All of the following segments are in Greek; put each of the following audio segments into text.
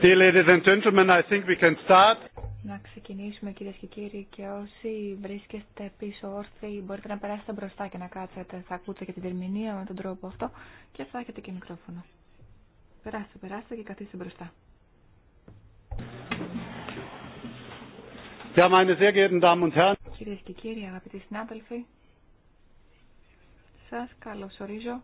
ladies and gentlemen, I think we can start. Να ξεκινήσουμε κυρίε και κύριοι και όσοι βρίσκεστε πίσω όρθιοι μπορείτε να περάσετε μπροστά και να κάτσετε. Θα ακούτε και την τερμηνία με τον τρόπο αυτό και θα έχετε και μικρόφωνο. Περάστε, περάστε και καθίστε μπροστά. Κυρίε και κύριοι, αγαπητοί συνάδελφοι, σα καλωσορίζω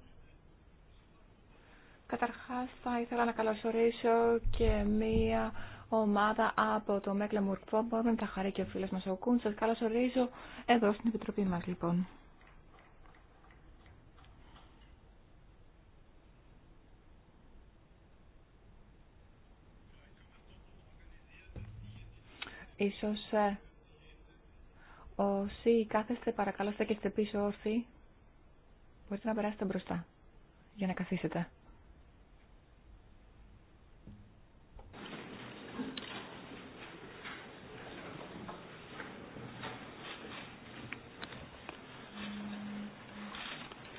Καταρχάς θα ήθελα να καλωσορίσω και μία ομάδα από το Μέκλεμουρκ Φόμπορμεν, τα χαρή και ο φίλος μας ο Κούν. Σας καλωσορίζω εδώ στην Επιτροπή μας λοιπόν. Ίσως ε, όσοι κάθεστε παρακαλώ στέκεστε πίσω όρθιοι, μπορείτε να περάσετε μπροστά για να καθίσετε.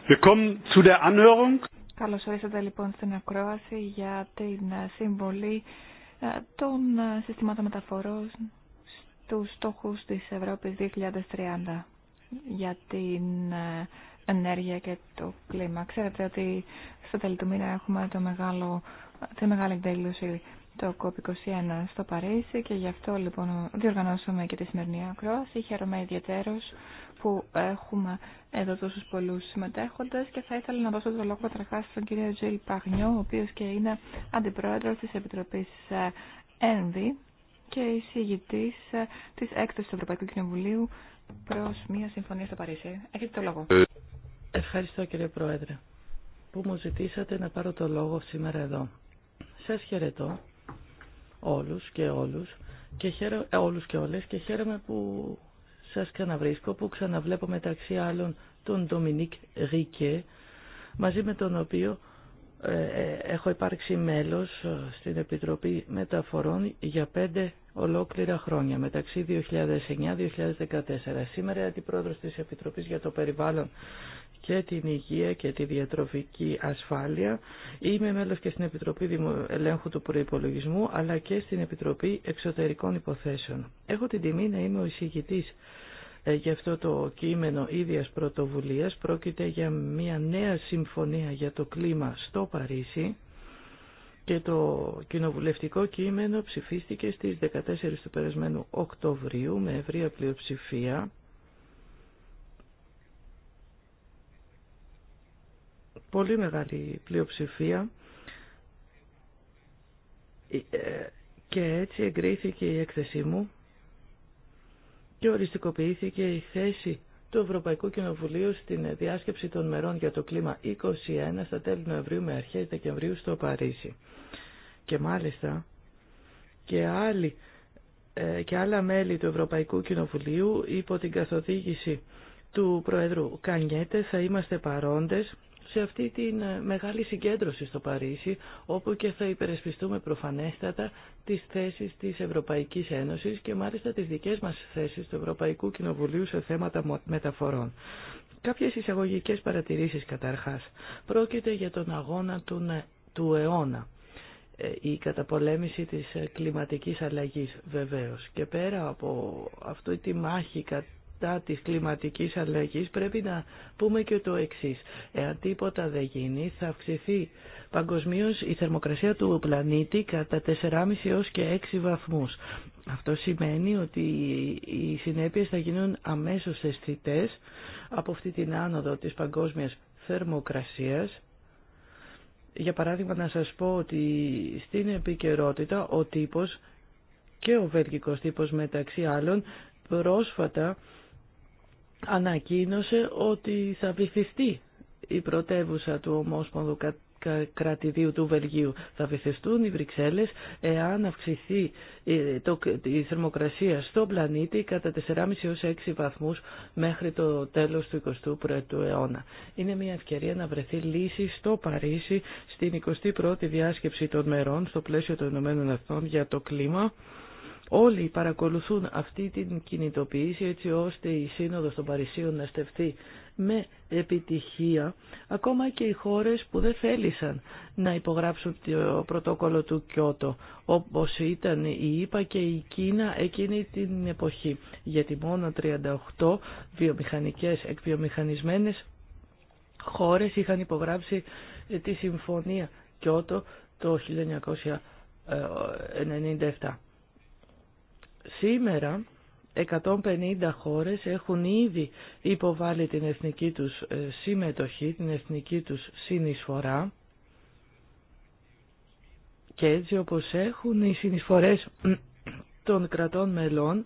Wir Καλώς ορίσατε λοιπόν στην ακρόαση για την ε, συμβολή ε, των ε, συστημάτων μεταφορών στους στόχους της Ευρώπης 2030 για την ενέργεια και το κλίμα. Ξέρετε ότι στο τέλη του μήνα έχουμε το μεγάλο, τη μεγάλη εκδήλωση το COP21 στο Παρίσι και γι' αυτό λοιπόν διοργανώσαμε και τη σημερινή ακρόαση. Χαίρομαι ιδιαίτερω που έχουμε εδώ τόσου πολλού συμμετέχοντε και θα ήθελα να δώσω το λόγο καταρχά στον κύριο Τζιλ Παγνιό, ο οποίο και είναι αντιπρόεδρο τη Επιτροπή ε, ΕΝΔΙ και εισηγητή ε, τη έκταση του Ευρωπαϊκού Κοινοβουλίου προ μια συμφωνία στο Παρίσι. Έχετε το λόγο. Ευχαριστώ κύριε Πρόεδρε που μου ζητήσατε να πάρω το λόγο σήμερα εδώ. Σας χαιρετώ όλους και όλους και χαίρομαι, ε, όλους και όλες και χαίρομαι που σας ξαναβρίσκω, που ξαναβλέπω μεταξύ άλλων τον Ντομινίκ Ρίκε, μαζί με τον οποίο ε, ε, έχω υπάρξει μέλος στην Επιτροπή Μεταφορών για πέντε ολόκληρα χρόνια, μεταξύ 2009-2014. Σήμερα αντιπρόεδρος της Επιτροπής για το Περιβάλλον και την υγεία και τη διατροφική ασφάλεια. Είμαι μέλος και στην Επιτροπή Ελέγχου του Προϋπολογισμού αλλά και στην Επιτροπή Εξωτερικών Υποθέσεων. Έχω την τιμή να είμαι ο εισηγητής ε, για αυτό το κείμενο ίδιας πρωτοβουλίας. Πρόκειται για μια νέα συμφωνία για το κλίμα στο Παρίσι και το κοινοβουλευτικό κείμενο ψηφίστηκε στις 14 του περασμένου Οκτωβρίου με ευρία πλειοψηφία πολύ μεγάλη πλειοψηφία ε, ε, και έτσι εγκρίθηκε η έκθεσή μου και οριστικοποιήθηκε η θέση του Ευρωπαϊκού Κοινοβουλίου στην διάσκεψη των μερών για το κλίμα 21 στα τέλη Νοεμβρίου με αρχές Δεκεμβρίου στο Παρίσι. Και μάλιστα και, άλλοι, ε, και άλλα μέλη του Ευρωπαϊκού Κοινοβουλίου υπό την καθοδήγηση του Προέδρου Κανιέτε θα είμαστε παρόντες σε αυτή τη ε, μεγάλη συγκέντρωση στο Παρίσι, όπου και θα υπερασπιστούμε προφανέστατα τις θέσεις της Ευρωπαϊκής Ένωσης και μάλιστα τις δικές μας θέσεις του Ευρωπαϊκού Κοινοβουλίου σε θέματα μεταφορών. Κάποιες εισαγωγικές παρατηρήσεις καταρχάς. Πρόκειται για τον αγώνα του αιώνα ε, η καταπολέμηση της κλιματικής αλλαγής βεβαίως και πέρα από αυτή τη μάχη τα της κλιματικής αλλαγής πρέπει να πούμε και το εξής. Εάν τίποτα δεν γίνει θα αυξηθεί παγκοσμίως η θερμοκρασία του πλανήτη κατά 4,5 έως και 6 βαθμούς. Αυτό σημαίνει ότι οι συνέπειες θα γίνουν αμέσως αισθητέ από αυτή την άνοδο της παγκόσμιας θερμοκρασίας. Για παράδειγμα να σας πω ότι στην επικαιρότητα ο τύπος και ο βέλγικος τύπος μεταξύ άλλων πρόσφατα ανακοίνωσε ότι θα βυθιστεί η πρωτεύουσα του Ομόσπονδου κρατηδίου του Βελγίου. Θα βυθιστούν οι Βρυξέλλες εάν αυξηθεί ε, η θερμοκρασία στον πλανήτη κατά 4,5 έως 6 βαθμούς μέχρι το τέλος του 21ου αιώνα. Είναι μια ευκαιρία να βρεθεί λύση στο Παρίσι στην 21η διάσκεψη των μερών στο πλαίσιο των Ηνωμένων για το κλίμα όλοι παρακολουθούν αυτή την κινητοποίηση έτσι ώστε η Σύνοδος των Παρισίων να στεφθεί με επιτυχία ακόμα και οι χώρες που δεν θέλησαν να υπογράψουν το πρωτόκολλο του Κιώτο όπως ήταν η ΙΠΑ και η Κίνα εκείνη την εποχή γιατί μόνο 38 βιομηχανικές εκβιομηχανισμένες χώρες είχαν υπογράψει ε, τη συμφωνία Κιώτο το 1997. Σήμερα 150 χώρες έχουν ήδη υποβάλει την εθνική τους ε, συμμετοχή, την εθνική τους συνεισφορά και έτσι όπως έχουν οι συνεισφορές των κρατών μελών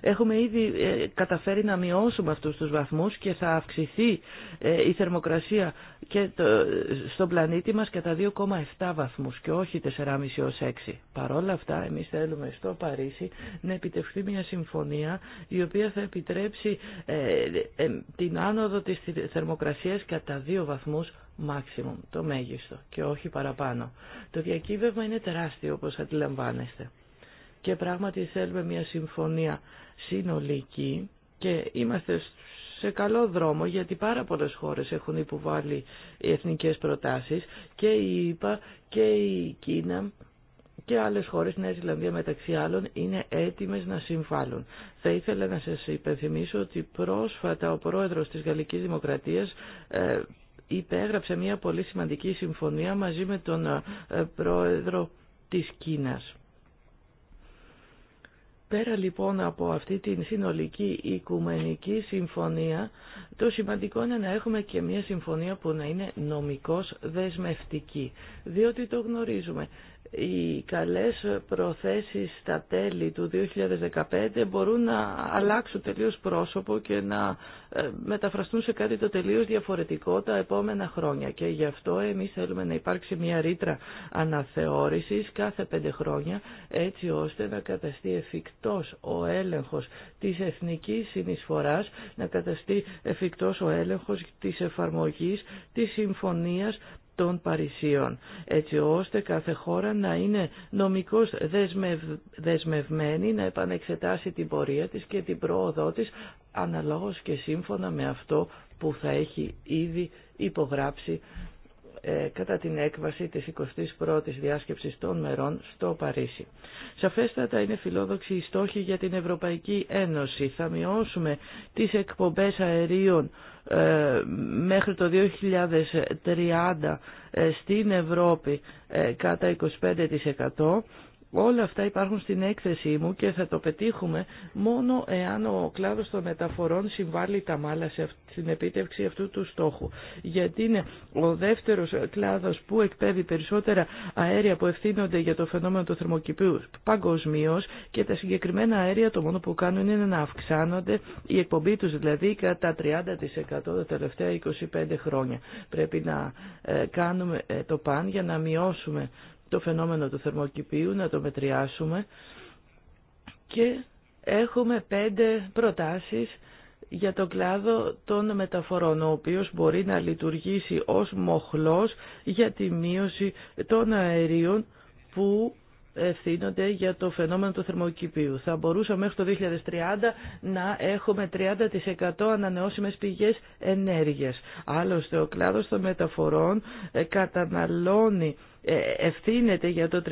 Έχουμε ήδη ε, καταφέρει να μειώσουμε αυτούς τους βαθμούς και θα αυξηθεί ε, η θερμοκρασία και το, στον πλανήτη μας κατά 2,7 βαθμούς και όχι 4,5 ως 6. Παρόλα αυτά εμείς θέλουμε στο Παρίσι να επιτευχθεί μια συμφωνία η οποία θα επιτρέψει ε, την άνοδο της θερμοκρασίας κατά 2 βαθμούς maximum, το μέγιστο και όχι παραπάνω. Το διακύβευμα είναι τεράστιο όπως αντιλαμβάνεστε και πράγματι θέλουμε μια συμφωνία συνολική και είμαστε σε καλό δρόμο γιατί πάρα πολλές χώρες έχουν υποβάλει εθνικές προτάσεις και η ΙΠΑ και η Κίνα και άλλες χώρες, Νέα Ζηλανδία μεταξύ άλλων, είναι έτοιμες να συμβάλλουν. Θα ήθελα να σας υπενθυμίσω ότι πρόσφατα ο πρόεδρος της Γαλλικής Δημοκρατίας ε, υπέγραψε μια πολύ σημαντική συμφωνία μαζί με τον ε, πρόεδρο της Κίνας. Πέρα λοιπόν από αυτή την συνολική οικουμενική συμφωνία, το σημαντικό είναι να έχουμε και μια συμφωνία που να είναι νομικός δεσμευτική, διότι το γνωρίζουμε οι καλές προθέσεις στα τέλη του 2015 μπορούν να αλλάξουν τελείως πρόσωπο και να ε, μεταφραστούν σε κάτι το τελείως διαφορετικό τα επόμενα χρόνια. Και γι' αυτό εμείς θέλουμε να υπάρξει μια ρήτρα αναθεώρησης κάθε πέντε χρόνια έτσι ώστε να καταστεί εφικτός ο έλεγχος της εθνικής συνεισφοράς, να καταστεί εφικτός ο έλεγχος της εφαρμογής, της συμφωνίας των Παρισίων, έτσι ώστε κάθε χώρα να είναι νομικώς δεσμευ... δεσμευμένη να επανεξετάσει την πορεία της και την πρόοδό της αναλόγως και σύμφωνα με αυτό που θα έχει ήδη υπογράψει ε, κατά την έκβαση της 21ης διάσκεψης των μερών στο Παρίσι. Σαφέστατα είναι φιλόδοξη η στόχη για την Ευρωπαϊκή Ένωση. Θα μειώσουμε τις εκπομπές αερίων ε, μέχρι το 2030 ε, στην Ευρώπη κατά 25% Όλα αυτά υπάρχουν στην έκθεσή μου και θα το πετύχουμε μόνο εάν ο κλάδος των μεταφορών συμβάλλει τα μάλα στην επίτευξη αυτού του στόχου. Γιατί είναι ο δεύτερος κλάδος που εκπέμπει περισσότερα αέρια που ευθύνονται για το φαινόμενο του θερμοκηπίου παγκοσμίω και τα συγκεκριμένα αέρια το μόνο που κάνουν είναι να αυξάνονται η εκπομπή τους δηλαδή κατά 30% τα τελευταία 25 χρόνια. Πρέπει να ε, κάνουμε ε, το παν για να μειώσουμε το φαινόμενο του θερμοκηπίου, να το μετριάσουμε και έχουμε πέντε προτάσεις για το κλάδο των μεταφορών, ο οποίος μπορεί να λειτουργήσει ως μοχλός για τη μείωση των αερίων που ευθύνονται για το φαινόμενο του θερμοκηπίου. Θα μπορούσαμε μέχρι το 2030 να έχουμε 30% ανανεώσιμες πηγές ενέργειας. Άλλωστε ο κλάδος των μεταφορών ε, καταναλώνει ε, ευθύνεται για το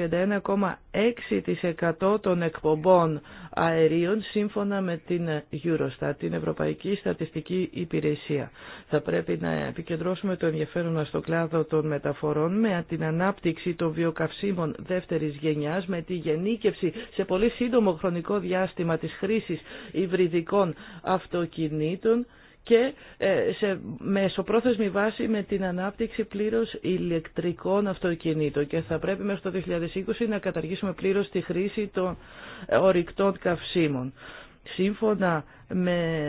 31,6% των εκπομπών αερίων σύμφωνα με την Eurostat, την Ευρωπαϊκή Στατιστική Υπηρεσία. Θα πρέπει να επικεντρώσουμε το ενδιαφέρον μας στο κλάδο των μεταφορών με την ανάπτυξη των βιοκαυσίμων δεύτερης γενιάς, με τη γενίκευση σε πολύ σύντομο χρονικό διάστημα της χρήσης υβριδικών αυτοκινήτων, και ε, σε μεσοπρόθεσμη βάση με την ανάπτυξη πλήρως ηλεκτρικών αυτοκινήτων και θα πρέπει μέχρι το 2020 να καταργήσουμε πλήρως τη χρήση των ορυκτών καυσίμων. Σύμφωνα με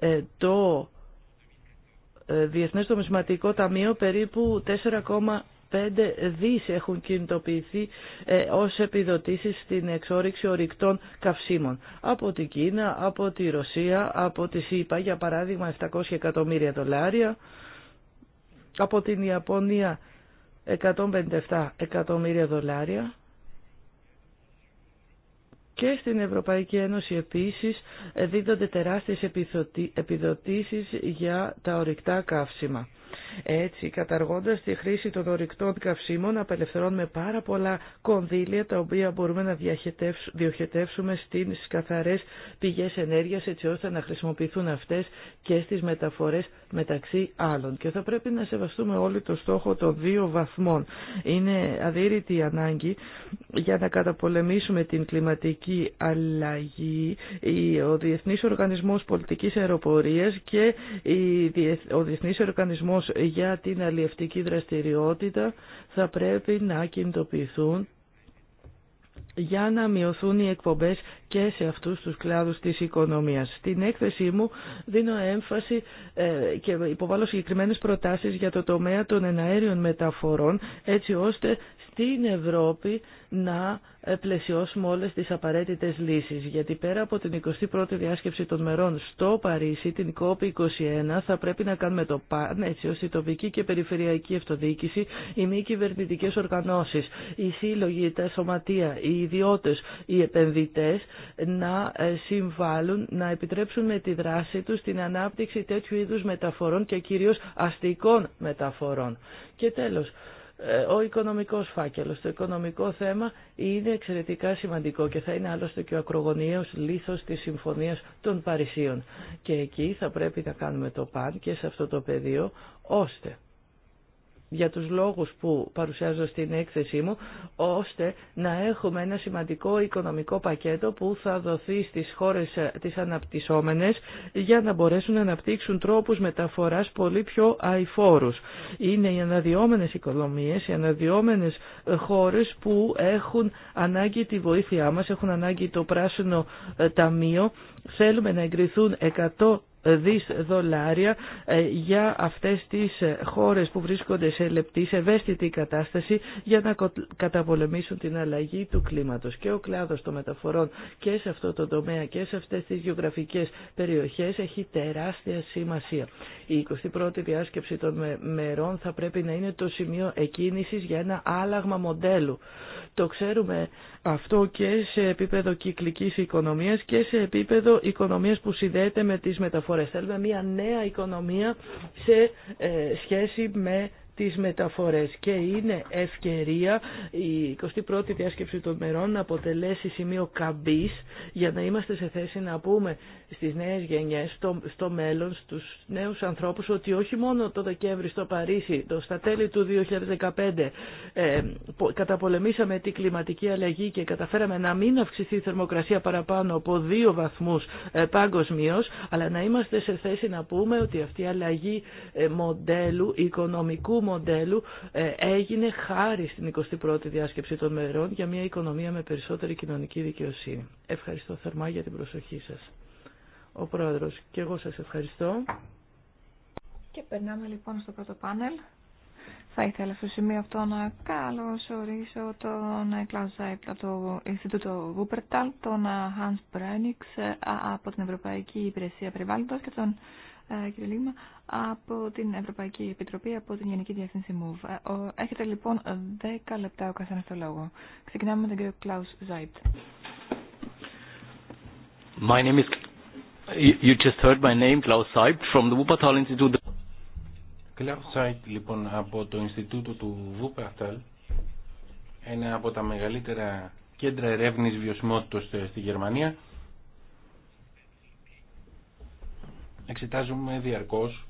ε, το ε, Διεθνές Νομισματικό Ταμείο περίπου 4,5%. 5 δις έχουν κινητοποιηθεί ε, ως επιδοτήσεις στην εξόριξη ορυκτών καυσίμων. Από την Κίνα, από τη Ρωσία, από τη ΣΥΠΑ, για παράδειγμα 700 εκατομμύρια δολάρια, από την Ιαπωνία 157 εκατομμύρια δολάρια και στην Ευρωπαϊκή Ένωση επίσης ε, δίδονται τεράστιες επιδοτήσεις για τα ορυκτά καύσιμα. Έτσι, καταργώντας τη χρήση των ορυκτών καυσίμων, απελευθερώνουμε πάρα πολλά κονδύλια τα οποία μπορούμε να διοχετεύσουμε στις καθαρές πηγές ενέργειας έτσι ώστε να χρησιμοποιηθούν αυτές και στις μεταφορές μεταξύ άλλων. Και θα πρέπει να σεβαστούμε όλοι το στόχο των δύο βαθμών. Είναι αδύρυτη η ανάγκη για να καταπολεμήσουμε την κλιματική αλλαγή. Ο Διεθνής Οργανισμός Πολιτικής Αεροπορίας και ο Διεθνής για την αλλιευτική δραστηριότητα θα πρέπει να κινητοποιηθούν για να μειωθούν οι εκπομπές και σε αυτούς τους κλάδους της οικονομίας. Στην έκθεσή μου δίνω έμφαση ε, και υποβάλλω συγκεκριμένες προτάσεις για το τομέα των εναέριων μεταφορών έτσι ώστε την Ευρώπη να ε, πλαισιώσουμε όλες τις απαραίτητες λύσεις. Γιατί πέρα από την 21η διάσκεψη των μερών στο Παρίσι, την COP21, θα πρέπει να κάνουμε το παν έτσι ώστε η τοπική και περιφερειακή αυτοδιοίκηση, οι μη κυβερνητικέ οργανώσεις, οι σύλλογοι, τα σωματεία, οι ιδιώτες, οι επενδυτές να ε, συμβάλλουν, να επιτρέψουν με τη δράση τους την ανάπτυξη τέτοιου είδους μεταφορών και κυρίως αστικών μεταφορών. Και τέλος, ε, ο οικονομικός φάκελος. Το οικονομικό θέμα είναι εξαιρετικά σημαντικό και θα είναι άλλωστε και ο ακρογωνίος λίθος της Συμφωνίας των Παρισίων. Και εκεί θα πρέπει να κάνουμε το παν και σε αυτό το πεδίο, ώστε για τους λόγους που παρουσιάζω στην έκθεσή μου, ώστε να έχουμε ένα σημαντικό οικονομικό πακέτο που θα δοθεί στις χώρες ε, τις αναπτυσσόμενες για να μπορέσουν να αναπτύξουν τρόπους μεταφοράς πολύ πιο αηφόρους. Είναι οι αναδυόμενες οικονομίες, οι αναδυόμενες ε, χώρες που έχουν ανάγκη τη βοήθειά μας, έχουν ανάγκη το πράσινο ε, ταμείο. Θέλουμε να εγκριθούν 100 δις δολάρια ε, για αυτές τις ε, χώρες που βρίσκονται σε λεπτή, σε ευαίσθητη κατάσταση για να καταπολεμήσουν την αλλαγή του κλίματος. Και ο κλάδος των μεταφορών και σε αυτό το τομέα και σε αυτές τις γεωγραφικές περιοχές έχει τεράστια σημασία. Η 21η διάσκεψη των μερών θα πρέπει να είναι το σημείο εκκίνησης για ένα άλλαγμα μοντέλου. Το ξέρουμε αυτό και σε επίπεδο κυκλικής οικονομίας και σε επίπεδο οικονομίας που συνδέεται με τις μεταφορές Θέλουμε μια νέα οικονομία σε ε, σχέση με τις μεταφορές και είναι ευκαιρία η 21η διάσκεψη των μερών να αποτελέσει σημείο καμπής για να είμαστε σε θέση να πούμε στις νέες γενιές, στο, στο μέλλον, στους νέους ανθρώπους ότι όχι μόνο το Δεκέμβρη στο Παρίσι, το, στα τέλη του 2015 ε, καταπολεμήσαμε την κλιματική αλλαγή και καταφέραμε να μην αυξηθεί η θερμοκρασία παραπάνω από δύο βαθμούς ε, παγκοσμίω, αλλά να είμαστε σε θέση να πούμε ότι αυτή η αλλαγή ε, μοντέλου οικονομικού μοντέλου ε, έγινε χάρη στην 21η διάσκεψη των μερών για μια οικονομία με περισσότερη κοινωνική δικαιοσύνη. Ευχαριστώ θερμά για την προσοχή σας. Ο Πρόεδρος και εγώ σας ευχαριστώ. Και περνάμε λοιπόν στο πρώτο πάνελ. Θα ήθελα στο σημείο αυτό να καλωσορίσω τον Κλάου Ζάιπ από το Ινστιτούτο Βούπερταλ, τον Hans Μπρένιξ ε, από την Ευρωπαϊκή Υπηρεσία Περιβάλλοντος και τον ε, κ. Λίμα από την Ευρωπαϊκή Επιτροπή, από την Γενική Διεύθυνση MOVE. Ε, έχετε λοιπόν 10 λεπτά ο καθένα το λόγο. Ξεκινάμε με τον κύριο Κλάους Ζάιτ. My name is... You just heard my name, Klaus from the Wuppertal Institute. Klaus λοιπόν, από το Ινστιτούτο του Wuppertal, ένα από τα μεγαλύτερα κέντρα ερεύνης βιωσιμότητας στη Γερμανία, εξετάζουμε διαρκώς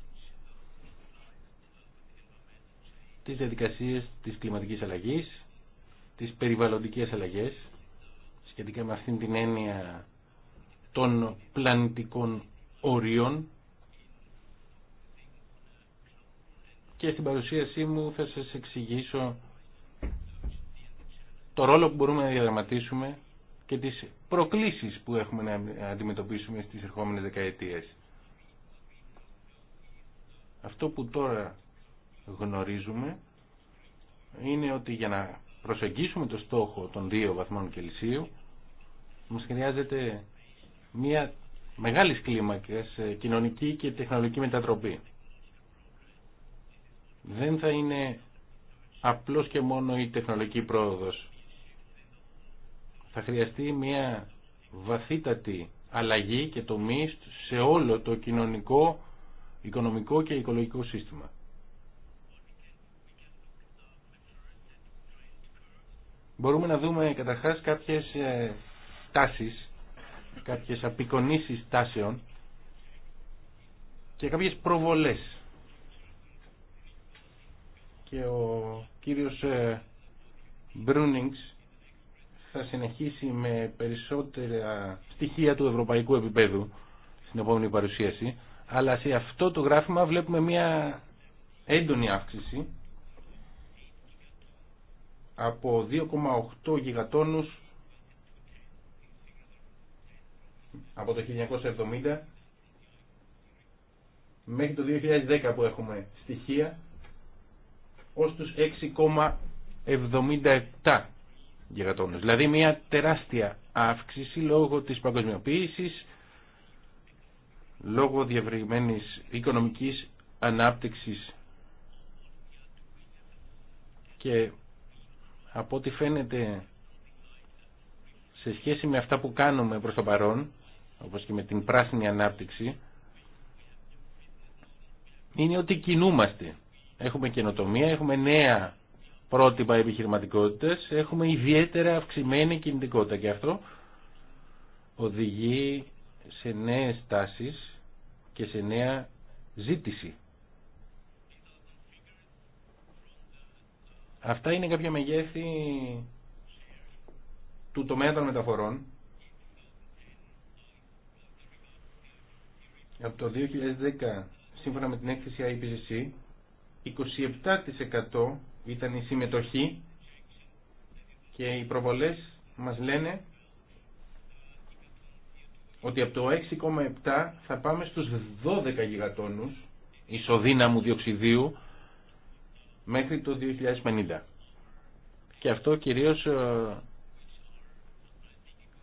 τις διαδικασίες της κλιματικής αλλαγής, τις περιβαλλοντικές αλλαγές, σχετικά με αυτήν την έννοια των πλανητικών ορίων. Και στην παρουσίασή μου θα σας εξηγήσω το ρόλο που μπορούμε να διαδραματίσουμε και τις προκλήσεις που έχουμε να αντιμετωπίσουμε στις ερχόμενες δεκαετίες. Αυτό που τώρα γνωρίζουμε είναι ότι για να προσεγγίσουμε το στόχο των δύο βαθμών Κελσίου μας χρειάζεται μια μεγάλη κλίμακα ε, κοινωνική και τεχνολογική μετατροπή. Δεν θα είναι απλώς και μόνο η τεχνολογική πρόοδος. Θα χρειαστεί μια βαθύτατη αλλαγή και το τομή σε όλο το κοινωνικό, οικονομικό και οικολογικό σύστημα. μπορούμε να δούμε καταρχάς κάποιες ε, τάσεις, κάποιες απεικονίσεις τάσεων και κάποιες προβολές. Και ο κύριος ε, Μπρούνιγκς θα συνεχίσει με περισσότερα στοιχεία του ευρωπαϊκού επίπεδου στην επόμενη παρουσίαση, αλλά σε αυτό το γράφημα βλέπουμε μια έντονη αύξηση από 2,8 γιγατόνους από το 1970 μέχρι το 2010 που έχουμε στοιχεία ως τους 6,77 γιγατόνους. Δηλαδή μια τεράστια αύξηση λόγω της παγκοσμιοποίησης, λόγω διευρυγμένης οικονομικής ανάπτυξης και από ό,τι φαίνεται σε σχέση με αυτά που κάνουμε προς το παρόν, όπως και με την πράσινη ανάπτυξη, είναι ότι κινούμαστε. Έχουμε καινοτομία, έχουμε νέα πρότυπα επιχειρηματικότητες, έχουμε ιδιαίτερα αυξημένη κινητικότητα και αυτό οδηγεί σε νέες τάσεις και σε νέα ζήτηση. Αυτά είναι κάποια μεγέθη του τομέα των μεταφορών από το 2010 σύμφωνα με την έκθεση IPCC 27% ήταν η συμμετοχή και οι προβολές μας λένε ότι από το 6,7 θα πάμε στους 12 γιγατόνους ισοδύναμου διοξιδίου μέχρι το 2050. Και αυτό κυρίως ε,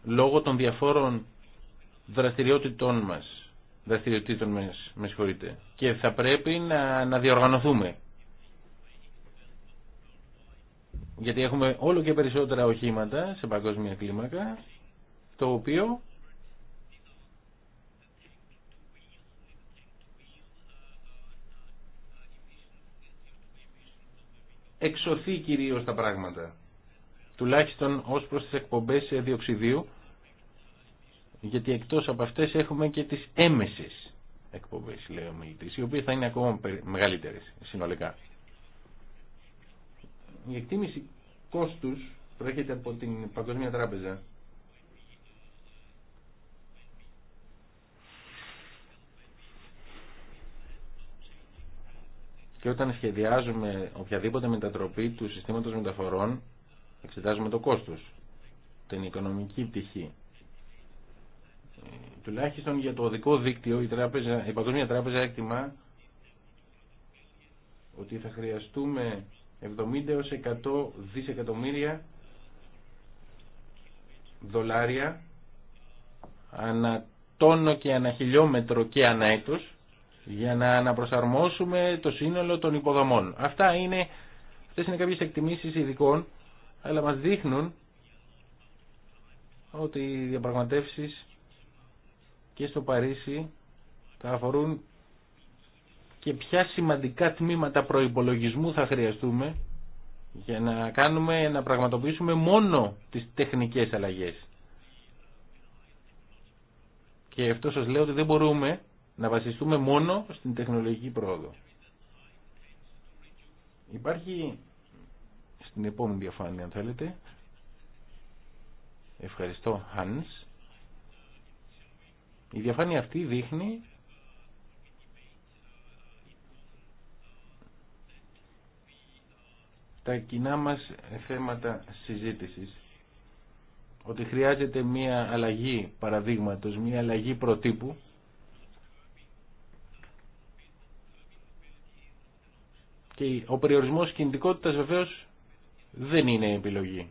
λόγω των διαφόρων δραστηριότητών μας, δραστηριοτήτων μας, με συγχωρείτε. Και θα πρέπει να, να διοργανωθούμε. Γιατί έχουμε όλο και περισσότερα οχήματα σε παγκόσμια κλίμακα, το οποίο εξωθεί κυρίως τα πράγματα. Τουλάχιστον ως προς τις εκπομπές διοξιδίου, γιατί εκτός από αυτές έχουμε και τις έμεσε εκπομπές, λέει ο μιλητή, οι οποίες θα είναι ακόμα μεγαλύτερες συνολικά. Η εκτίμηση κόστου προέρχεται από την Παγκοσμία Τράπεζα και όταν σχεδιάζουμε οποιαδήποτε μετατροπή του συστήματος μεταφορών εξετάζουμε το κόστος, την οικονομική πτυχή. Ε, τουλάχιστον για το οδικό δίκτυο η, τράπεζα, η Παγκοσμία Τράπεζα εκτιμά ότι θα χρειαστούμε 70 έως 100 δισεκατομμύρια δολάρια ανά τόνο και ανά χιλιόμετρο και ανά έτος για να αναπροσαρμόσουμε το σύνολο των υποδομών. Αυτά είναι, αυτές είναι κάποιες εκτιμήσεις ειδικών, αλλά μας δείχνουν ότι οι διαπραγματεύσεις και στο Παρίσι θα αφορούν και ποια σημαντικά τμήματα προϋπολογισμού θα χρειαστούμε για να κάνουμε, να πραγματοποιήσουμε μόνο τις τεχνικές αλλαγές. Και αυτό σας λέω ότι δεν μπορούμε να βασιστούμε μόνο στην τεχνολογική πρόοδο. Υπάρχει στην επόμενη διαφάνεια αν θέλετε ευχαριστώ Hans η διαφάνεια αυτή δείχνει τα κοινά μας θέματα συζήτησης ότι χρειάζεται μία αλλαγή παραδείγματος, μία αλλαγή προτύπου Και ο περιορισμός κινητικότητας βεβαίως δεν είναι επιλογή.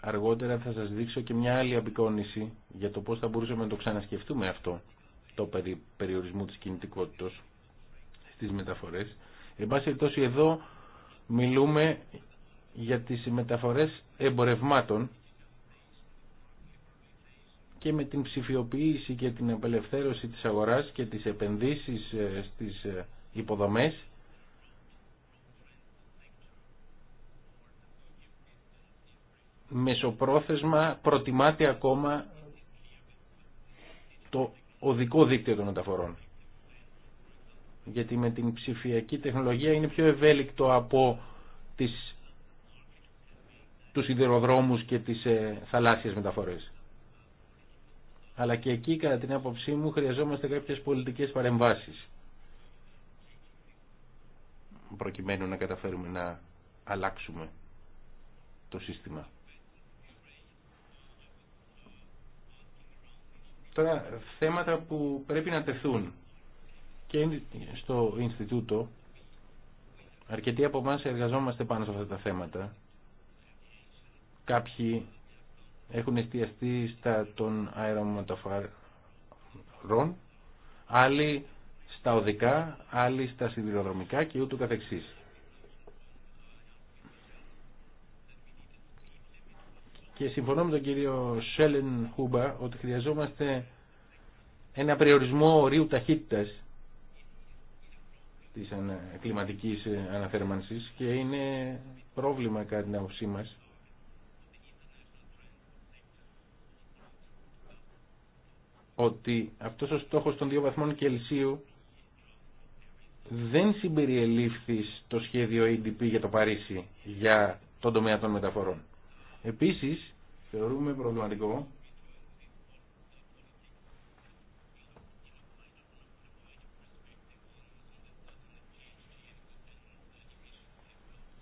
Αργότερα θα σας δείξω και μια άλλη απεικόνηση για το πώς θα μπορούσαμε να το ξανασκεφτούμε αυτό το περί περιορισμού της κινητικότητας στις μεταφορές. Εν πάση περιπτώσει εδώ μιλούμε για τις μεταφορές εμπορευμάτων και με την ψηφιοποίηση και την απελευθέρωση της αγοράς και τις επενδύσεις ε, στις ε, υποδομές μεσοπρόθεσμα προτιμάται ακόμα το οδικό δίκτυο των μεταφορών. Γιατί με την ψηφιακή τεχνολογία είναι πιο ευέλικτο από τις, τους σιδηροδρόμους και τις ε, θαλάσσιες μεταφορές αλλά και εκεί κατά την άποψή μου χρειαζόμαστε κάποιες πολιτικές παρεμβάσεις προκειμένου να καταφέρουμε να αλλάξουμε το σύστημα. Τώρα θέματα που πρέπει να τεθούν και στο Ινστιτούτο αρκετοί από εμά εργαζόμαστε πάνω σε αυτά τα θέματα κάποιοι έχουν εστιαστεί στα των αερομεταφορών, άλλοι στα οδικά, άλλοι στα σιδηροδρομικά και ούτω καθεξής. Και συμφωνώ με τον κύριο Σέλεν Χούμπα ότι χρειαζόμαστε ένα περιορισμό ορίου ταχύτητας της κλιματικής αναθέρμανσης και είναι πρόβλημα κατά την άποψή μας ότι αυτός ο στόχος των δύο βαθμών Κελσίου δεν συμπεριελήφθη στο σχέδιο EDP για το Παρίσι για τον τομέα των μεταφορών. Επίσης, θεωρούμε προβληματικό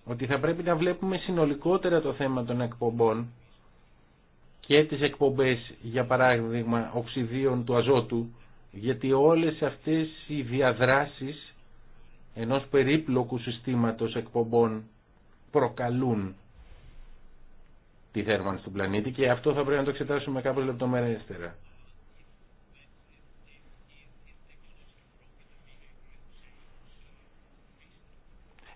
ότι θα πρέπει να βλέπουμε συνολικότερα το θέμα των εκπομπών και τις εκπομπές για παράδειγμα οξυδίων του αζότου γιατί όλες αυτές οι διαδράσεις ενός περίπλοκου συστήματος εκπομπών προκαλούν τη θέρμανση του πλανήτη και αυτό θα πρέπει να το εξετάσουμε κάπως λεπτομερέστερα.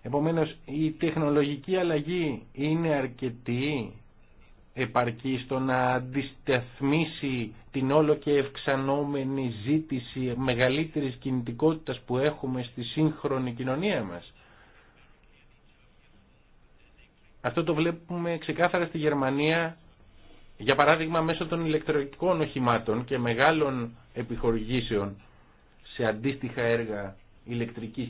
Επομένως η τεχνολογική αλλαγή είναι αρκετή επαρκεί στο να αντισταθμίσει την όλο και ευξανόμενη ζήτηση μεγαλύτερης κινητικότητας που έχουμε στη σύγχρονη κοινωνία μας. Αυτό το βλέπουμε ξεκάθαρα στη Γερμανία, για παράδειγμα μέσω των ηλεκτρονικών οχημάτων και μεγάλων επιχορηγήσεων σε αντίστοιχα έργα ηλεκτρικής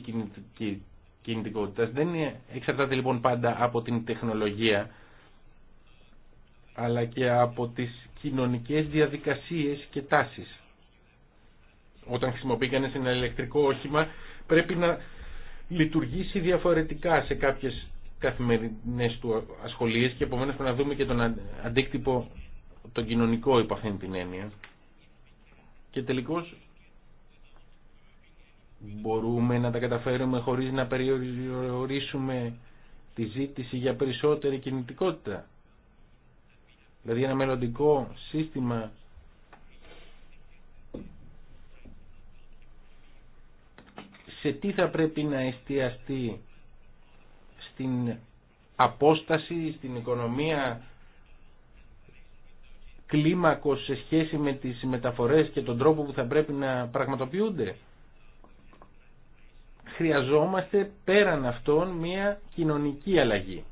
κινητικότητας. Δεν εξαρτάται λοιπόν πάντα από την τεχνολογία αλλά και από τις κοινωνικές διαδικασίες και τάσεις. Όταν χρησιμοποιεί ένα ηλεκτρικό όχημα πρέπει να λειτουργήσει διαφορετικά σε κάποιες καθημερινές του ασχολίες και επομένως να δούμε και τον αντίκτυπο τον κοινωνικό υπό αυτήν την έννοια. Και τελικώς μπορούμε να τα καταφέρουμε χωρίς να περιορίσουμε τη ζήτηση για περισσότερη κινητικότητα Δηλαδή ένα μελλοντικό σύστημα σε τι θα πρέπει να εστιαστεί στην απόσταση, στην οικονομία κλίμακος σε σχέση με τις μεταφορές και τον τρόπο που θα πρέπει να πραγματοποιούνται. Χρειαζόμαστε πέραν αυτών μια κοινωνική αλλαγή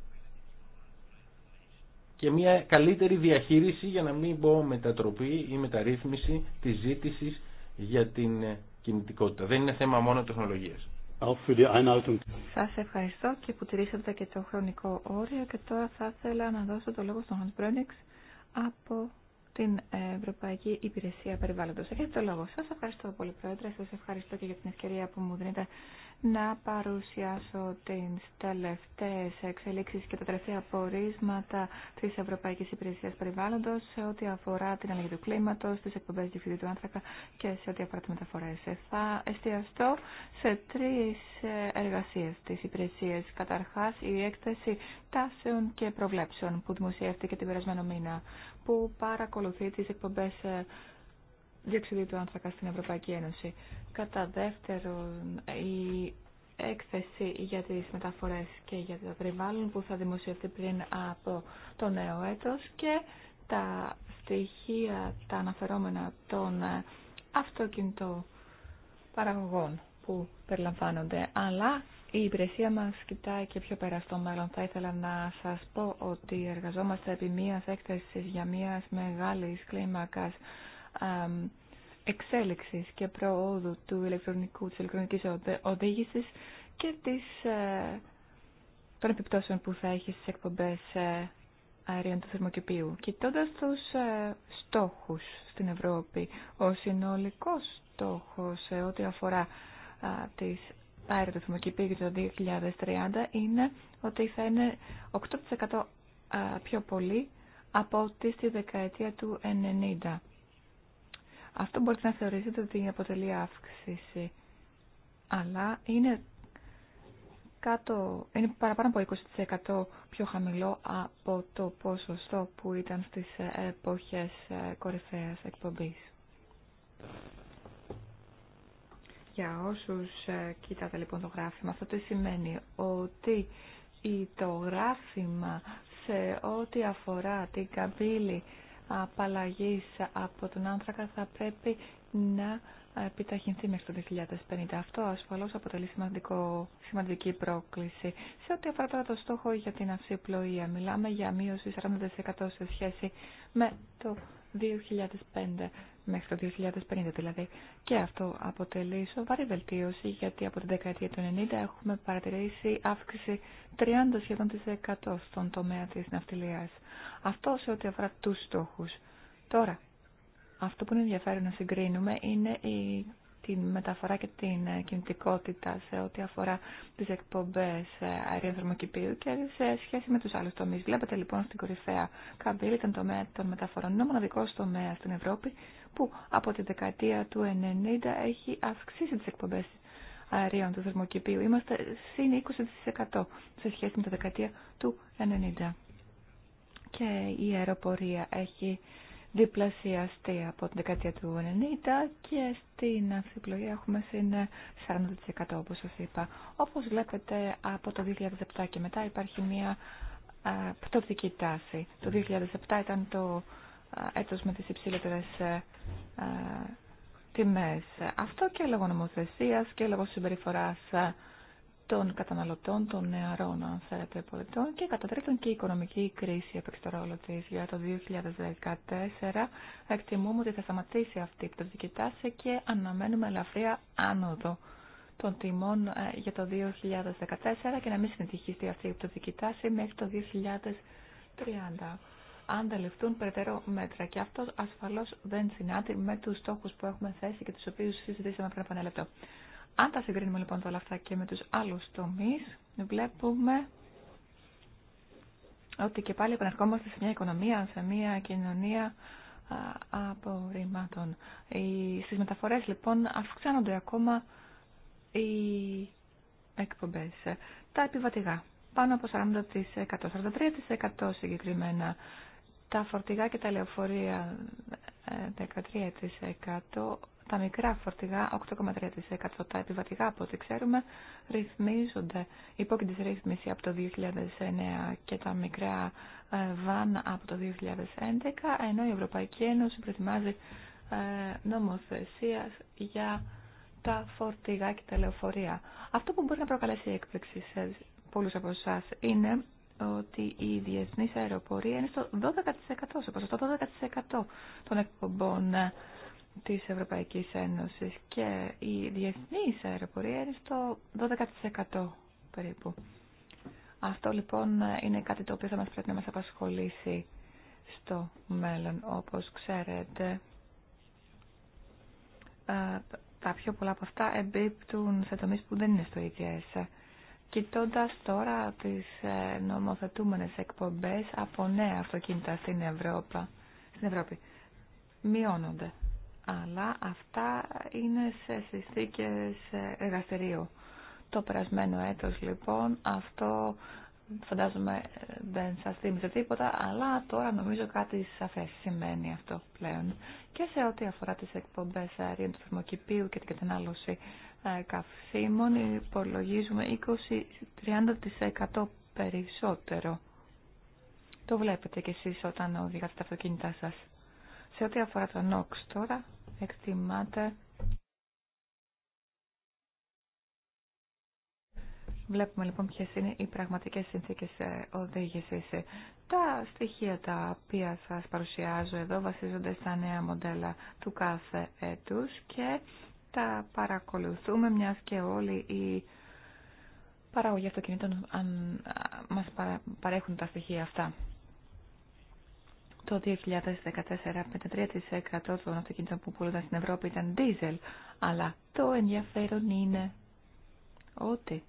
και μια καλύτερη διαχείριση για να μην πω μετατροπή ή μεταρρύθμιση της ζήτησης για την ε, κινητικότητα. Δεν είναι θέμα μόνο τεχνολογία. Σα ευχαριστώ και που τηρήσατε και το χρονικό όριο και τώρα θα ήθελα να δώσω το λόγο στον Hans Brönix από την Ευρωπαϊκή Υπηρεσία Περιβάλλοντος. Έχετε το λόγο. Σας ευχαριστώ πολύ, Πρόεδρε. Σας ευχαριστώ και για την ευκαιρία που μου δίνετε να παρουσιάσω τι τελευταίε εξελίξεις και τα τελευταία πορίσματα τη Ευρωπαϊκή Υπηρεσία Περιβάλλοντος σε ό,τι αφορά την αλλαγή του κλίματο, τι εκπομπές διευθυντή του άνθρακα και σε ό,τι αφορά τι μεταφορέ. Θα εστιαστώ σε τρεις εργασίε τη Υπηρεσία. Καταρχάς, η έκθεση τάσεων και προβλέψεων που δημοσιεύτηκε την περασμένο μήνα που παρακολουθεί τις εκπομπές ε, διοξιδίου του άνθρακα στην Ευρωπαϊκή Ένωση. Κατά δεύτερον, η έκθεση για τις μεταφορές και για το περιβάλλον που θα δημοσιευτεί πριν από το νέο έτος και τα στοιχεία, τα αναφερόμενα των ε, αυτοκινητών παραγωγών που περιλαμβάνονται, αλλά η υπηρεσία μας κοιτάει και πιο πέρα στο μέλλον. Θα ήθελα να σας πω ότι εργαζόμαστε επί μίας έκθεσης για μίας μεγάλης κλίμακας εξέλιξης και προόδου του ηλεκτρονικού, της ηλεκτρονικής οδήγησης και της, ε, των επιπτώσεων που θα έχει στις εκπομπές ε, αερίων του θερμοκηπίου. Κοιτώντας τους ε, στόχους στην Ευρώπη, ο συνολικός στόχος σε ό,τι αφορά τις τα του θερμοκηπίου για το 2030 είναι ότι θα είναι 8% πιο πολύ από ό,τι στη δεκαετία του 90. Αυτό μπορεί να θεωρήσετε ότι αποτελεί αύξηση, αλλά είναι, κάτω, είναι παραπάνω από 20% πιο χαμηλό από το ποσοστό που ήταν στις ε, εποχές ε, κορυφαίας εκπομπής. Για όσους ε, κοιτάτε λοιπόν το γράφημα, αυτό τι σημαίνει ότι το γράφημα σε ό,τι αφορά την καμπύλη απαλλαγής από τον άνθρακα θα πρέπει να επιταχυνθεί μέχρι το 2050. Αυτό ασφαλώς αποτελεί σημαντικό, σημαντική πρόκληση. Σε ό,τι αφορά τώρα το στόχο για την αυσιπλοεία, μιλάμε για μείωση 40% σε σχέση με το 2005 μέχρι το 2050 δηλαδή. Και αυτό αποτελεί σοβαρή βελτίωση γιατί από την δεκαετία του 90 έχουμε παρατηρήσει αύξηση 30 σχεδόν 100 στον τομέα της ναυτιλίας. Αυτό σε ό,τι αφορά τους στόχους. Τώρα, αυτό που είναι ενδιαφέρον να συγκρίνουμε είναι η, την μεταφορά και την ε, κινητικότητα σε ό,τι αφορά τις εκπομπές ε, αερίων θερμοκηπίου και σε σχέση με τους άλλους τομείς. Βλέπετε λοιπόν στην κορυφαία καμπύλη τον τομέα των μεταφορών. Είναι ο μοναδικός τομέας στην Ευρώπη που από τη δεκαετία του 90 έχει αυξήσει τις εκπομπές αερίων του θερμοκηπίου. Είμαστε συν 20% σε σχέση με τη δεκαετία του 90. Και η αεροπορία έχει διπλασιαστεί από τη δεκαετία του 90 και στην αυθυπλογή έχουμε συν 40% όπως σας είπα. Όπως βλέπετε από το 2007 και μετά υπάρχει μια πτωτική τάση. Το 2007 ήταν το έτος με τις υψηλότερες ε, ε, τιμές. Αυτό και λόγω νομοθεσία και λόγω συμπεριφοράς ε, των καταναλωτών, των νεαρών, αν θέλετε, πολιτών και κατά τρίτον και η οικονομική κρίση επέξε το τη για το 2014. Εκτιμούμε ότι θα σταματήσει αυτή η πτωτική τάση και αναμένουμε ελαφρία άνοδο των τιμών ε, για το 2014 και να μην συνεχίσει αυτή η πτωτική τάση μέχρι το 2030 ληφθούν περαιτέρω μέτρα. Και αυτό ασφαλώ δεν συνάδει με του στόχου που έχουμε θέσει και του οποίου συζητήσαμε πριν από ένα λεπτό. Αν τα συγκρίνουμε λοιπόν όλα αυτά και με του άλλου τομεί, βλέπουμε ότι και πάλι επαναρχόμαστε σε μια οικονομία, σε μια κοινωνία απορριμμάτων. Στι μεταφορέ, λοιπόν αυξάνονται ακόμα οι εκπομπέ. Τα επιβατηγά πάνω από 40%, 43% συγκεκριμένα τα φορτηγά και τα λεωφορεία 13%, ε, τα μικρά φορτηγά 8,3%, τα επιβατικά από ό,τι ξέρουμε ρυθμίζονται, υπό σε ρύθμιση από το 2009 και τα μικρά ε, βάν από το 2011, ενώ η Ευρωπαϊκή Ένωση προετοιμάζει ε, νομοθεσία για τα φορτηγά και τα λεωφορεία. Αυτό που μπορεί να προκαλέσει έκπληξη σε πολλούς από εσά είναι ότι η διεθνής αεροπορία είναι στο 12% σε ποσοστό 12% των εκπομπών ε, της Ευρωπαϊκής Ένωσης και η διεθνή αεροπορία είναι στο 12% περίπου. Αυτό λοιπόν ε, είναι κάτι το οποίο θα μας πρέπει να μας απασχολήσει στο μέλλον, όπως ξέρετε. Ε, τα πιο πολλά από αυτά εμπίπτουν σε τομείς που δεν είναι στο ETS. Κοιτώντας τώρα τις ε, νομοθετούμενες εκπομπές από νέα αυτοκίνητα στην Ευρώπη, στην Ευρώπη μειώνονται. Αλλά αυτά είναι σε συνθήκες ε, εργαστηρίου. Το περασμένο έτος λοιπόν αυτό φαντάζομαι ε, δεν σας θύμισε τίποτα, αλλά τώρα νομίζω κάτι σαφές σημαίνει αυτό πλέον. Και σε ό,τι αφορά τις εκπομπές αερίων του θερμοκηπίου και την κατανάλωση καυσίμων υπολογίζουμε 20-30% περισσότερο. Το βλέπετε κι εσείς όταν οδηγάτε τα αυτοκίνητά σας. Σε ό,τι αφορά τον NOx τώρα, εκτιμάτε... Βλέπουμε λοιπόν ποιες είναι οι πραγματικές συνθήκες ε, οδήγησης. Τα στοιχεία τα οποία σας παρουσιάζω εδώ βασίζονται στα νέα μοντέλα του κάθε έτους και τα παρακολουθούμε μιας και όλοι οι παραγωγοί αυτοκινήτων αν μας παρέχουν τα στοιχεία αυτά. Το 2014, 53% των αυτοκινήτων που πουλούνταν στην Ευρώπη ήταν δίζελ, αλλά το ενδιαφέρον είναι ότι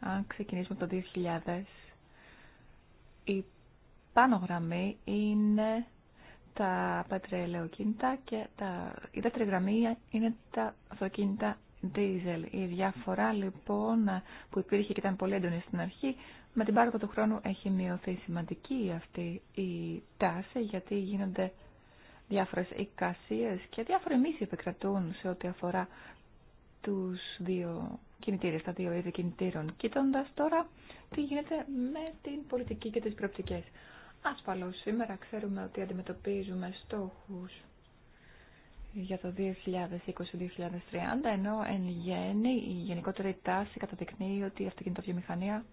αν ξεκινήσουμε το 2000, η πάνω γραμμή είναι τα πετρελαιοκίνητα και τα... η δεύτερη γραμμή είναι τα αυτοκίνητα diesel. Η διαφορά λοιπόν που υπήρχε και ήταν πολύ έντονη στην αρχή, με την πάροδο του χρόνου έχει μειωθεί σημαντική αυτή η τάση γιατί γίνονται διάφορες εικασίες και διάφοροι μίσοι επικρατούν σε ό,τι αφορά τους δύο κινητήρες, τα δύο είδη κινητήρων. Κοιτώντα τώρα τι γίνεται με την πολιτική και τις προοπτικές. Ασφαλώς σήμερα ξέρουμε ότι αντιμετωπίζουμε στόχους για το 2020-2030, ενώ εν γέννη η γενικότερη τάση καταδεικνύει ότι η αυτοκινητοβιομηχανία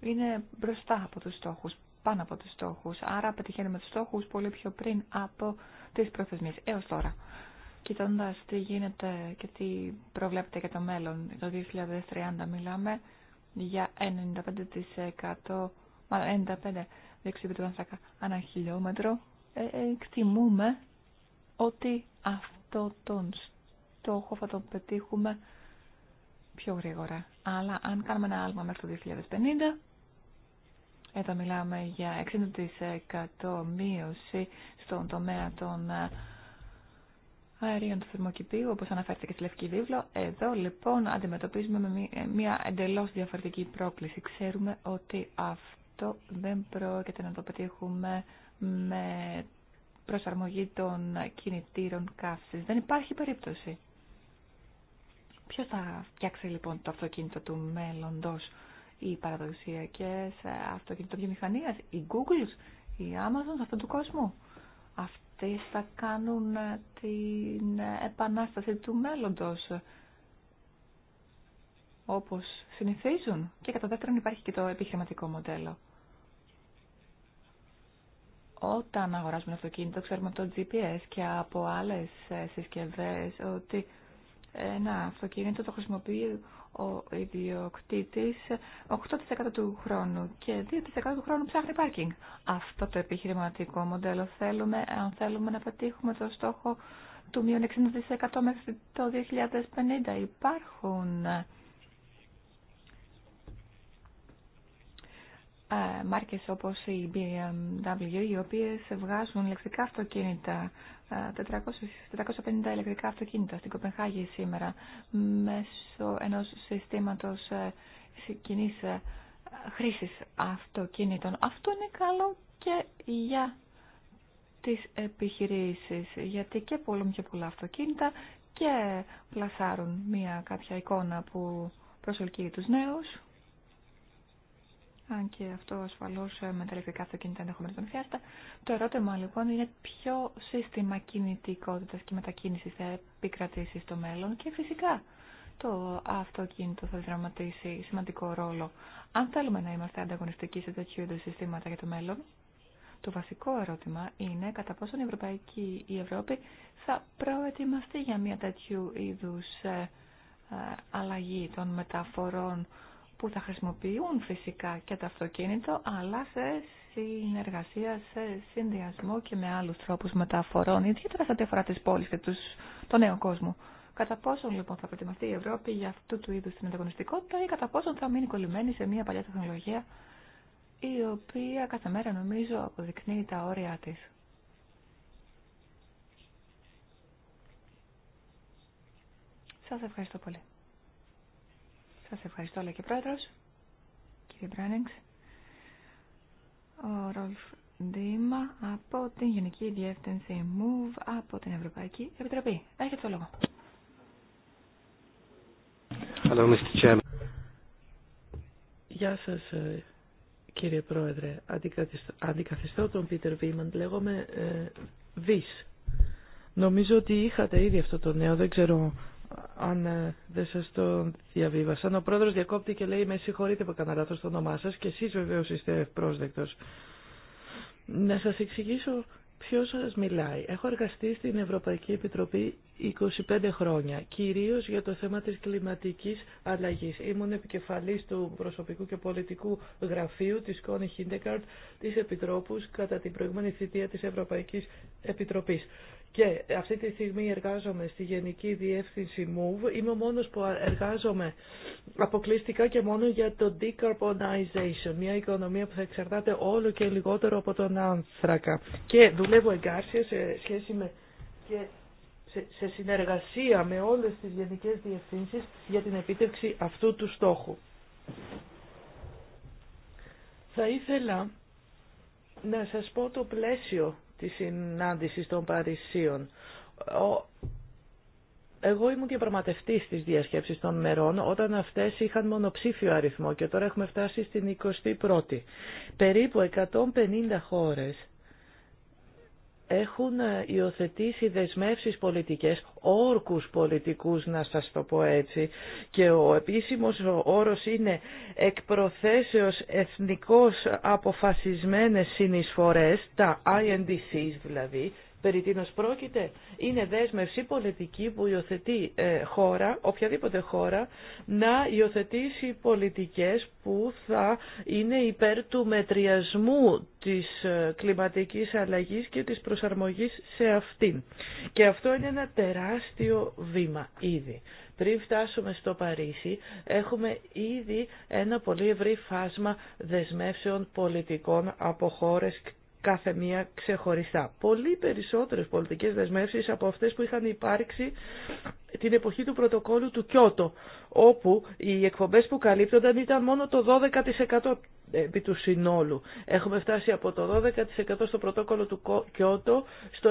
είναι μπροστά από τους στόχους, πάνω από τους στόχους. Άρα πετυχαίνουμε τους στόχους πολύ πιο πριν από τις προθεσμίες, έως τώρα. Κοιτώντα τι γίνεται και τι προβλέπεται για το μέλλον, το 2030 μιλάμε για 95%, 95 διεξίδιο του άνθρακα ένα χιλιόμετρο, ε, ε, εκτιμούμε ότι αυτό τον στόχο θα το πετύχουμε πιο γρήγορα. Αλλά αν κάνουμε ένα άλμα μέχρι το 2050, εδώ μιλάμε για 60% μείωση στον τομέα των ε, αερίων του θερμοκηπίου, όπως αναφέρθηκε στη Λευκή Βίβλο. Εδώ λοιπόν αντιμετωπίζουμε με μια εντελώς διαφορετική πρόκληση. Ξέρουμε ότι αυτό δεν πρόκειται να το πετύχουμε με προσαρμογή των κινητήρων καύσης. Δεν υπάρχει περίπτωση. Ποιος θα φτιάξει λοιπόν το αυτοκίνητο του μέλλοντος, οι παραδοσιακές αυτοκινητοβιομηχανίες, οι Google, οι Amazon, αυτόν του κόσμου. Αυτοί θα κάνουν την επανάσταση του μέλλοντος όπως συνηθίζουν και κατά δεύτερον υπάρχει και το επιχειρηματικό μοντέλο. Όταν αγοράζουμε αυτοκίνητο ξέρουμε από το GPS και από άλλες ε, συσκευές ότι ένα αυτοκίνητο το χρησιμοποιεί ο ιδιοκτήτης 8% του χρόνου και 2% του χρόνου ψάχνει πάρκινγκ. Αυτό το επιχειρηματικό μοντέλο θέλουμε, αν θέλουμε να πετύχουμε το στόχο του μείον 60% μέχρι το 2050. Υπάρχουν Ε, μάρκες όπως η BMW, οι οποίες βγάζουν ηλεκτρικά αυτοκίνητα, 400, ε, 450 ηλεκτρικά αυτοκίνητα στην Κοπενχάγη σήμερα, μέσω ενός συστήματος ε, κοινή χρήσης αυτοκίνητων. Αυτό είναι καλό και για τις επιχειρήσεις, γιατί και πολλούν και πολλά αυτοκίνητα και πλασάρουν μια κάποια εικόνα που προσελκύει τους νέους αν και αυτό ασφαλώ ε, με τα ηλεκτρικά αυτοκίνητα ενδεχομένω να φτιάχνετε. Το ερώτημα λοιπόν είναι ποιο σύστημα κινητικότητα και μετακίνηση θα επικρατήσει στο μέλλον και φυσικά το αυτοκίνητο θα δραματίσει σημαντικό ρόλο. Αν θέλουμε να είμαστε ανταγωνιστικοί σε τέτοιου είδου συστήματα για το μέλλον, το βασικό ερώτημα είναι κατά πόσο η Ευρωπαϊκή η Ευρώπη θα προετοιμαστεί για μια τέτοιου είδου ε, ε, αλλαγή των μεταφορών που θα χρησιμοποιούν φυσικά και το αυτοκίνητο, αλλά σε συνεργασία, σε συνδυασμό και με άλλους τρόπους μεταφορών, ιδιαίτερα σε ό,τι αφορά τις πόλεις και τους, τον νέο κόσμο. Κατά πόσον λοιπόν θα προετοιμαστεί η Ευρώπη για αυτού του είδους την ανταγωνιστικότητα ή κατά πόσον θα μείνει κολλημένη σε μια παλιά τεχνολογία η οποία κάθε μέρα νομίζω αποδεικνύει τα όρια της. Σας ευχαριστώ πολύ. Σας ευχαριστώ, όλα και πρόεδρος, κύριε Μπράνινγκς, Ο Ρόλφ Ντίμα από την Γενική Διεύθυνση MOVE από την Ευρωπαϊκή Επιτροπή. Έχετε το λόγο. Hello, Mr. Chairman. Γεια σας, ε, κύριε Πρόεδρε. Αντικαθιστώ, τον Πίτερ Βίμαντ. Λέγομαι ε, Βις. Νομίζω ότι είχατε ήδη αυτό το νέο, δεν ξέρω αν ε, δεν σας το διαβίβασα. Ο πρόεδρος διακόπτει και λέει «Με συγχωρείτε που έκανα λάθος το όνομά σας και εσείς βεβαίως είστε πρόσδεκτος». Να σας εξηγήσω ποιος σας μιλάει. Έχω εργαστεί στην Ευρωπαϊκή Επιτροπή 25 χρόνια, κυρίως για το θέμα της κλιματικής αλλαγής. Ήμουν επικεφαλής του προσωπικού και πολιτικού γραφείου της Κόνη Χίντεκαρτ, της Επιτρόπους, κατά την προηγούμενη θητεία της Ευρωπαϊκής Επιτροπή. Και αυτή τη στιγμή εργάζομαι στη Γενική Διεύθυνση MOVE. Είμαι ο μόνος που εργάζομαι αποκλειστικά και μόνο για το decarbonization, μια οικονομία που θα εξαρτάται όλο και λιγότερο από τον άνθρακα. Και δουλεύω εγκάρσια σε σχέση με και σε συνεργασία με όλες τις γενικές διευθύνσεις για την επίτευξη αυτού του στόχου. Θα ήθελα να σας πω το πλαίσιο Τη συνάντηση των Παρισίων. Εγώ ήμουν διαπραγματευτή τη διασκέψη των μερών όταν αυτέ είχαν μονοψήφιο αριθμό και τώρα έχουμε φτάσει στην 21η. Περίπου 150 χώρε έχουν ε, υιοθετήσει δεσμεύσεις πολιτικές, όρκους πολιτικούς να σας το πω έτσι και ο επίσημος όρος είναι εκ προθέσεως εθνικώς αποφασισμένες συνεισφορές, τα INDCs δηλαδή, Περί τίνος πρόκειται. Είναι δέσμευση πολιτική που υιοθετεί ε, χώρα, οποιαδήποτε χώρα, να υιοθετήσει πολιτικές που θα είναι υπέρ του μετριασμού της ε, κλιματικής αλλαγής και της προσαρμογής σε αυτήν. Και αυτό είναι ένα τεράστιο βήμα ήδη. Πριν φτάσουμε στο Παρίσι, έχουμε ήδη ένα πολύ ευρύ φάσμα δεσμεύσεων πολιτικών από χώρες κάθε μία ξεχωριστά. Πολύ περισσότερες πολιτικές δεσμεύσεις από αυτές που είχαν υπάρξει την εποχή του πρωτόκολλου του Κιώτο, όπου οι εκπομπές που καλύπτονταν ήταν μόνο το 12% επί του συνόλου. Έχουμε φτάσει από το 12% στο πρωτόκολλο του Κιώτο στο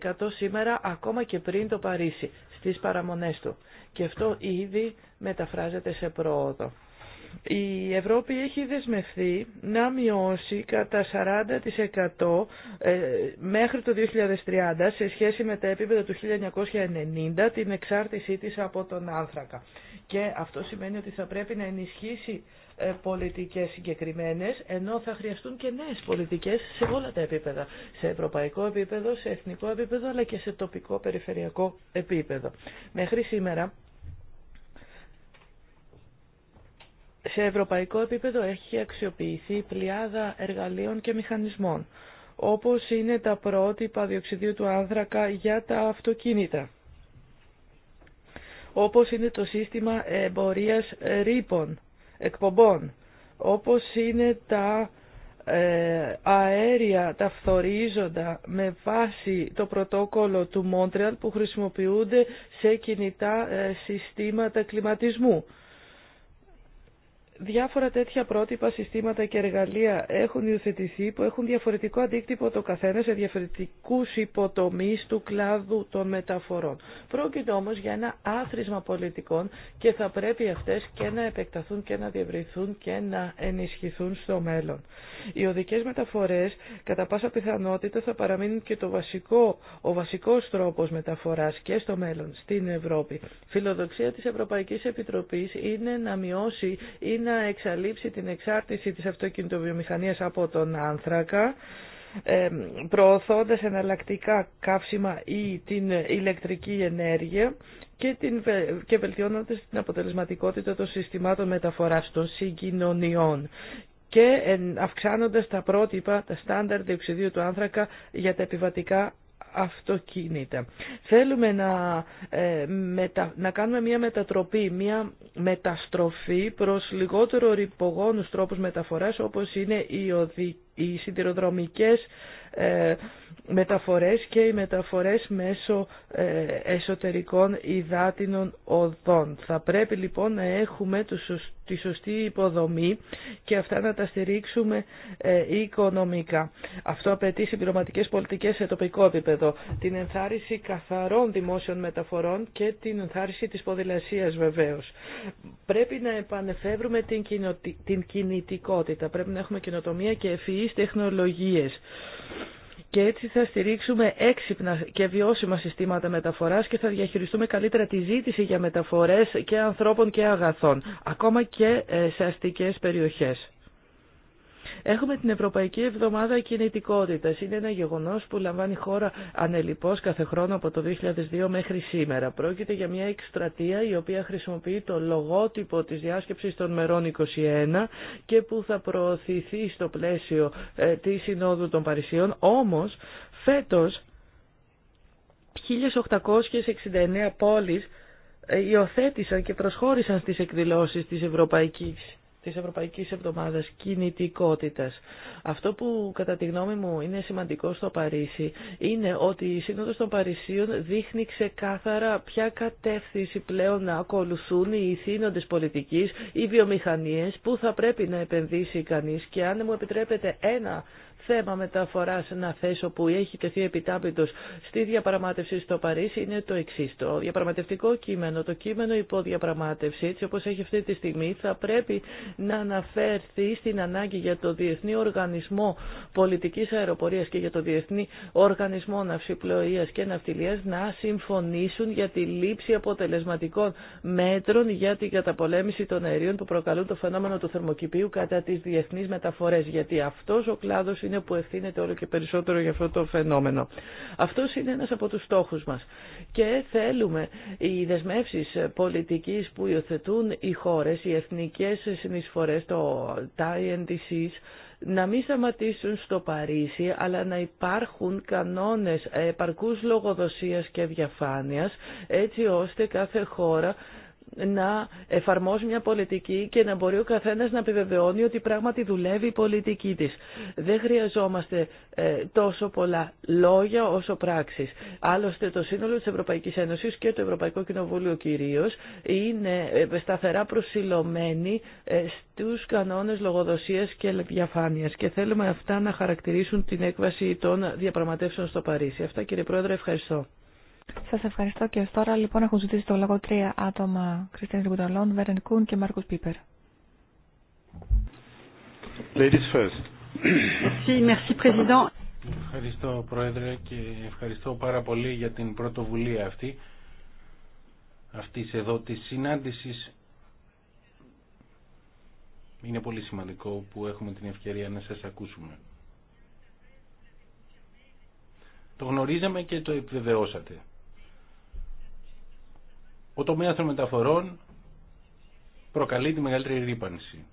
90% σήμερα, ακόμα και πριν το Παρίσι, στις παραμονές του. Και αυτό ήδη μεταφράζεται σε πρόοδο. Η Ευρώπη έχει δεσμευθεί να μειώσει κατά 40% ε, μέχρι το 2030 σε σχέση με τα επίπεδα του 1990 την εξάρτησή της από τον άνθρακα. Και αυτό σημαίνει ότι θα πρέπει να ενισχύσει ε, πολιτικές συγκεκριμένες, ενώ θα χρειαστούν και νέες πολιτικές σε όλα τα επίπεδα. Σε ευρωπαϊκό επίπεδο, σε εθνικό επίπεδο, αλλά και σε τοπικό περιφερειακό επίπεδο. Μέχρι σήμερα σε ευρωπαϊκό επίπεδο έχει αξιοποιηθεί η πλειάδα εργαλείων και μηχανισμών, όπως είναι τα πρότυπα διοξιδίου του άνθρακα για τα αυτοκίνητα, όπως είναι το σύστημα εμπορίας ρήπων, εκπομπών, όπως είναι τα ε, αέρια τα φθορίζοντα με βάση το πρωτόκολλο του Μόντρεαλ που χρησιμοποιούνται σε κινητά ε, συστήματα κλιματισμού διάφορα τέτοια πρότυπα, συστήματα και εργαλεία έχουν υιοθετηθεί που έχουν διαφορετικό αντίκτυπο το καθένα σε διαφορετικούς υποτομεί του κλάδου των μεταφορών. Πρόκειται όμως για ένα άθροισμα πολιτικών και θα πρέπει αυτές και να επεκταθούν και να διευρυθούν και να ενισχυθούν στο μέλλον. Οι οδικές μεταφορές κατά πάσα πιθανότητα θα παραμείνουν και το βασικό, ο βασικός τρόπος μεταφοράς και στο μέλλον στην Ευρώπη. Φιλοδοξία της Ευρωπαϊκής Επιτροπής είναι να μειώσει ή να να εξαλείψει την εξάρτηση της αυτοκινητοβιομηχανίας από τον άνθρακα, ε, προωθώντας εναλλακτικά καύσιμα ή την ηλεκτρική ενέργεια και, την, και βελτιώνοντας την αποτελεσματικότητα των συστημάτων μεταφοράς των συγκοινωνιών και αυξάνοντας τα πρότυπα, τα στάνταρ διοξιδίου του άνθρακα για τα επιβατικά αυτοκίνητα. Θέλουμε να, ε, μετα, να κάνουμε μια μετατροπή, μια μεταστροφή προς λιγότερο ρηπογόνους τρόπους μεταφοράς όπως είναι οι, οδη, οι ε, μεταφορές και οι μεταφορές μέσω ε, εσωτερικών υδάτινων οδών. Θα πρέπει λοιπόν να έχουμε τη σωστή υποδομή και αυτά να τα στηρίξουμε ε, οικονομικά. Αυτό απαιτεί συμπληρωματικές πολιτικές σε τοπικό επίπεδο. Την ενθάρρυνση καθαρών δημόσιων μεταφορών και την ενθάρρυνση της ποδηλασίας βεβαίως. Πρέπει να επανεφεύρουμε την κινητικότητα. Πρέπει να έχουμε καινοτομία και ευφυείς τεχνολογίες και έτσι θα στηρίξουμε έξυπνα και βιώσιμα συστήματα μεταφοράς και θα διαχειριστούμε καλύτερα τη ζήτηση για μεταφορές και ανθρώπων και αγαθών, ακόμα και ε, σε αστικές περιοχές. Έχουμε την Ευρωπαϊκή Εβδομάδα Κινητικότητας. Είναι ένα γεγονός που λαμβάνει χώρα ανελιπώς κάθε χρόνο από το 2002 μέχρι σήμερα. Πρόκειται για μια εκστρατεία η οποία χρησιμοποιεί το λογότυπο της διάσκεψης των μερών 21 και που θα προωθηθεί στο πλαίσιο ε, της Συνόδου των Παρισιών. Όμως, φέτος 1869 πόλεις ε, υιοθέτησαν και προσχώρησαν στις εκδηλώσεις της Ευρωπαϊκής της Ευρωπαϊκής Εβδομάδας Κινητικότητας. Αυτό που κατά τη γνώμη μου είναι σημαντικό στο Παρίσι είναι ότι η Σύνοδος των Παρισίων δείχνει ξεκάθαρα ποια κατεύθυνση πλέον να ακολουθούν οι ηθήνοντες πολιτικής, οι βιομηχανίες, που θα πρέπει να επενδύσει κανείς και αν μου επιτρέπετε ένα θέμα μεταφορά να θέσω που έχει τεθεί επιτάπητο στη διαπραγμάτευση στο Παρίσι είναι το εξή. Το διαπραγματευτικό κείμενο, το κείμενο υποδιαπραγμάτευση, έτσι όπω έχει αυτή τη στιγμή, θα πρέπει να αναφέρθει στην ανάγκη για το Διεθνή Οργανισμό πολιτική αεροπορία και για το Διεθνή Οργανισμό Ναυσιπλοεία και Ναυτιλίας να συμφωνήσουν για τη λήψη αποτελεσματικών μέτρων για την καταπολέμηση των αερίων που προκαλούν το φαινόμενο του θερμοκηπίου κατά τι διεθνεί μεταφορέ, γιατί αυτό ο κλάδος είναι που ευθύνεται όλο και περισσότερο για αυτό το φαινόμενο. Αυτό είναι ένας από τους στόχους μας. Και θέλουμε οι δεσμεύσει πολιτικής που υιοθετούν οι χώρες, οι εθνικές συνεισφορές, το TINDCs, να μην σταματήσουν στο Παρίσι, αλλά να υπάρχουν κανόνες επαρκούς λογοδοσίας και διαφάνειας, έτσι ώστε κάθε χώρα να εφαρμόζει μια πολιτική και να μπορεί ο καθένας να επιβεβαιώνει ότι πράγματι δουλεύει η πολιτική της. Δεν χρειαζόμαστε ε, τόσο πολλά λόγια όσο πράξεις. Άλλωστε το σύνολο της Ευρωπαϊκής Ένωσης και το Ευρωπαϊκό Κοινοβούλιο κυρίως είναι ε, σταθερά προσιλωμένοι ε, στους κανόνες λογοδοσίας και διαφάνειας και θέλουμε αυτά να χαρακτηρίσουν την έκβαση των διαπραγματεύσεων στο Παρίσι. Αυτά κύριε Πρόεδρε ευχαριστώ. Σας ευχαριστώ και ω τώρα λοιπόν έχουν ζητήσει το λόγο τρία άτομα Κριστίνα Ριμπουνταλόν, Βέρεν Κούν και Μάρκο Πίπερ. Ladies first. Merci, merci, President. Ευχαριστώ Πρόεδρε και ευχαριστώ πάρα πολύ για την πρωτοβουλία αυτή αυτής εδώ της συνάντησης είναι πολύ σημαντικό που έχουμε την ευκαιρία να σας ακούσουμε. Το γνωρίζαμε και το επιβεβαιώσατε. Ο τομέας των μεταφορών προκαλεί τη μεγαλύτερη ρήπανση.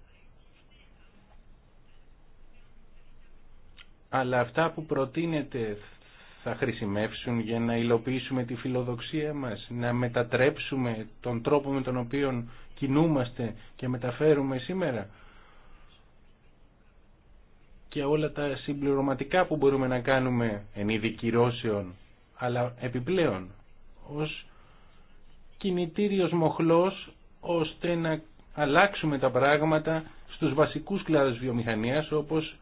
Αλλά αυτά που προτείνεται θα χρησιμεύσουν για να υλοποιήσουμε τη φιλοδοξία μας, να μετατρέψουμε τον τρόπο με τον οποίο κινούμαστε και μεταφέρουμε σήμερα και όλα τα συμπληρωματικά που μπορούμε να κάνουμε εν είδη κυρώσεων, αλλά επιπλέον ως κινητήριος μοχλός ώστε να αλλάξουμε τα πράγματα στους βασικούς κλάδους βιομηχανίας όπως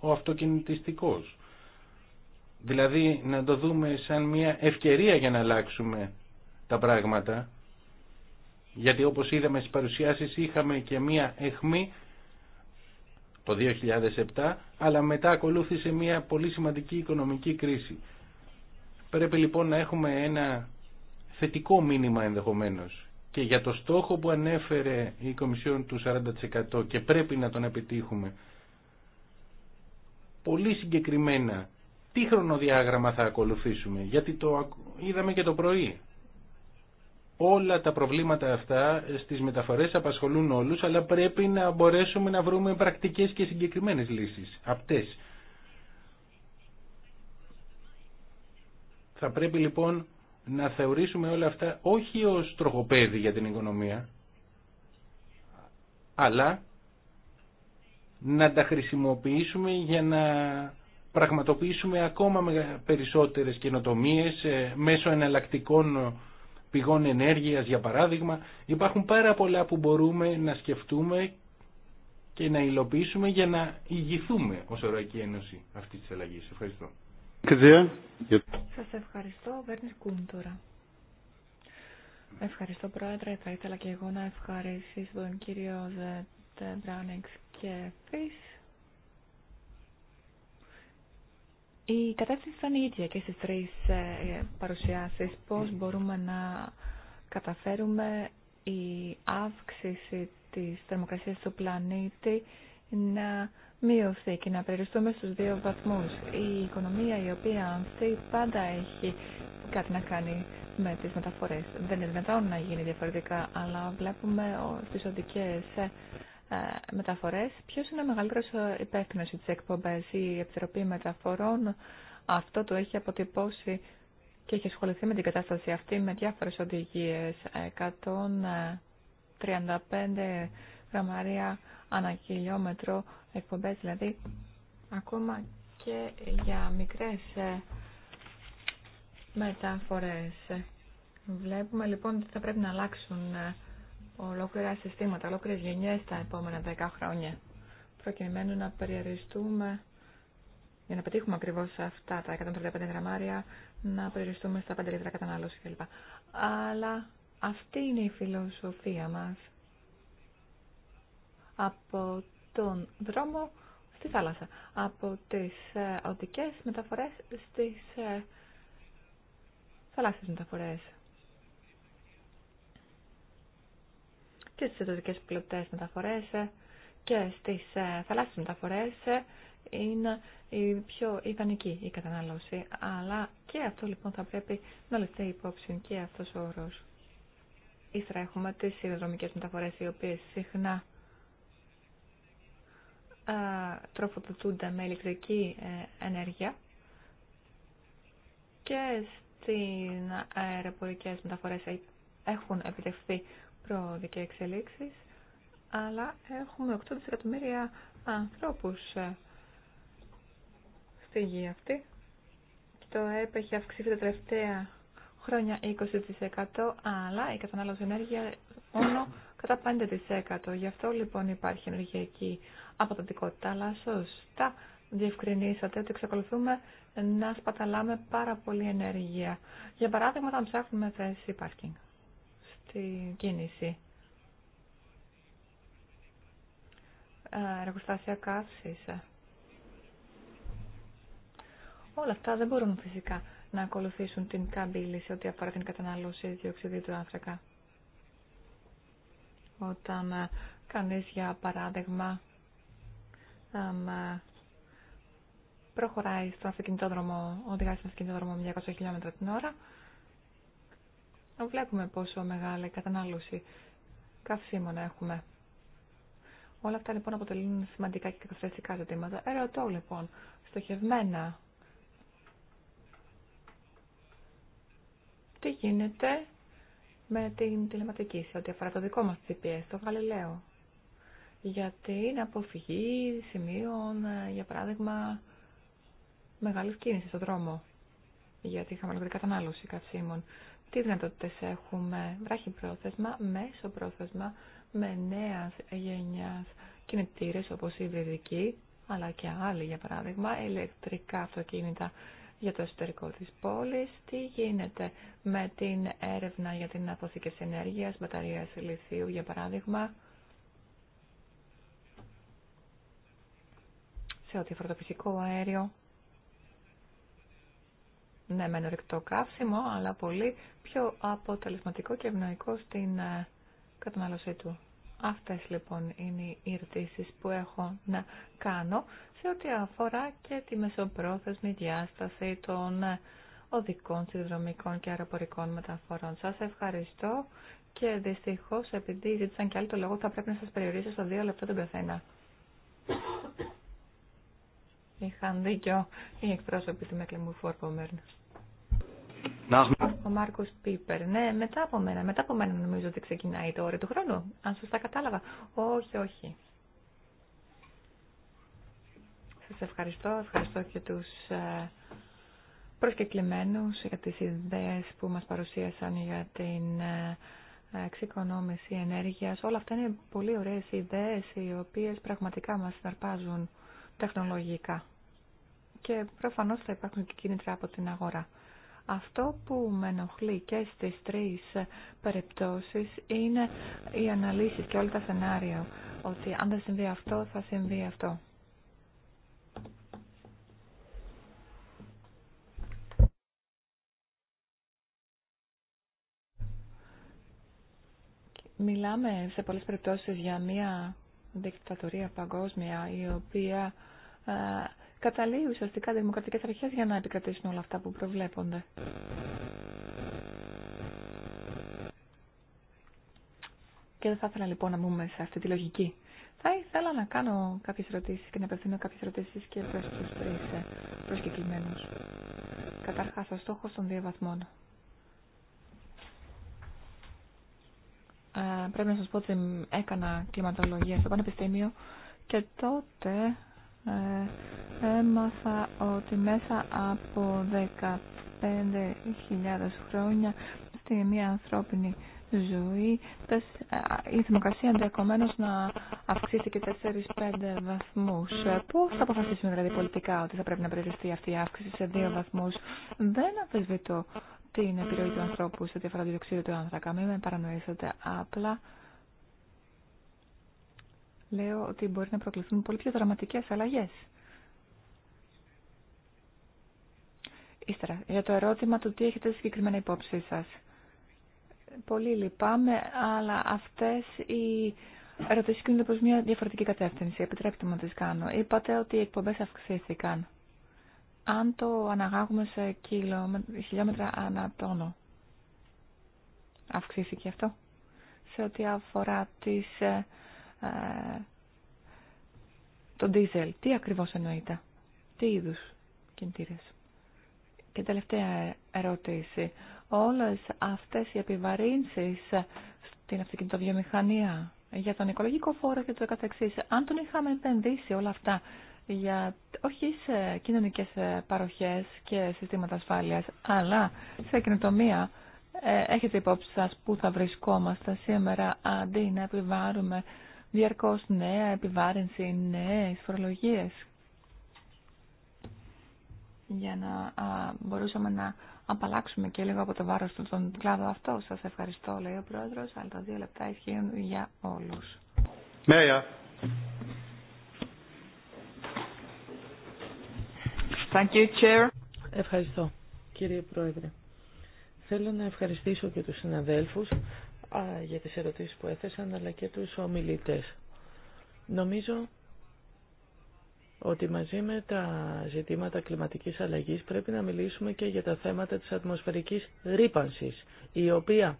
ο αυτοκινητιστικός. Δηλαδή να το δούμε σαν μια ευκαιρία για να αλλάξουμε τα πράγματα γιατί όπως είδαμε στις παρουσιάσεις είχαμε και μια εχμή το 2007 αλλά μετά ακολούθησε μια πολύ σημαντική οικονομική κρίση. Πρέπει λοιπόν να έχουμε ένα θετικό μήνυμα ενδεχομένως και για το στόχο που ανέφερε η Κομισιόν του 40% και πρέπει να τον επιτύχουμε πολύ συγκεκριμένα τι χρονοδιάγραμμα θα ακολουθήσουμε γιατί το είδαμε και το πρωί όλα τα προβλήματα αυτά στις μεταφορές απασχολούν όλους αλλά πρέπει να μπορέσουμε να βρούμε πρακτικές και συγκεκριμένες λύσεις απτές θα πρέπει λοιπόν να θεωρήσουμε όλα αυτά όχι ως τροχοπέδι για την οικονομία, αλλά να τα χρησιμοποιήσουμε για να πραγματοποιήσουμε ακόμα περισσότερες καινοτομίες ε, μέσω εναλλακτικών πηγών ενέργειας για παράδειγμα. Υπάρχουν πάρα πολλά που μπορούμε να σκεφτούμε και να υλοποιήσουμε για να ηγηθούμε ως Ευρωπαϊκή Ένωση αυτή της αλλαγής. Ευχαριστώ. Σας ευχαριστώ. Βέρνης Κούν τώρα. Ευχαριστώ Πρόεδρε. Θα ήθελα και εγώ να ευχαριστήσω τον κύριο Ζετ Μπράουνιξ και Φις. Η κατεύθυνση ήταν η ίδια και στις τρει ε, παρουσιάσει. Πώς μπορούμε να καταφέρουμε η αύξηση της θερμοκρασίας του πλανήτη να μειωθεί και να περιοριστούμε στους δύο βαθμούς. Η οικονομία η οποία ανθεί πάντα έχει κάτι να κάνει με τις μεταφορές. Δεν είναι δυνατόν να γίνει διαφορετικά, αλλά βλέπουμε στις οδικές ε, μεταφορές Ποιο είναι ο μεγαλύτερος υπεύθυνο της εκπομπές. Η Επιτροπή Μεταφορών αυτό το έχει αποτυπώσει και έχει ασχοληθεί με την κατάσταση αυτή με διάφορες οδηγίες. 135 ε, γραμμαρία ανά εκπομπές, δηλαδή ακόμα και για μικρές ε, μεταφορές. Βλέπουμε λοιπόν ότι θα πρέπει να αλλάξουν ε, ολόκληρα συστήματα, ολόκληρες γενιές τα επόμενα 10 χρόνια, προκειμένου να περιοριστούμε για να πετύχουμε ακριβώ αυτά τα 135 γραμμάρια, να περιοριστούμε στα 5 λίτρα κατανάλωση κλπ. Αλλά αυτή είναι η φιλοσοφία μας από τον δρόμο στη θάλασσα, από τις ε, οδικές μεταφορές στις ε, θαλάσσιες μεταφορές και στις οδικές πλωτές μεταφορές ε, και στις θαλάσσιες μεταφορές είναι η πιο ιδανική η κατανάλωση. Αλλά και αυτό λοιπόν θα πρέπει να λεφτεί υπόψη και αυτός ο όρος. Ύστερα έχουμε τις σιδηροδρομικές μεταφορές οι οποίες συχνά τροφοδοτούνται με ηλεκτρική ε, ενέργεια και στις αεροπορικές μεταφορές έχουν επιτευχθεί προοδικές εξελίξεις, αλλά έχουμε 8 δισεκατομμύρια ανθρώπους ε, στη γη αυτή. Και το ΕΕΠ έχει αυξηθεί τα τελευταία χρόνια 20%, αλλά η κατανάλωση ενέργεια μόνο κατά 5%. Γι' αυτό λοιπόν υπάρχει ενεργειακή αποδοτικότητα, αλλά σωστά διευκρινίσατε ότι εξακολουθούμε να σπαταλάμε πάρα πολύ ενέργεια. Για παράδειγμα, όταν ψάχνουμε θέση πάρκινγκ στην κίνηση. Ε, εργοστάσια καύση. Ε, όλα αυτά δεν μπορούν φυσικά να ακολουθήσουν την καμπύλη σε ό,τι αφορά την κατανάλωση διοξιδίου του άνθρακα όταν ε, κανείς για παράδειγμα ε, προχωράει στο αυτοκινητόδρομο, οδηγάει στον αυτοκινητόδρομο 200 χιλιόμετρα την ώρα, βλέπουμε πόσο μεγάλη κατανάλωση καυσίμων έχουμε. Όλα αυτά λοιπόν αποτελούν σημαντικά και καταστατικά ζητήματα. Ερωτώ λοιπόν, στοχευμένα, τι γίνεται με την τηλεματική σε ό,τι αφορά το δικό μας GPS, το Γαλιλαίο. Για είναι αποφυγή σημείων, ε, για παράδειγμα, μεγάλη κίνηση στον δρόμο Γιατί λίγο την κατανάλωση καυσίμων. Τι δυνατότητε έχουμε βράχη πρόθεσμα, μέσο πρόθεσμα, με νέα γενιά κινητήρε, όπω η υβριδική, αλλά και άλλοι για παράδειγμα, ηλεκτρικά αυτοκίνητα για το εσωτερικό της πόλης, τι γίνεται με την έρευνα για την αποθήκευση ενέργειας, μπαταρίας λιθίου για παράδειγμα, σε ό,τι αφορά το φυσικό αέριο. Ναι, με ρηκτό καύσιμο, αλλά πολύ πιο αποτελεσματικό και ευνοϊκό στην ε, κατανάλωσή του. Αυτές λοιπόν είναι οι ερωτήσει που έχω να κάνω σε ό,τι αφορά και τη μεσοπρόθεσμη διάσταση των οδικών, συνδρομικών και αεροπορικών μεταφορών. Σας ευχαριστώ και δυστυχώς επειδή ζήτησαν και άλλοι το λόγο θα πρέπει να σας περιορίσω στο δύο λεπτά τον καθένα. Είχαν δίκιο οι εκπρόσωποι του Μεκλεμού ο Μάρκο Πίπερ. Ναι, μετά από μένα. Μετά από μένα νομίζω ότι ξεκινάει το όριο του χρόνου. Αν σωστά κατάλαβα. Όχι, όχι. Σα ευχαριστώ. Ευχαριστώ και του ε, προσκεκλημένου για τι ιδέε που μα παρουσίασαν για την ε, εξοικονόμηση ενέργεια. Όλα αυτά είναι πολύ ωραίε ιδέε οι οποίε πραγματικά μα συναρπάζουν τεχνολογικά. Και προφανώ θα υπάρχουν και κίνητρα από την αγορά. Αυτό που με ενοχλεί και στις τρεις περιπτώσεις είναι οι αναλύσεις και όλα τα σενάρια. Ότι αν δεν συμβεί αυτό, θα συμβεί αυτό. Μιλάμε σε πολλές περιπτώσεις για μια δικτατορία παγκόσμια η οποία ε, καταλύει ουσιαστικά δημοκρατικές αρχές για να επικρατήσουν όλα αυτά που προβλέπονται. Και δεν θα ήθελα λοιπόν να μπούμε σε αυτή τη λογική. Θα ήθελα να κάνω κάποιε ερωτήσει και να απευθύνω κάποιε ερωτήσει και προ του τρει ε, προσκεκλημένου. Καταρχά, ο στόχο των δύο βαθμών. πρέπει να σα πω ότι έκανα κλιματολογία στο Πανεπιστήμιο και τότε ε, έμαθα ότι μέσα από 15.000 χρόνια στη μία ανθρώπινη ζωή ε, η θερμοκρασία ενδεχομένω να και 4 4-5 βαθμού. Πώ θα αποφασίσουμε δηλαδή πολιτικά ότι θα πρέπει να περιοριστεί αυτή η αύξηση σε 2 βαθμού, δεν αμφισβητώ την επιρροή του ανθρώπου σε διαφορά του του άνθρακα. Μην με παρανοήσετε. Απλά λέω ότι μπορεί να προκληθούν πολύ πιο δραματικές αλλαγές. Ύστερα, για το ερώτημα του τι έχετε συγκεκριμένα υπόψη σας. Πολύ λυπάμαι, αλλά αυτές οι ερωτήσεις κινούνται προς μια διαφορετική κατεύθυνση. Επιτρέπετε μου να τις κάνω. Είπατε ότι οι εκπομπές αυξήθηκαν. Αν το αναγάγουμε σε χιλιόμετρα ανά αυξήθηκε αυτό. Σε ό,τι αφορά τις ε, ε, το diesel. Τι ακριβώς εννοείται. Τι είδους κινητήρες. Και τελευταία ερώτηση. Όλες αυτές οι επιβαρύνσεις στην αυτοκινητοβιομηχανία για τον οικολογικό φόρο και το καθεξής. Αν τον είχαμε επενδύσει όλα αυτά για όχι σε κοινωνικές παροχές και συστήματα ασφάλειας, αλλά σε κοινοτομία, ε, έχετε υπόψη σας που θα βρισκόμαστε σήμερα αντί να επιβάρουμε διαρκώς νέα επιβάρυνση, νέες φορολογίες για να α, μπορούσαμε να απαλλάξουμε και λίγο από το βάρος του τον κλάδο αυτό. Σας ευχαριστώ, λέει ο Πρόεδρος, αλλά τα δύο λεπτά ισχύουν για όλους. Thank you, Chair. Ευχαριστώ, κύριε Πρόεδρε. Θέλω να ευχαριστήσω και τους συναδέλφους για τις ερωτήσεις που έθεσαν αλλά και τους ομιλητές. Νομίζω ότι μαζί με τα ζητήματα κλιματικής αλλαγής πρέπει να μιλήσουμε και για τα θέματα της ατμοσφαιρικής ρήπανσης, η οποία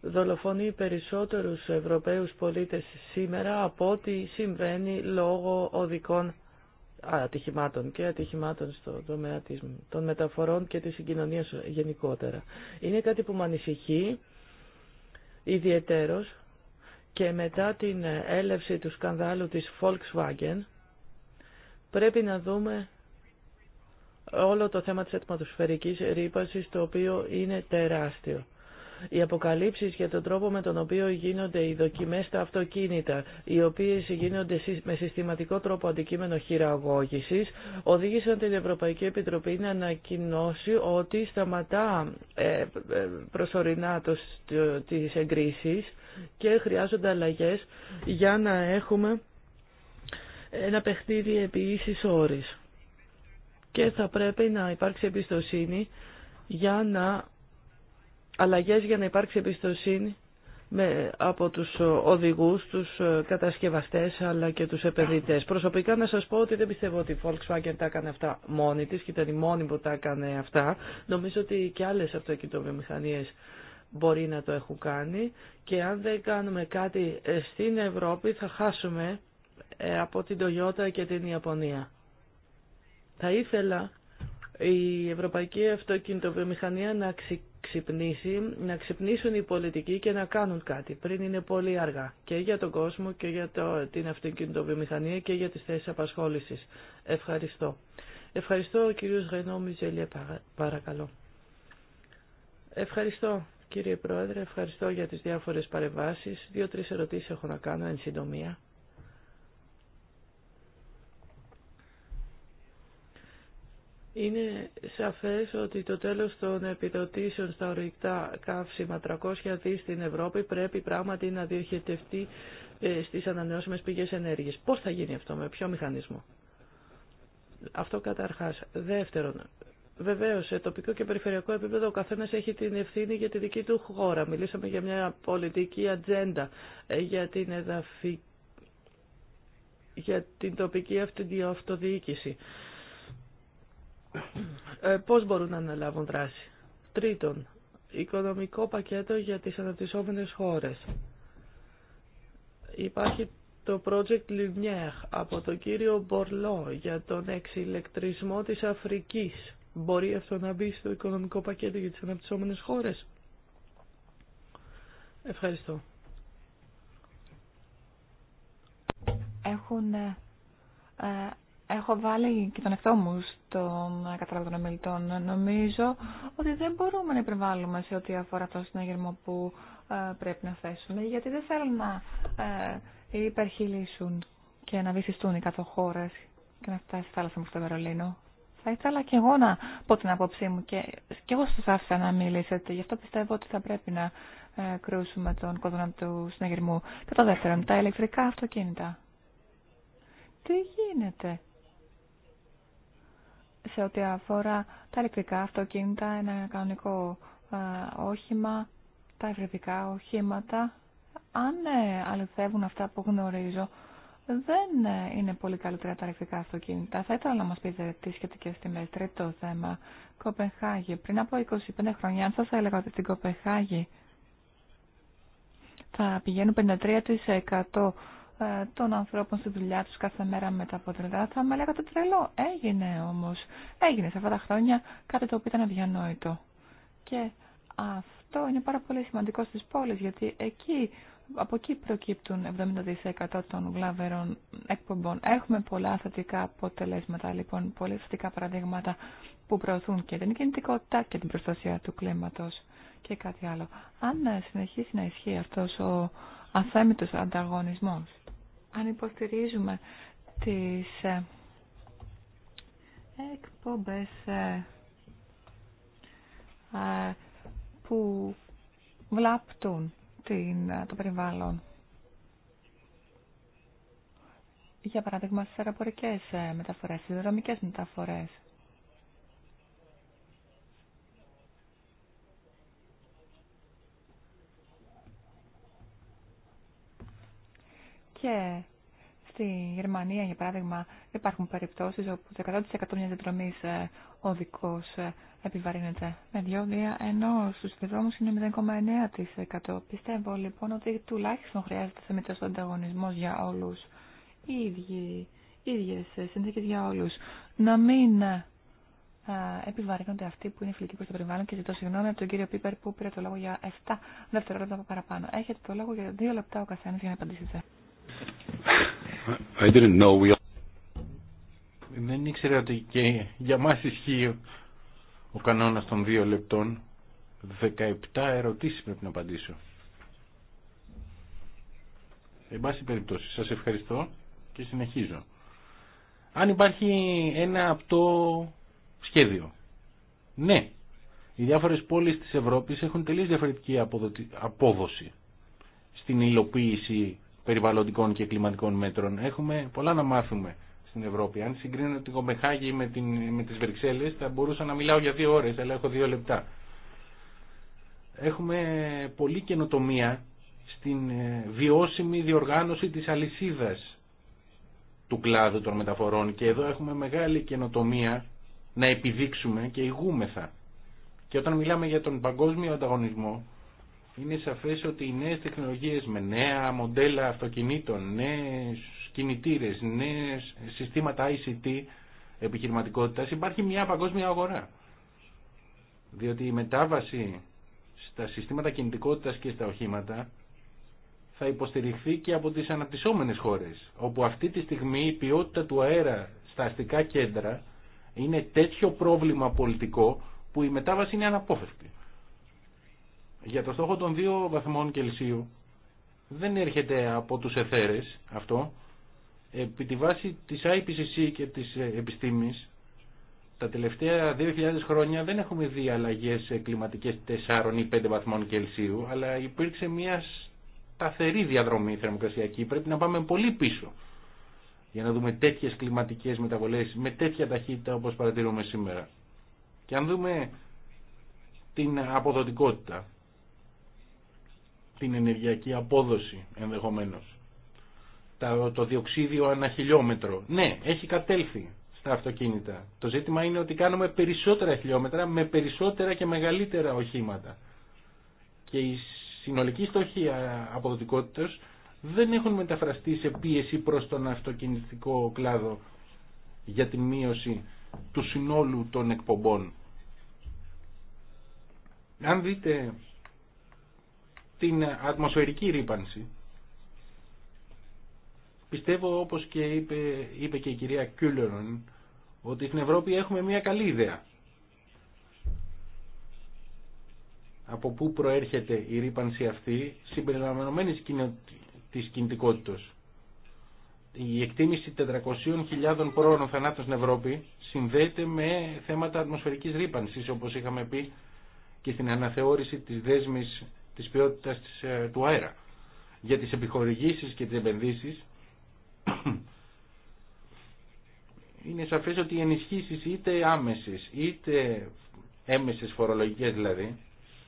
δολοφονεί περισσότερους Ευρωπαίους πολίτες σήμερα από ό,τι συμβαίνει λόγω οδικών ατυχημάτων και ατυχημάτων στο τομέα των μεταφορών και της συγκοινωνίας γενικότερα. Είναι κάτι που με ανησυχεί ιδιαιτέρως και μετά την έλευση του σκανδάλου της Volkswagen πρέπει να δούμε όλο το θέμα της ατμοσφαιρικής ρήπασης το οποίο είναι τεράστιο. Οι αποκαλύψεις για τον τρόπο με τον οποίο γίνονται οι δοκιμές στα αυτοκίνητα, οι οποίες γίνονται με συστηματικό τρόπο αντικείμενο χειραγώγησης, οδήγησαν την Ευρωπαϊκή Επιτροπή να ανακοινώσει ότι σταματά ε, ε, προσωρινά τις εγκρίσεις και χρειάζονται αλλαγές για να έχουμε ένα παιχνίδι ίσης όρης. Και θα πρέπει να υπάρξει εμπιστοσύνη για να αλλαγές για να υπάρξει εμπιστοσύνη με, από τους ε, οδηγούς, τους ε, κατασκευαστές αλλά και τους επενδυτές. Προσωπικά να σας πω ότι δεν πιστεύω ότι η Volkswagen τα έκανε αυτά μόνη της και ήταν η μόνη που τα έκανε αυτά. Νομίζω ότι και άλλες αυτοκινητοβιομηχανίες μπορεί να το έχουν κάνει και αν δεν κάνουμε κάτι ε, στην Ευρώπη θα χάσουμε από την Toyota και την Ιαπωνία. Θα ήθελα η ευρωπαϊκή αυτοκινητοβιομηχανία να ξυπνήσει, να ξυπνήσουν οι πολιτικοί και να κάνουν κάτι πριν είναι πολύ αργά και για τον κόσμο και για το, την αυτοκινητοβιομηχανία και για τις θέσεις απασχόλησης. Ευχαριστώ. Ευχαριστώ κύριος Ρενό παρακαλώ. Ευχαριστώ κύριε Πρόεδρε, ευχαριστώ για τις διάφορες παρεμβάσεις. Δύο-τρεις ερωτήσεις έχω να κάνω εν συντομία. Είναι σαφές ότι το τέλος των επιδοτήσεων στα ορυκτά καύσιμα 300 δις στην Ευρώπη πρέπει πράγματι να διοχετευτεί ε, στις ανανεώσιμες πηγές ενέργειας. Πώς θα γίνει αυτό, με ποιο μηχανισμό. Αυτό καταρχάς. Δεύτερον, βεβαίως σε τοπικό και περιφερειακό επίπεδο ο καθένα έχει την ευθύνη για τη δική του χώρα. Μιλήσαμε για μια πολιτική ατζέντα ε, για την τοπική αυτοδιοίκηση. Ε, πώς μπορούν να αναλάβουν δράση. Τρίτον, οικονομικό πακέτο για τις αναπτυσσόμενες χώρες. Υπάρχει το project Lumière από τον κύριο Μπορλό για τον εξηλεκτρισμό της Αφρικής. Μπορεί αυτό να μπει στο οικονομικό πακέτο για τις αναπτυσσόμενες χώρες. Ευχαριστώ. Έχουν ε, Έχω βάλει και τον εαυτό μου στον κατάλογο των ομιλητών. Νομίζω ότι δεν μπορούμε να υπερβάλλουμε σε ό,τι αφορά αυτό το συναγερμό που ε, πρέπει να θέσουμε, γιατί δεν θέλουν να ε, υπερχειλήσουν και να βυθιστούν οι κάτω και να φτάσει η θάλασσα μου στο Βερολίνο. Θα ήθελα και εγώ να πω την άποψή μου και, και εγώ σα άφησα να μιλήσετε. Γι' αυτό πιστεύω ότι θα πρέπει να ε, κρούσουμε τον κόδωνα του συναγερμού. το δεύτερο. τα ηλεκτρικά αυτοκίνητα. Τι γίνεται σε ό,τι αφορά τα ηλεκτρικά αυτοκίνητα, ένα κανονικό ε, όχημα, τα ευρετικά οχήματα. Αν ε, αληθεύουν αυτά που γνωρίζω, δεν ε, είναι πολύ καλύτερα τα ηλεκτρικά αυτοκίνητα. Θα ήθελα να μας πείτε τι σχετικές τιμές. Τρίτο θέμα, Κοπεχάγη. Πριν από 25 χρόνια, αν σας έλεγα ότι στην Κοπεχάγη θα πηγαίνουν 53% ε, των ανθρώπων στη δουλειά τους κάθε μέρα μετά από την θα με λέγατε τρελό. Έγινε όμως. Έγινε σε αυτά τα χρόνια κάτι το οποίο ήταν αδιανόητο. Και αυτό είναι πάρα πολύ σημαντικό στις πόλεις γιατί εκεί, από εκεί προκύπτουν 70% των βλάβερων εκπομπών. Έχουμε πολλά θετικά αποτελέσματα λοιπόν, πολλά θετικά παραδείγματα που προωθούν και την κινητικότητα και την προστασία του κλίματος και κάτι άλλο. Αν συνεχίσει να ισχύει αυτό. ο αθέμητος ανταγωνισμός. Αν υποστηρίζουμε τις ε, εκπομπές ε, ε, που βλάπτουν την, το περιβάλλον. Για παράδειγμα, στις αεροπορικές μεταφορές, στις δρομικές μεταφορές. Και στη Γερμανία, για παράδειγμα, υπάρχουν περιπτώσει όπου το 100% μιας ο ε, οδικός ε, επιβαρύνεται με δυο δύο, ενώ στου δρόμους είναι 0,9%. Πιστεύω λοιπόν ότι τουλάχιστον χρειάζεται σε θεμητός ανταγωνισμό για όλου. Οι ίδιοι, ίδιες συνθήκες για όλους. Να μην ε, επιβαρύνονται αυτοί που είναι φιλικοί προ το περιβάλλον και ζητώ συγγνώμη από τον κύριο Πίπερ που πήρε το λόγο για 7 δευτερόλεπτα παραπάνω. Έχετε το λόγο για 2 λεπτά ο καθένα για να απαντήσετε. I didn't know we... Δεν ήξερα ότι και για μα ισχύει ο κανόνας των δύο λεπτών. 17 ερωτήσεις πρέπει να απαντήσω. Εν πάση περιπτώσει, σας ευχαριστώ και συνεχίζω. Αν υπάρχει ένα το σχέδιο. Ναι, οι διάφορες πόλεις της Ευρώπης έχουν τελείως διαφορετική απόδοση στην υλοποίηση περιβαλλοντικών και κλιματικών μέτρων. Έχουμε πολλά να μάθουμε στην Ευρώπη. Αν συγκρίνω την Κομπεχάγη με, την, με τις Βρυξέλλες θα μπορούσα να μιλάω για δύο ώρες, αλλά έχω δύο λεπτά. Έχουμε πολλή καινοτομία στην ε, βιώσιμη διοργάνωση της αλυσίδας του κλάδου των μεταφορών και εδώ έχουμε μεγάλη καινοτομία να επιδείξουμε και ηγούμεθα. Και όταν μιλάμε για τον παγκόσμιο ανταγωνισμό είναι σαφές ότι οι νέες τεχνολογίες με νέα μοντέλα αυτοκινήτων, νέες κινητήρες, νέες συστήματα ICT επιχειρηματικότητας υπάρχει μια παγκόσμια αγορά. Διότι η μετάβαση στα συστήματα κινητικότητας και στα οχήματα θα υποστηριχθεί και από τις αναπτυσσόμενες χώρες, όπου αυτή τη στιγμή η ποιότητα του αέρα στα αστικά κέντρα είναι τέτοιο πρόβλημα πολιτικό που η μετάβαση είναι αναπόφευκτη. Για το στόχο των 2 βαθμών Κελσίου δεν έρχεται από τους εθέρες αυτό. Επί τη βάση της IPCC και της επιστήμης τα τελευταία 2.000 χρόνια δεν έχουμε δει αλλαγές κλιματικές 4 ή 5 βαθμών Κελσίου αλλά υπήρξε μια σταθερή διαδρομή θερμοκρασιακή. Πρέπει να πάμε πολύ πίσω για να δούμε τέτοιες κλιματικές μεταβολές με τέτοια ταχύτητα όπως παρατηρούμε σήμερα. Και αν δούμε την αποδοτικότητα την ενεργειακή απόδοση ενδεχομένως. Το διοξίδιο ανά χιλιόμετρο. Ναι, έχει κατέλθει στα αυτοκίνητα. Το ζήτημα είναι ότι κάνουμε περισσότερα χιλιόμετρα με περισσότερα και μεγαλύτερα οχήματα. Και η συνολική στόχη αποδοτικότητας δεν έχουν μεταφραστεί σε πίεση προς τον αυτοκινητικό κλάδο για τη μείωση του συνόλου των εκπομπών. Αν δείτε την ατμοσφαιρική ρήπανση. Πιστεύω όπως και είπε, είπε και η κυρία Κιούλερον ότι στην Ευρώπη έχουμε μια καλή ιδέα από πού προέρχεται η ρήπανση αυτή συμπεριλαμβανωμένη της κινητικότητας. Η εκτίμηση 400.000 πρόωρων θανάτων στην Ευρώπη συνδέεται με θέματα ατμοσφαιρικής ρήπανσης όπως είχαμε πει και στην αναθεώρηση της δέσμης της ποιότητας ε, του αέρα. Για τις επιχορηγήσεις και τις επενδύσεις είναι σαφές ότι οι ενισχύσεις είτε άμεσες είτε έμεσες φορολογικές δηλαδή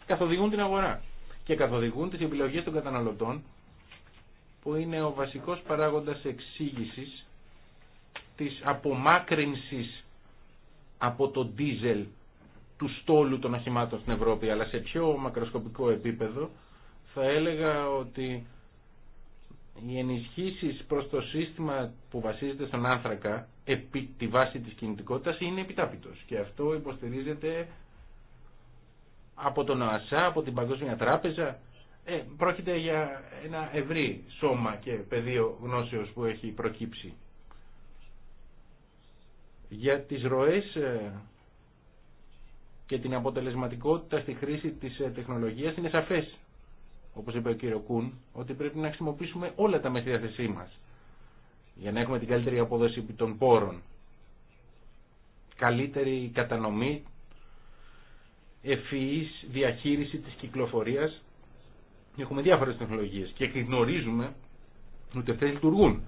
καθοδηγούν την αγορά και καθοδηγούν τις επιλογές των καταναλωτών που είναι ο βασικός παράγοντας εξήγησης της απομάκρυνσης από το ντίζελ του στόλου των αχημάτων στην Ευρώπη, αλλά σε πιο μακροσκοπικό επίπεδο θα έλεγα ότι οι ενισχύσεις προς το σύστημα που βασίζεται στον άνθρακα επί τη βάση της κινητικότητας είναι επιτάπητος και αυτό υποστηρίζεται από τον ΟΑΣΑ, από την Παγκόσμια Τράπεζα ε, πρόκειται για ένα ευρύ σώμα και πεδίο γνώσεως που έχει προκύψει για τις ροές ε, και την αποτελεσματικότητα στη χρήση της ε, τεχνολογίας είναι σαφές, όπως είπε ο κύριο Κούν, ότι πρέπει να χρησιμοποιήσουμε όλα τα μέσα διάθεσή μας για να έχουμε την καλύτερη απόδοση των πόρων, καλύτερη κατανομή, ευφυής διαχείριση της κυκλοφορίας. Έχουμε διάφορες τεχνολογίες και γνωρίζουμε ότι αυτές λειτουργούν,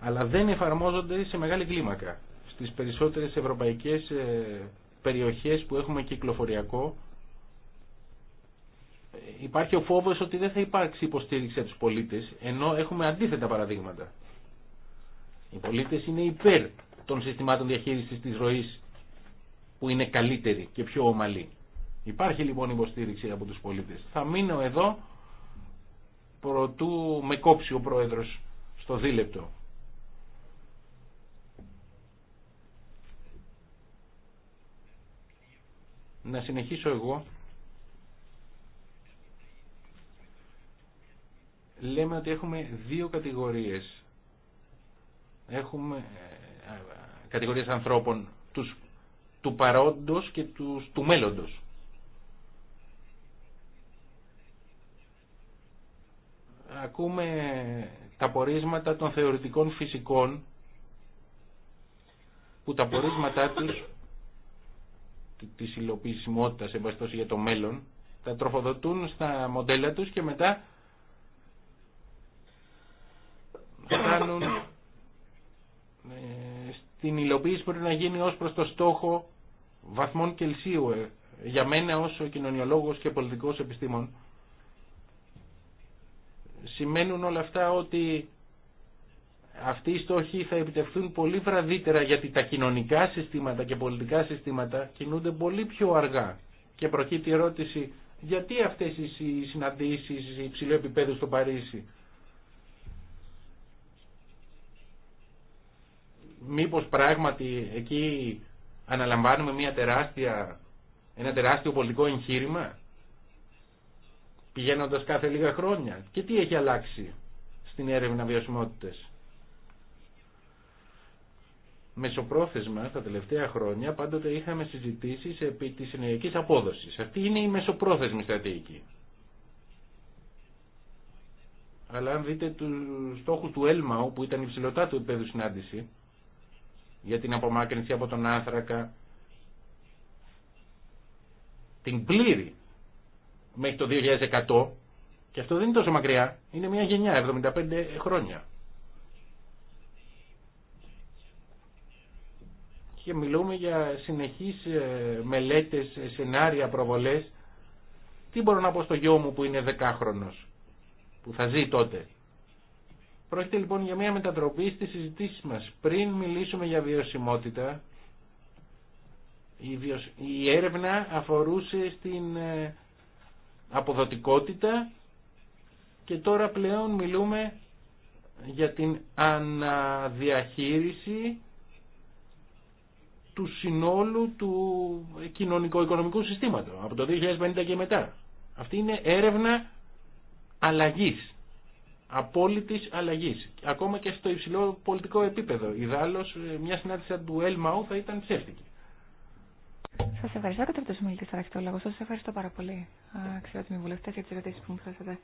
αλλά δεν εφαρμόζονται σε μεγάλη κλίμακα στις περισσότερες ευρωπαϊκές ε, περιοχές που έχουμε κυκλοφοριακό υπάρχει ο φόβος ότι δεν θα υπάρξει υποστήριξη από τους πολίτες ενώ έχουμε αντίθετα παραδείγματα. Οι πολίτες είναι υπέρ των συστημάτων διαχείρισης της ροής που είναι καλύτερη και πιο ομαλή. Υπάρχει λοιπόν υποστήριξη από τους πολίτες. Θα μείνω εδώ προτού με κόψει ο Πρόεδρος στο δίλεπτο. να συνεχίσω εγώ λέμε ότι έχουμε δύο κατηγορίες έχουμε ε, ε, κατηγορίες ανθρώπων τους, του παρόντος και τους, του μέλλοντος ακούμε τα πορίσματα των θεωρητικών φυσικών που τα πορίσματά τους Τη υλοποιησιμότητας εμπαστός για το μέλλον τα τροφοδοτούν στα μοντέλα τους και μετά φτάνουν ε, στην υλοποίηση που πρέπει να γίνει ως προς το στόχο βαθμών Κελσίου ε, για μένα ως κοινωνιολόγος και πολιτικός επιστήμων σημαίνουν όλα αυτά ότι αυτοί οι στόχοι θα επιτευχθούν πολύ βραδύτερα γιατί τα κοινωνικά συστήματα και πολιτικά συστήματα κινούνται πολύ πιο αργά. Και προκύπτει η ερώτηση γιατί αυτές οι συναντήσεις υψηλού επίπεδου στο Παρίσι. Μήπως πράγματι εκεί αναλαμβάνουμε μια τεράστια, ένα τεράστιο πολιτικό εγχείρημα πηγαίνοντας κάθε λίγα χρόνια. Και τι έχει αλλάξει στην έρευνα βιωσιμότητες μεσοπρόθεσμα τα τελευταία χρόνια πάντοτε είχαμε συζητήσει επί της ενεργειακής απόδοσης. Αυτή είναι η μεσοπρόθεσμη στρατηγική. Αλλά αν δείτε του στόχους του Έλμαου που ήταν υψηλωτά του επίπεδου συνάντηση για την απομάκρυνση από τον άνθρακα την πλήρη μέχρι το 2100 και αυτό δεν είναι τόσο μακριά, είναι μια γενιά, 75 χρόνια. και μιλούμε για συνεχείς ε, μελέτες, ε, σενάρια, προβολές. Τι μπορώ να πω στο γιο μου που είναι δεκάχρονος, που θα ζει τότε. Πρόκειται λοιπόν για μια μετατροπή στις συζητήσεις μας. Πριν μιλήσουμε για βιωσιμότητα, η έρευνα αφορούσε στην ε, αποδοτικότητα και τώρα πλέον μιλούμε για την αναδιαχείριση του συνόλου του κοινωνικο-οικονομικού συστήματος από το 2050 και μετά. Αυτή είναι έρευνα αλλαγής, απόλυτης αλλαγής, ακόμα και στο υψηλό πολιτικό επίπεδο. Ιδάλλως ε, μια συνάντηση του ΕΛΜΑΟ θα ήταν ψεύτικη. Σας ευχαριστώ και το συμμελητή ομιλητέ θα το ευχαριστώ πάρα πολύ, ε, αξιότιμοι βουλευτέ, για τι ερωτήσεις που μου θέσατε.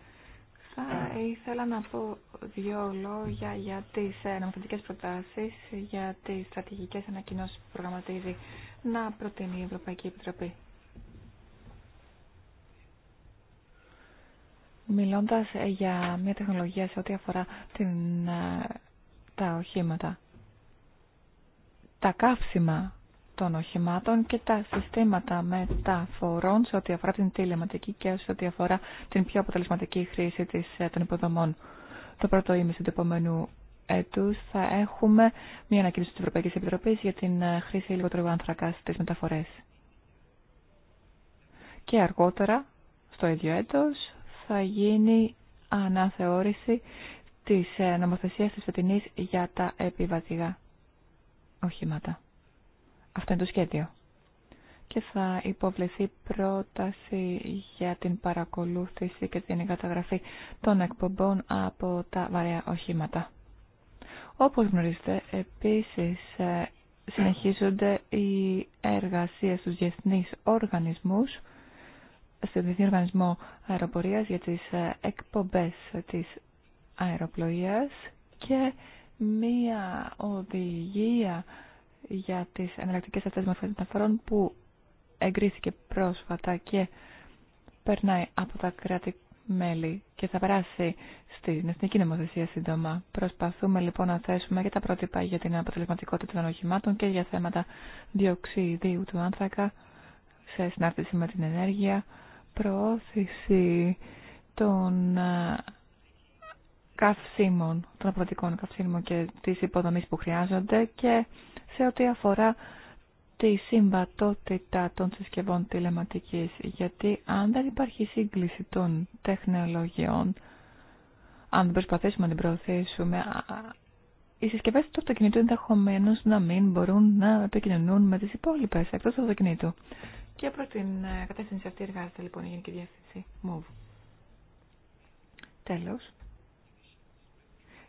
Θα ήθελα να πω δύο λόγια για τις ε, νομοθετικές προτάσεις, για τις στρατηγικές ανακοινώσεις που προγραμματίζει να προτείνει η Ευρωπαϊκή Επιτροπή. Μιλώντας ε, για μια τεχνολογία σε ό,τι αφορά την, ε, τα οχήματα, τα καύσιμα των οχημάτων και τα συστήματα μεταφορών σε ό,τι αφορά την τηλεματική και σε ό,τι αφορά την πιο αποτελεσματική χρήση της, ε, των υποδομών. Το πρώτο ήμιση του επόμενου έτους θα έχουμε μια ανακοίνωση της Ευρωπαϊκή Επιτροπής για την ε, χρήση λιγότερου ανθρακά στις μεταφορές. Και αργότερα, στο ίδιο έτος, θα γίνει αναθεώρηση της ε, νομοθεσίας της φετινής για τα επιβατηγά οχήματα. Αυτό είναι το σχέδιο. Και θα υποβληθεί πρόταση για την παρακολούθηση και την εγκαταγραφή των εκπομπών από τα βαρέα οχήματα. Όπως γνωρίζετε, επίσης ε, συνεχίζονται οι εργασίες στους διεθνείς οργανισμούς, στον Διεθνή Οργανισμό Αεροπορίας για τις ε, εκπομπές της αεροπλοείας και μία οδηγία για τις εναλλακτικές αυτές μορφές μεταφορών που εγκρίθηκε πρόσφατα και περνάει από τα κράτη μέλη και θα περάσει στην Εθνική Νομοθεσία σύντομα. Προσπαθούμε λοιπόν να θέσουμε και τα πρότυπα για την αποτελεσματικότητα των οχημάτων και για θέματα διοξιδίου του άνθρακα σε συνάρτηση με την ενέργεια, προώθηση των καυσίμων, των αποδοτικών καυσίμων και της υποδομής που χρειάζονται και σε ό,τι αφορά τη συμβατότητα των συσκευών τηλεματικής, γιατί αν δεν υπάρχει σύγκληση των τεχνολογιών, αν δεν προσπαθήσουμε να την προωθήσουμε, οι συσκευέ του αυτοκινήτου ενδεχομένω να μην μπορούν να επικοινωνούν με τι υπόλοιπε εκτό του αυτοκινήτου. Και προ την ε, κατεύθυνση αυτή εργάζεται λοιπόν η Γενική Διεύθυνση MOVE. Τέλο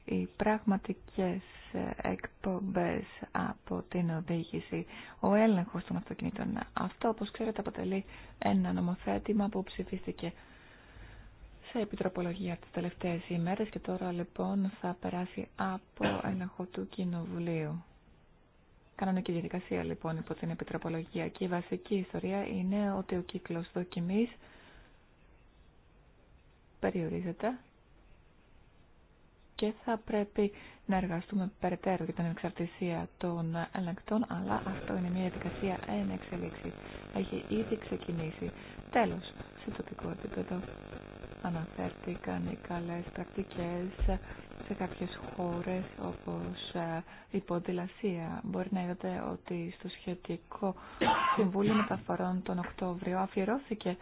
οι πραγματικές εκπομπές από την οδήγηση, ο έλεγχος των αυτοκινήτων. Αυτό, όπως ξέρετε, αποτελεί ένα νομοθέτημα που ψηφίστηκε σε επιτροπολογία τις τελευταίες ημέρες και τώρα λοιπόν θα περάσει από έλεγχο του Κοινοβουλίου. Κανονική διαδικασία λοιπόν υπό την επιτροπολογία και η βασική ιστορία είναι ότι ο κύκλος δοκιμής περιορίζεται και θα πρέπει να εργαστούμε περαιτέρω για την εξαρτησία των ελεγκτών, αλλά αυτό είναι μια διαδικασία εν εξελίξη. Έχει ήδη ξεκινήσει. Τέλος, σε τοπικό επίπεδο αναφέρθηκαν οι καλέ πρακτικέ σε κάποιες χώρες όπως η ποντιλασία. Μπορεί να είδατε ότι στο σχετικό Συμβούλιο Μεταφορών τον Οκτώβριο αφιερώθηκε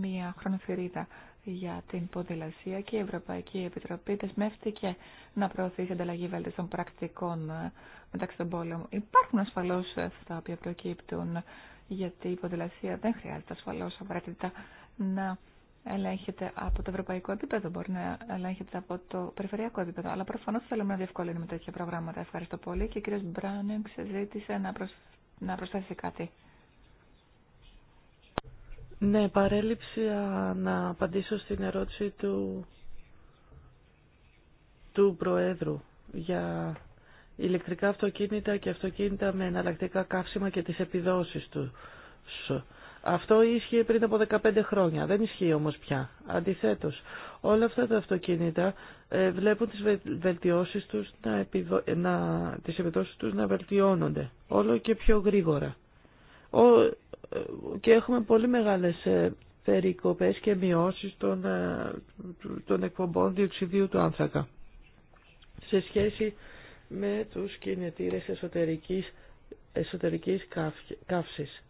μία χρονοφυρίδα για την ποδηλασία και η Ευρωπαϊκή Επιτροπή δεσμεύτηκε να προωθήσει ανταλλαγή βέλτιστων πρακτικών ε, μεταξύ των πόλεων. Υπάρχουν ασφαλώ ε, τα οποία προκύπτουν, γιατί η ποδηλασία δεν χρειάζεται ασφαλώ απαραίτητα να ελέγχεται από το ευρωπαϊκό επίπεδο, μπορεί να ελέγχεται από το περιφερειακό επίπεδο. Αλλά προφανώ θέλουμε να διευκολύνουμε τέτοια προγράμματα. Ευχαριστώ πολύ και ο κ. Μπράνινγκ ζήτησε να, να προσθέσει κάτι. Ναι, παρέλειψη να απαντήσω στην ερώτηση του, του Προέδρου για ηλεκτρικά αυτοκίνητα και αυτοκίνητα με εναλλακτικά καύσιμα και τις επιδόσεις του. Αυτό ίσχυε πριν από 15 χρόνια, δεν ισχύει όμως πια. Αντιθέτως, όλα αυτά τα αυτοκίνητα ε, βλέπουν τις βελτιώσεις τους να, επιδο... να... τις επιδόσεις τους να βελτιώνονται όλο και πιο γρήγορα και έχουμε πολύ μεγάλες ε, περικοπές και μειώσεις των, ε, των εκπομπών διοξιδίου του άνθρακα σε σχέση με τους κινητήρες εσωτερικής, εσωτερικής καύσης.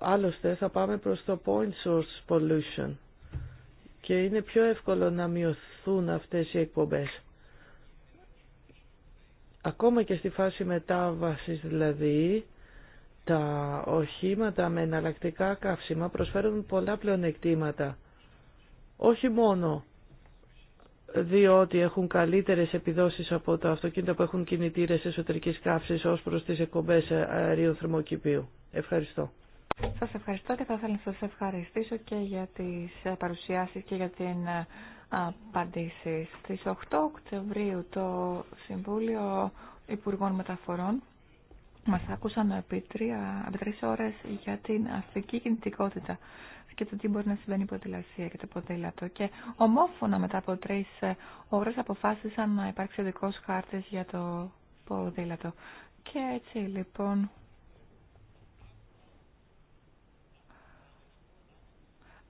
Άλλωστε θα πάμε προς το point source pollution και είναι πιο εύκολο να μειωθούν αυτές οι εκπομπές. Ακόμα και στη φάση μετάβασης δηλαδή, τα οχήματα με εναλλακτικά καύσιμα προσφέρουν πολλά πλεονεκτήματα. Όχι μόνο διότι έχουν καλύτερες επιδόσεις από τα αυτοκίνητα που έχουν κινητήρες εσωτερικής καύσης ως προς τις εκπομπές αερίου θερμοκηπίου. Ευχαριστώ. Σας ευχαριστώ και θα ήθελα να σας ευχαριστήσω και για τις παρουσιάσεις και για την απαντήσεις. Στις 8 Οκτωβρίου το Συμβούλιο Υπουργών Μεταφορών μας άκουσαν επί, τρει ώρε για την αστική κινητικότητα και το τι μπορεί να συμβαίνει η ποδηλασία και το ποδήλατο. Και ομόφωνα μετά από τρει ώρε αποφάσισαν να υπάρξει ειδικό χάρτη για το ποδήλατο. Και έτσι λοιπόν.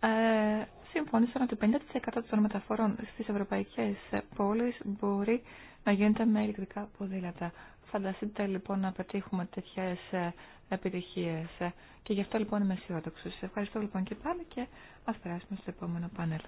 Ε, συμφώνησαν ότι 50% των μεταφορών στις ευρωπαϊκές πόλεις μπορεί να γίνεται με ηλεκτρικά ποδήλατα. Φανταστείτε λοιπόν να πετύχουμε τέτοιες ε, επιτυχίες και γι' αυτό λοιπόν είμαι αισιόδοξος. Ευχαριστώ λοιπόν και πάλι και ας περάσουμε στο επόμενο πάνελ.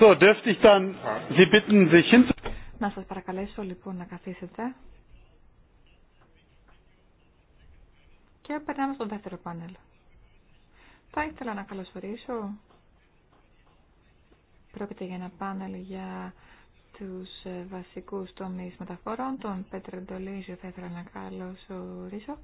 So, dürfte ich dann Sie bitten, Να σας παρακαλέσω λοιπόν να καθίσετε. Και περνάμε στο δεύτερο πάνελ. Θα ήθελα να καλωσορίσω. Πρόκειται για ένα πάνελ για τους ε, βασικούς τομείς μεταφορών. Τον Πέτρο Ντολίζιο θα ήθελα να καλωσορίσω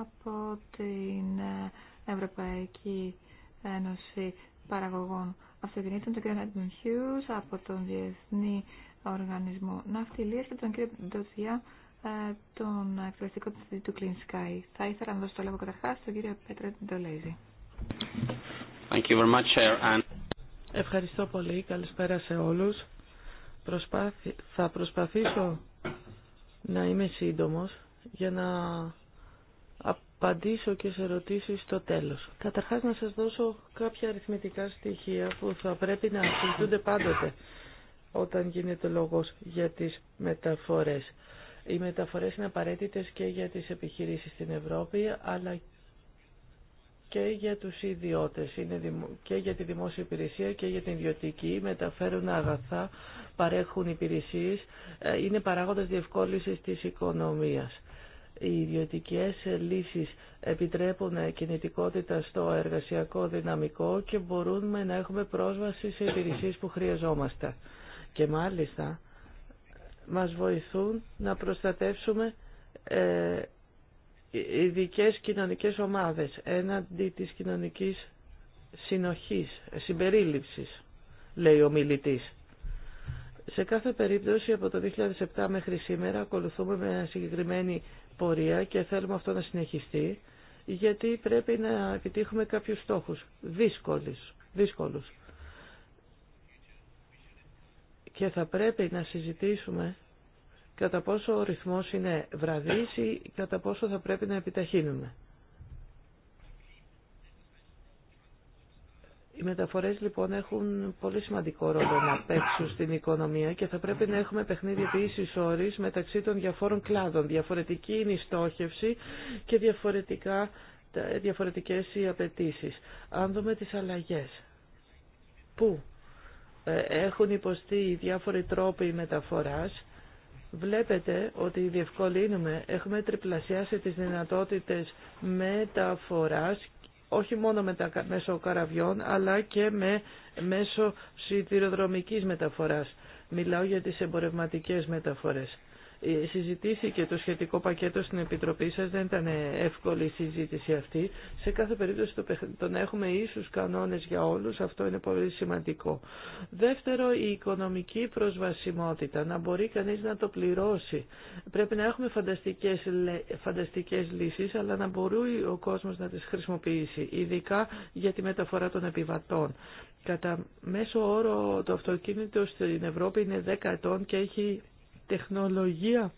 από την ε, Ευρωπαϊκή Ένωση παραγωγών αυτοκινήτων, τον κ. Νέντμιν Χιούς, από τον Διεθνή Οργανισμό Ναυτιλίας και τον κύριο Ντοτσιά, ε, τον εκτελεστικό του Clean Sky. Θα ήθελα να δώσω το λόγο καταρχάς στον κύριο Πέτρε Ντολέζη. Thank you very much, Ευχαριστώ πολύ. Καλησπέρα σε όλους. Προσπάθη... Θα προσπαθήσω να είμαι σύντομος για να απαντήσω και σε ρωτήσεις στο τέλος. Καταρχάς να σας δώσω κάποια αριθμητικά στοιχεία που θα πρέπει να συζητούνται πάντοτε όταν γίνεται λόγος για τις μεταφορές. Οι μεταφορές είναι απαραίτητες και για τις επιχειρήσεις στην Ευρώπη, αλλά και για τους ιδιώτες, είναι και για τη δημόσια υπηρεσία και για την ιδιωτική, μεταφέρουν αγαθά, παρέχουν υπηρεσίες, ε, είναι παράγοντας διευκόλυνσης της οικονομίας οι ιδιωτικές λύσεις επιτρέπουν κινητικότητα στο εργασιακό δυναμικό και μπορούμε να έχουμε πρόσβαση σε υπηρεσίες που χρειαζόμαστε. Και μάλιστα μας βοηθούν να προστατεύσουμε ε, ειδικέ κοινωνικές ομάδες έναντι της κοινωνικής συνοχής, συμπερίληψης, λέει ο μιλητής. Σε κάθε περίπτωση από το 2007 μέχρι σήμερα ακολουθούμε με συγκεκριμένη πορεία και θέλουμε αυτό να συνεχιστεί, γιατί πρέπει να επιτύχουμε κάποιους στόχους δύσκολους. δύσκολους. Και θα πρέπει να συζητήσουμε κατά πόσο ο ρυθμός είναι βραδύς ή κατά πόσο θα πρέπει να επιταχύνουμε. Οι μεταφορές λοιπόν έχουν πολύ σημαντικό ρόλο να παίξουν στην οικονομία και θα πρέπει να έχουμε παιχνίδι επίσης όρης μεταξύ των διαφόρων κλάδων. Διαφορετική είναι η στόχευση και διαφορετικά, διαφορετικές οι απαιτήσει. Αν δούμε τις αλλαγές, πού ε, έχουν υποστεί οι διάφοροι τρόποι μεταφοράς, Βλέπετε ότι διευκολύνουμε, έχουμε τριπλασιάσει τις δυνατότητες μεταφοράς όχι μόνο με μέσω καραβιών αλλά και με, μέσω σιδηροδρομικής μεταφοράς. Μιλάω για τις εμπορευματικές μεταφορές. Ε, Συζητήθηκε και το σχετικό πακέτο στην Επιτροπή σας. Δεν ήταν εύκολη η συζήτηση αυτή. Σε κάθε περίπτωση το να έχουμε ίσους κανόνες για όλους, αυτό είναι πολύ σημαντικό. Δεύτερο, η οικονομική προσβασιμότητα, να μπορεί κανείς να το πληρώσει. Πρέπει να έχουμε φανταστικές, φανταστικές λύσεις, αλλά να μπορεί ο κόσμος να τις χρησιμοποιήσει, ειδικά για τη μεταφορά των επιβατών. Κατά μέσο όρο το αυτοκίνητο στην Ευρώπη είναι 10 ετών και έχει τεχνολογία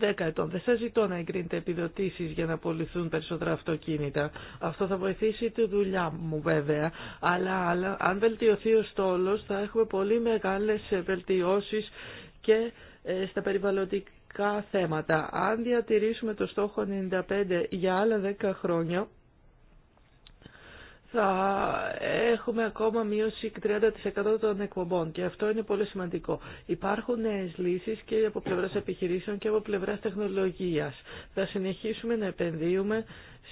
10 ετών. Δεν σα ζητώ να εγκρίνετε επιδοτήσεις για να απολυθούν περισσότερα αυτοκίνητα. Αυτό θα βοηθήσει τη δουλειά μου βέβαια. Αλλά, αλλά αν βελτιωθεί ο στόλο, θα έχουμε πολύ μεγάλες βελτιώσεις και ε, στα περιβαλλοντικά θέματα. Αν διατηρήσουμε το στόχο 95 για άλλα 10 χρόνια, θα έχουμε ακόμα μείωση 30% των εκπομπών και αυτό είναι πολύ σημαντικό. Υπάρχουν νέε λύσει και από πλευράς επιχειρήσεων και από πλευρά τεχνολογίας. Θα συνεχίσουμε να επενδύουμε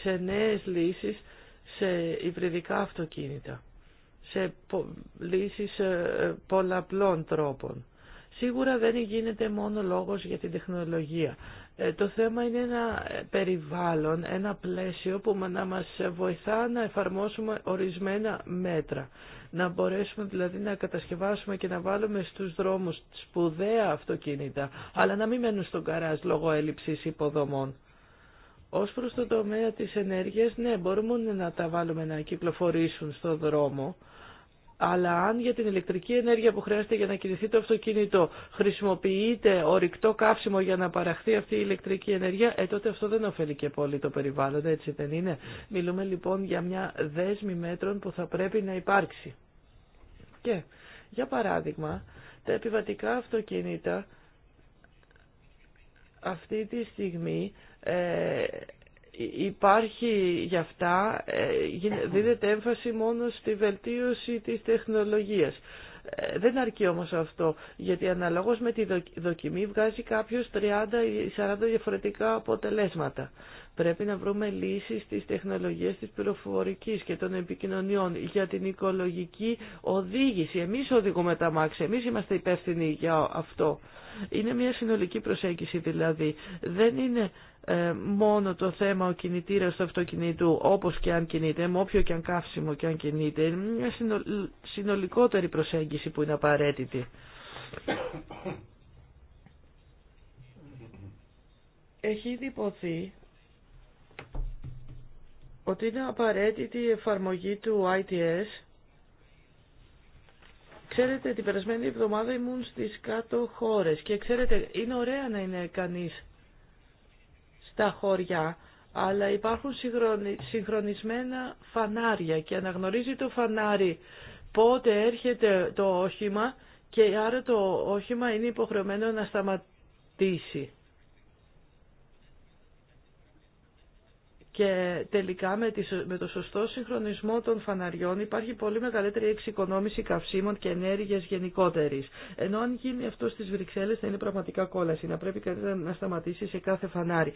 σε νέε λύσει σε υβριδικά αυτοκίνητα, σε λύσεις ε, ε, πολλαπλών τρόπων. Σίγουρα δεν γίνεται μόνο λόγος για την τεχνολογία. Ε, το θέμα είναι ένα περιβάλλον, ένα πλαίσιο που να μας βοηθά να εφαρμόσουμε ορισμένα μέτρα. Να μπορέσουμε δηλαδή να κατασκευάσουμε και να βάλουμε στους δρόμους σπουδαία αυτοκίνητα, αλλά να μην μένουν στον καράζ λόγω έλλειψης υποδομών. Ως προς το τομέα της ενέργειας, ναι, μπορούμε να τα βάλουμε να κυκλοφορήσουν στο δρόμο, αλλά αν για την ηλεκτρική ενέργεια που χρειάζεται για να κινηθεί το αυτοκίνητο χρησιμοποιείται ορυκτό καύσιμο για να παραχθεί αυτή η ηλεκτρική ενέργεια, ε, τότε αυτό δεν ωφελεί και πολύ το περιβάλλον, έτσι δεν είναι. Μιλούμε λοιπόν για μια δέσμη μέτρων που θα πρέπει να υπάρξει. Και, για παράδειγμα, τα επιβατικά αυτοκίνητα αυτή τη στιγμή ε, υπάρχει γι' αυτά, ε, δίνεται έμφαση μόνο στη βελτίωση της τεχνολογίας. Ε, δεν αρκεί όμως αυτό, γιατί αναλόγως με τη δοκιμή βγάζει κάποιος 30 ή 40 διαφορετικά αποτελέσματα. Πρέπει να βρούμε λύσεις στις τεχνολογίες της πληροφορικής και των επικοινωνιών για την οικολογική οδήγηση. Εμείς οδηγούμε τα μάξια, εμείς είμαστε υπεύθυνοι για αυτό. Είναι μια συνολική προσέγγιση δηλαδή. Δεν είναι ε, μόνο το θέμα ο κινητήρας του αυτοκινήτου όπως και αν κινείται, με όποιο και αν καύσιμο και αν κινείται. Είναι μια συνολικότερη προσέγγιση που είναι απαραίτητη. Έχει ήδη υποθεί ότι είναι απαραίτητη η εφαρμογή του ITS Ξέρετε, την περασμένη εβδομάδα ήμουν στις κάτω χώρες και ξέρετε, είναι ωραία να είναι κανείς στα χωριά, αλλά υπάρχουν συγχρονισμένα φανάρια και αναγνωρίζει το φανάρι πότε έρχεται το όχημα και άρα το όχημα είναι υποχρεωμένο να σταματήσει. και τελικά με, το σωστό συγχρονισμό των φαναριών υπάρχει πολύ μεγαλύτερη εξοικονόμηση καυσίμων και ενέργεια γενικότερη. Ενώ αν γίνει αυτό στι Βρυξέλλε θα είναι πραγματικά κόλαση, να πρέπει κανεί να σταματήσει σε κάθε φανάρι.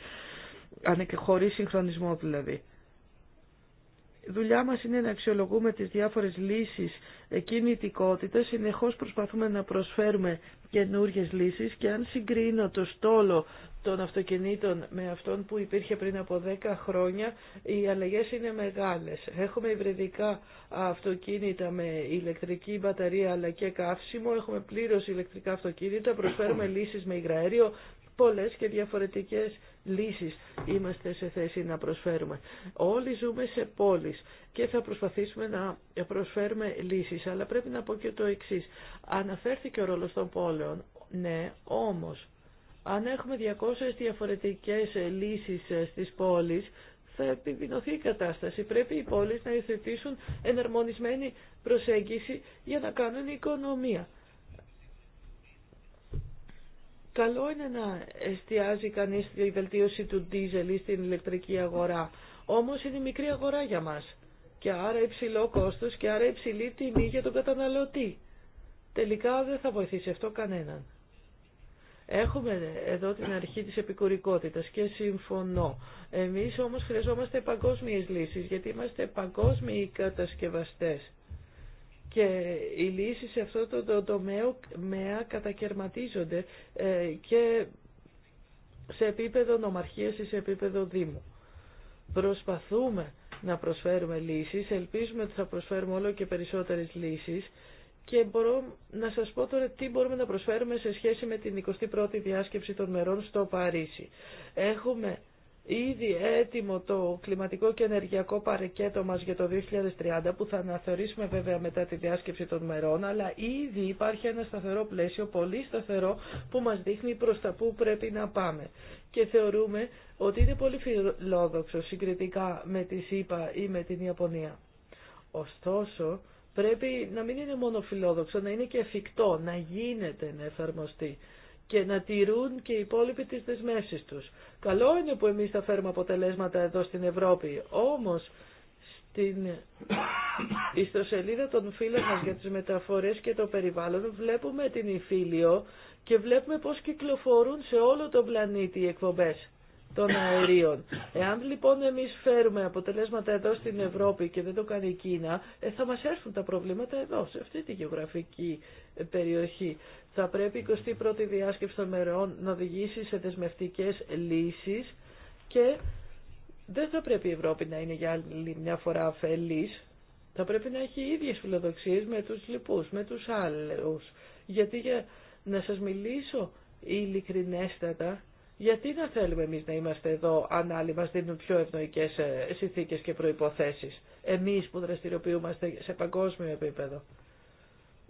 Χωρί συγχρονισμό δηλαδή δουλειά μας είναι να αξιολογούμε τις διάφορες λύσεις ε, κινητικότητας, συνεχώς προσπαθούμε να προσφέρουμε καινούριε λύσεις και αν συγκρίνω το στόλο των αυτοκινήτων με αυτόν που υπήρχε πριν από 10 χρόνια, οι αλλαγές είναι μεγάλες. Έχουμε υβριδικά αυτοκίνητα με ηλεκτρική μπαταρία αλλά και καύσιμο, έχουμε πλήρως ηλεκτρικά αυτοκίνητα, προσφέρουμε λύσεις με υγραέριο, πολλές και διαφορετικές λύσεις είμαστε σε θέση να προσφέρουμε. Όλοι ζούμε σε πόλεις και θα προσπαθήσουμε να προσφέρουμε λύσεις, αλλά πρέπει να πω και το εξής. Αναφέρθηκε ο ρόλος των πόλεων, ναι, όμως, αν έχουμε 200 διαφορετικές λύσεις στις πόλεις, θα επιδεινωθεί η κατάσταση. Πρέπει οι πόλεις να υιοθετήσουν εναρμονισμένη προσέγγιση για να κάνουν οικονομία. Καλό είναι να εστιάζει κανείς στη βελτίωση του ντίζελ ή στην ηλεκτρική αγορά. Όμως είναι μικρή αγορά για μας. Και άρα υψηλό κόστος και άρα υψηλή τιμή για τον καταναλωτή. Τελικά δεν θα βοηθήσει αυτό κανέναν. Έχουμε εδώ την αρχή της επικουρικότητας και συμφωνώ. Εμείς όμως χρειαζόμαστε παγκόσμιες λύσεις γιατί είμαστε παγκόσμιοι κατασκευαστές και οι λύσεις σε αυτό το τομέα κατακαιρματίζονται ε, και σε επίπεδο νομαρχίας ή σε επίπεδο δήμου. Προσπαθούμε να προσφέρουμε λύσεις, ελπίζουμε ότι θα προσφέρουμε όλο και περισσότερες λύσεις και μπορώ να σας πω τώρα τι μπορούμε να προσφέρουμε σε σχέση με την 21η διάσκεψη των μερών στο Παρίσι. Έχουμε ήδη έτοιμο το κλιματικό και ενεργειακό παρεκέτο μας για το 2030 που θα αναθεωρήσουμε βέβαια μετά τη διάσκεψη των μερών αλλά ήδη υπάρχει ένα σταθερό πλαίσιο, πολύ σταθερό που μας δείχνει προς τα που πρέπει να πάμε και θεωρούμε ότι είναι πολύ φιλόδοξο συγκριτικά με τη ΣΥΠΑ ή με την Ιαπωνία. Ωστόσο, πρέπει να μην είναι μόνο φιλόδοξο, να είναι και εφικτό, να γίνεται να εφαρμοστεί και να τηρούν και οι υπόλοιποι τις δεσμεύσεις τους. Καλό είναι που εμείς θα φέρουμε αποτελέσματα εδώ στην Ευρώπη, όμως στην ιστοσελίδα των φίλων μας για τις μεταφορές και το περιβάλλον βλέπουμε την Ιφίλιο και βλέπουμε πώς κυκλοφορούν σε όλο τον πλανήτη οι εκπομπές των αερίων. Εάν λοιπόν εμείς φέρουμε αποτελέσματα εδώ στην Ευρώπη και δεν το κάνει η Κίνα, ε, θα μας έρθουν τα προβλήματα εδώ, σε αυτή τη γεωγραφική περιοχή. Θα πρέπει η 21η διάσκεψη των Μερών να οδηγήσει σε δεσμευτικές λύσεις και δεν θα πρέπει η Ευρώπη να είναι για άλλη μια φορά αφελής. Θα πρέπει να έχει ίδιες φιλοδοξίες με τους λοιπούς, με τους άλλους. Γιατί για να σας μιλήσω ειλικρινέστατα, γιατί να θέλουμε εμείς να είμαστε εδώ αν άλλοι μας δίνουν πιο ευνοϊκές ε, συνθήκες και προϋποθέσεις. Εμείς που δραστηριοποιούμαστε σε παγκόσμιο επίπεδο.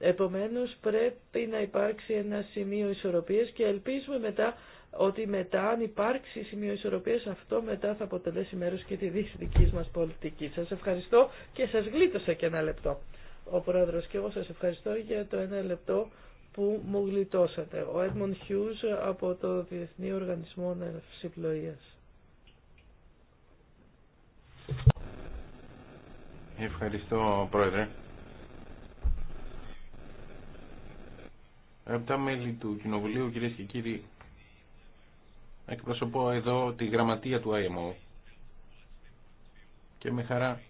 Επομένως πρέπει να υπάρξει ένα σημείο ισορροπίας και ελπίζουμε μετά ότι μετά αν υπάρξει σημείο ισορροπίας αυτό μετά θα αποτελέσει μέρος και τη δικής μας πολιτική. Σας ευχαριστώ και σας γλίτωσα και ένα λεπτό. Ο Πρόεδρος και εγώ σας ευχαριστώ για το ένα λεπτό που μου γλιτώσατε. Ο Edmund Hughes από το Διεθνή Οργανισμό Ευσυπλοείας. Ευχαριστώ Πρόεδρε. Αγαπητά μέλη του Κοινοβουλίου, κυρίε και κύριοι, εκπροσωπώ εδώ τη γραμματεία του IMO και με χαρά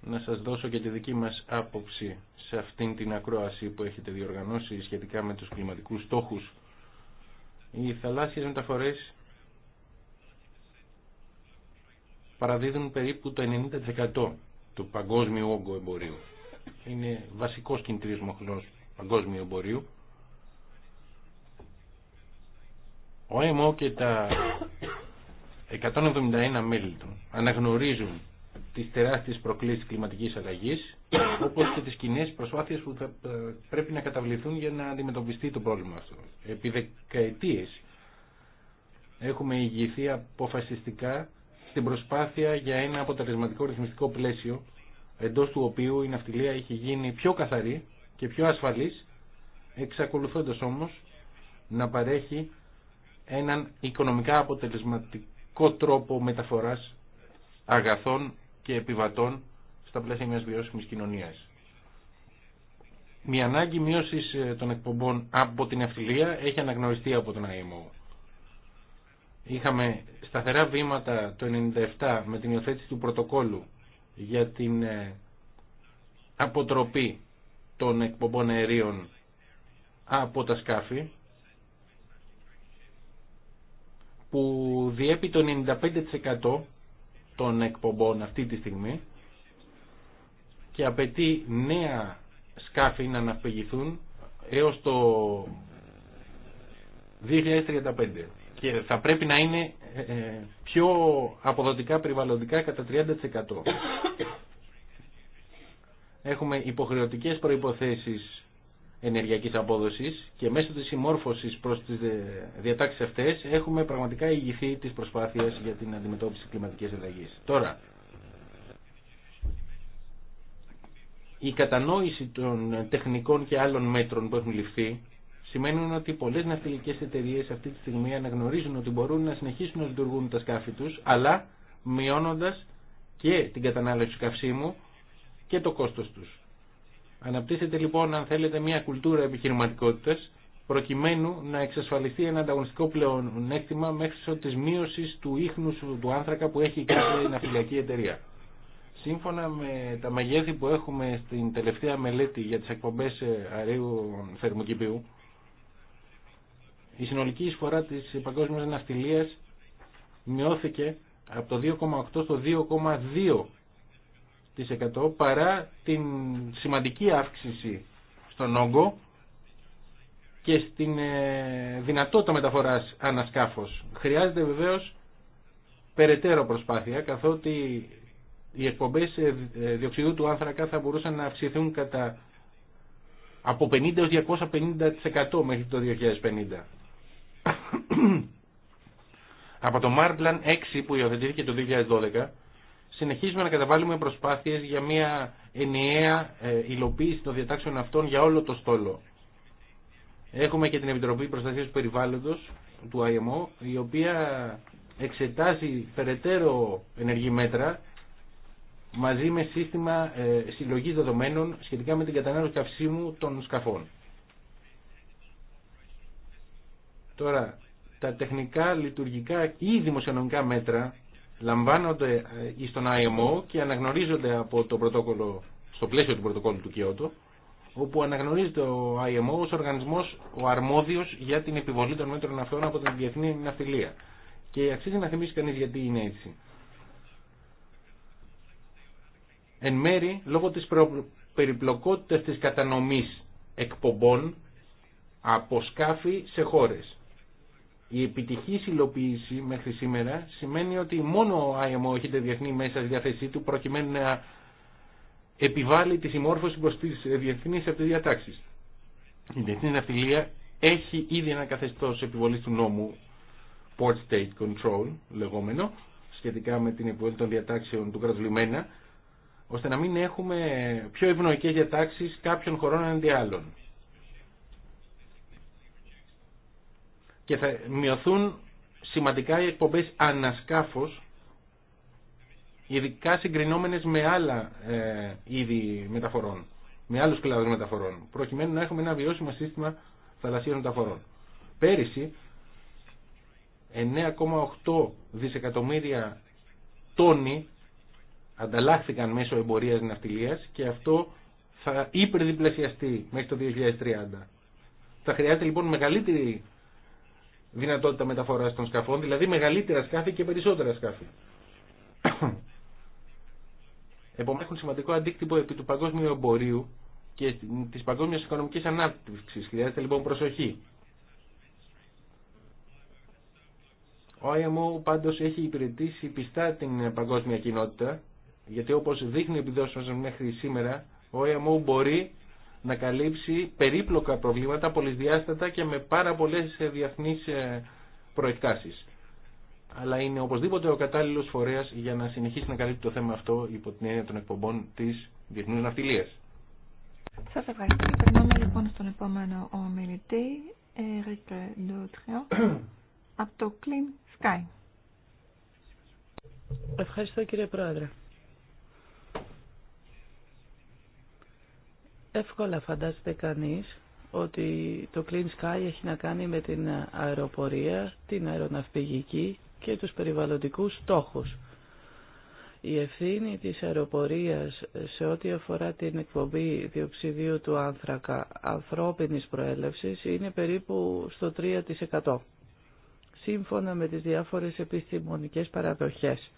να σας δώσω και τη δική μας άποψη σε αυτήν την ακρόαση που έχετε διοργανώσει σχετικά με τους κλιματικούς στόχους. Οι θαλάσσιες μεταφορές παραδίδουν περίπου το 90% του παγκόσμιου όγκου εμπορίου. Είναι βασικός κινητήριος μοχλός παγκόσμιου εμπορίου Ο ΕΜΟ και τα 171 μέλη του αναγνωρίζουν τις τεράστιες προκλήσεις κλιματικής αλλαγής όπως και τις κοινέ προσπάθειες που ε, πρέπει να καταβληθούν για να αντιμετωπιστεί το πρόβλημα αυτό. Επί δεκαετίες έχουμε ηγηθεί αποφασιστικά στην προσπάθεια για ένα αποτελεσματικό ρυθμιστικό πλαίσιο εντός του οποίου η ναυτιλία έχει γίνει πιο καθαρή και πιο ασφαλής εξακολουθώντας όμως να παρέχει έναν οικονομικά αποτελεσματικό τρόπο μεταφοράς αγαθών και επιβατών στα πλαίσια μιας βιώσιμης κοινωνίας. Μια ανάγκη μείωσης ε, των εκπομπών από την αυτιλία έχει αναγνωριστεί από τον ΑΕΜΟ. Είχαμε σταθερά βήματα το 1997 με την υιοθέτηση του πρωτοκόλου για την ε, αποτροπή των εκπομπών αερίων από τα σκάφη που διέπει το 95% των εκπομπών αυτή τη στιγμή και απαιτεί νέα σκάφη να αναφυγηθούν έως το 2035 και θα πρέπει να είναι ε, ε, πιο αποδοτικά περιβαλλοντικά κατά 30%. Έχουμε υποχρεωτικές προϋποθέσεις ενεργειακής απόδοσης και μέσω της συμμόρφωσης προς τις διατάξεις αυτές έχουμε πραγματικά ηγηθεί της προσπάθειας για την αντιμετώπιση κλιματικής αλλαγής. Τώρα, η κατανόηση των τεχνικών και άλλων μέτρων που έχουν ληφθεί σημαίνει ότι πολλές ναυτιλικές εταιρείες αυτή τη στιγμή αναγνωρίζουν ότι μπορούν να συνεχίσουν να λειτουργούν τα σκάφη τους, αλλά μειώνοντας και την κατανάλωση καυσίμου και το κόστος τους. Αναπτύσσεται λοιπόν, αν θέλετε, μια κουλτούρα επιχειρηματικότητα προκειμένου να εξασφαλιστεί ένα ανταγωνιστικό πλεονέκτημα μέχρι τη μείωση του ίχνου του άνθρακα που έχει κάθε ναυτιλιακή εταιρεία. Σύμφωνα με τα μεγέθη που έχουμε στην τελευταία μελέτη για τις εκπομπέ ε, αερίου θερμοκηπίου, η συνολική εισφορά τη παγκόσμιας ναυτιλία μειώθηκε από το 2,8 στο 2,2 παρά την σημαντική αύξηση στον όγκο και στην ε, δυνατότητα μεταφοράς ανασκάφος. Χρειάζεται βεβαίως περαιτέρω προσπάθεια καθότι οι εκπομπές ε, ε, διοξιδού του άνθρακα θα μπορούσαν να αυξηθούν κατά από 50 έως 250% μέχρι το 2050. από το Μάρτλαν 6 που υιοθετήθηκε το 2012 συνεχίζουμε να καταβάλουμε προσπάθειες για μια ενιαία ε, υλοποίηση των διατάξεων αυτών για όλο το στόλο. Έχουμε και την Επιτροπή προστασία του Περιβάλλοντος του IMO, η οποία εξετάζει περαιτέρω ενεργή μέτρα μαζί με σύστημα ε, συλλογής δεδομένων σχετικά με την κατανάλωση καυσίμου των σκαφών. Τώρα, τα τεχνικά, λειτουργικά ή δημοσιονομικά μέτρα λαμβάνονται στον ε, IMO και αναγνωρίζονται από το πρωτόκολλο, στο πλαίσιο του πρωτοκόλλου του Κιώτο, όπου αναγνωρίζεται ο IMO ως οργανισμός ο αρμόδιος για την επιβολή των μέτρων αυτών από την διεθνή ναυτιλία. Και αξίζει να θυμίσει κανείς γιατί είναι έτσι. Εν μέρη, λόγω της προ... περιπλοκότητας της κατανομής εκπομπών από σκάφη σε χώρες. Η επιτυχή υλοποίηση μέχρι σήμερα σημαίνει ότι μόνο ο IMO έχετε διεθνή μέσα στη διάθεσή του προκειμένου να επιβάλλει τη συμμόρφωση προς τις διεθνείς αυτοδιατάξεις. Η διεθνή ναυτιλία έχει ήδη ένα καθεστώς επιβολής του νόμου Port State Control λεγόμενο σχετικά με την επιβολή των διατάξεων του κρατουλημένα ώστε να μην έχουμε πιο ευνοϊκές διατάξεις κάποιων χωρών αντί άλλων. και θα μειωθούν σημαντικά οι εκπομπές ανασκάφος ειδικά συγκρινόμενες με άλλα ε, είδη μεταφορών, με άλλους κλάδους μεταφορών, προκειμένου να έχουμε ένα βιώσιμο σύστημα θαλασσίων μεταφορών. Πέρυσι, 9,8 δισεκατομμύρια τόνοι ανταλλάχθηκαν μέσω εμπορίας ναυτιλίας και αυτό θα υπερδιπλασιαστεί μέχρι το 2030. Θα χρειάζεται λοιπόν μεγαλύτερη δυνατότητα μεταφορά των σκαφών, δηλαδή μεγαλύτερα σκάφη και περισσότερα σκάφη. Επομένω έχουν σημαντικό αντίκτυπο επί του παγκόσμιου εμπορίου και της παγκόσμιας οικονομικής ανάπτυξης. Χρειάζεται λοιπόν προσοχή. Ο IMO πάντως έχει υπηρετήσει πιστά την παγκόσμια κοινότητα, γιατί όπως δείχνει επιδόσεις μέχρι σήμερα, ο IMO μπορεί να καλύψει περίπλοκα προβλήματα, πολυδιάστατα και με πάρα πολλές διεθνείς ε, προεκτάσεις. Αλλά είναι οπωσδήποτε ο κατάλληλος φορέας για να συνεχίσει να καλύπτει το θέμα αυτό υπό την έννοια των εκπομπών της διεθνούς ναυτιλίας. Σας ευχαριστώ. Περνάμε λοιπόν στον επόμενο ομιλητή, Eric από το Clean Sky. Ευχαριστώ κύριε Πρόεδρε. Εύκολα φαντάζεται κανείς ότι το Clean Sky έχει να κάνει με την αεροπορία, την αεροναυπηγική και τους περιβαλλοντικούς στόχους. Η ευθύνη της αεροπορίας σε ό,τι αφορά την εκπομπή διοξιδίου του άνθρακα ανθρώπινης προέλευσης είναι περίπου στο 3% σύμφωνα με τις διάφορες επιστημονικές παραδοχές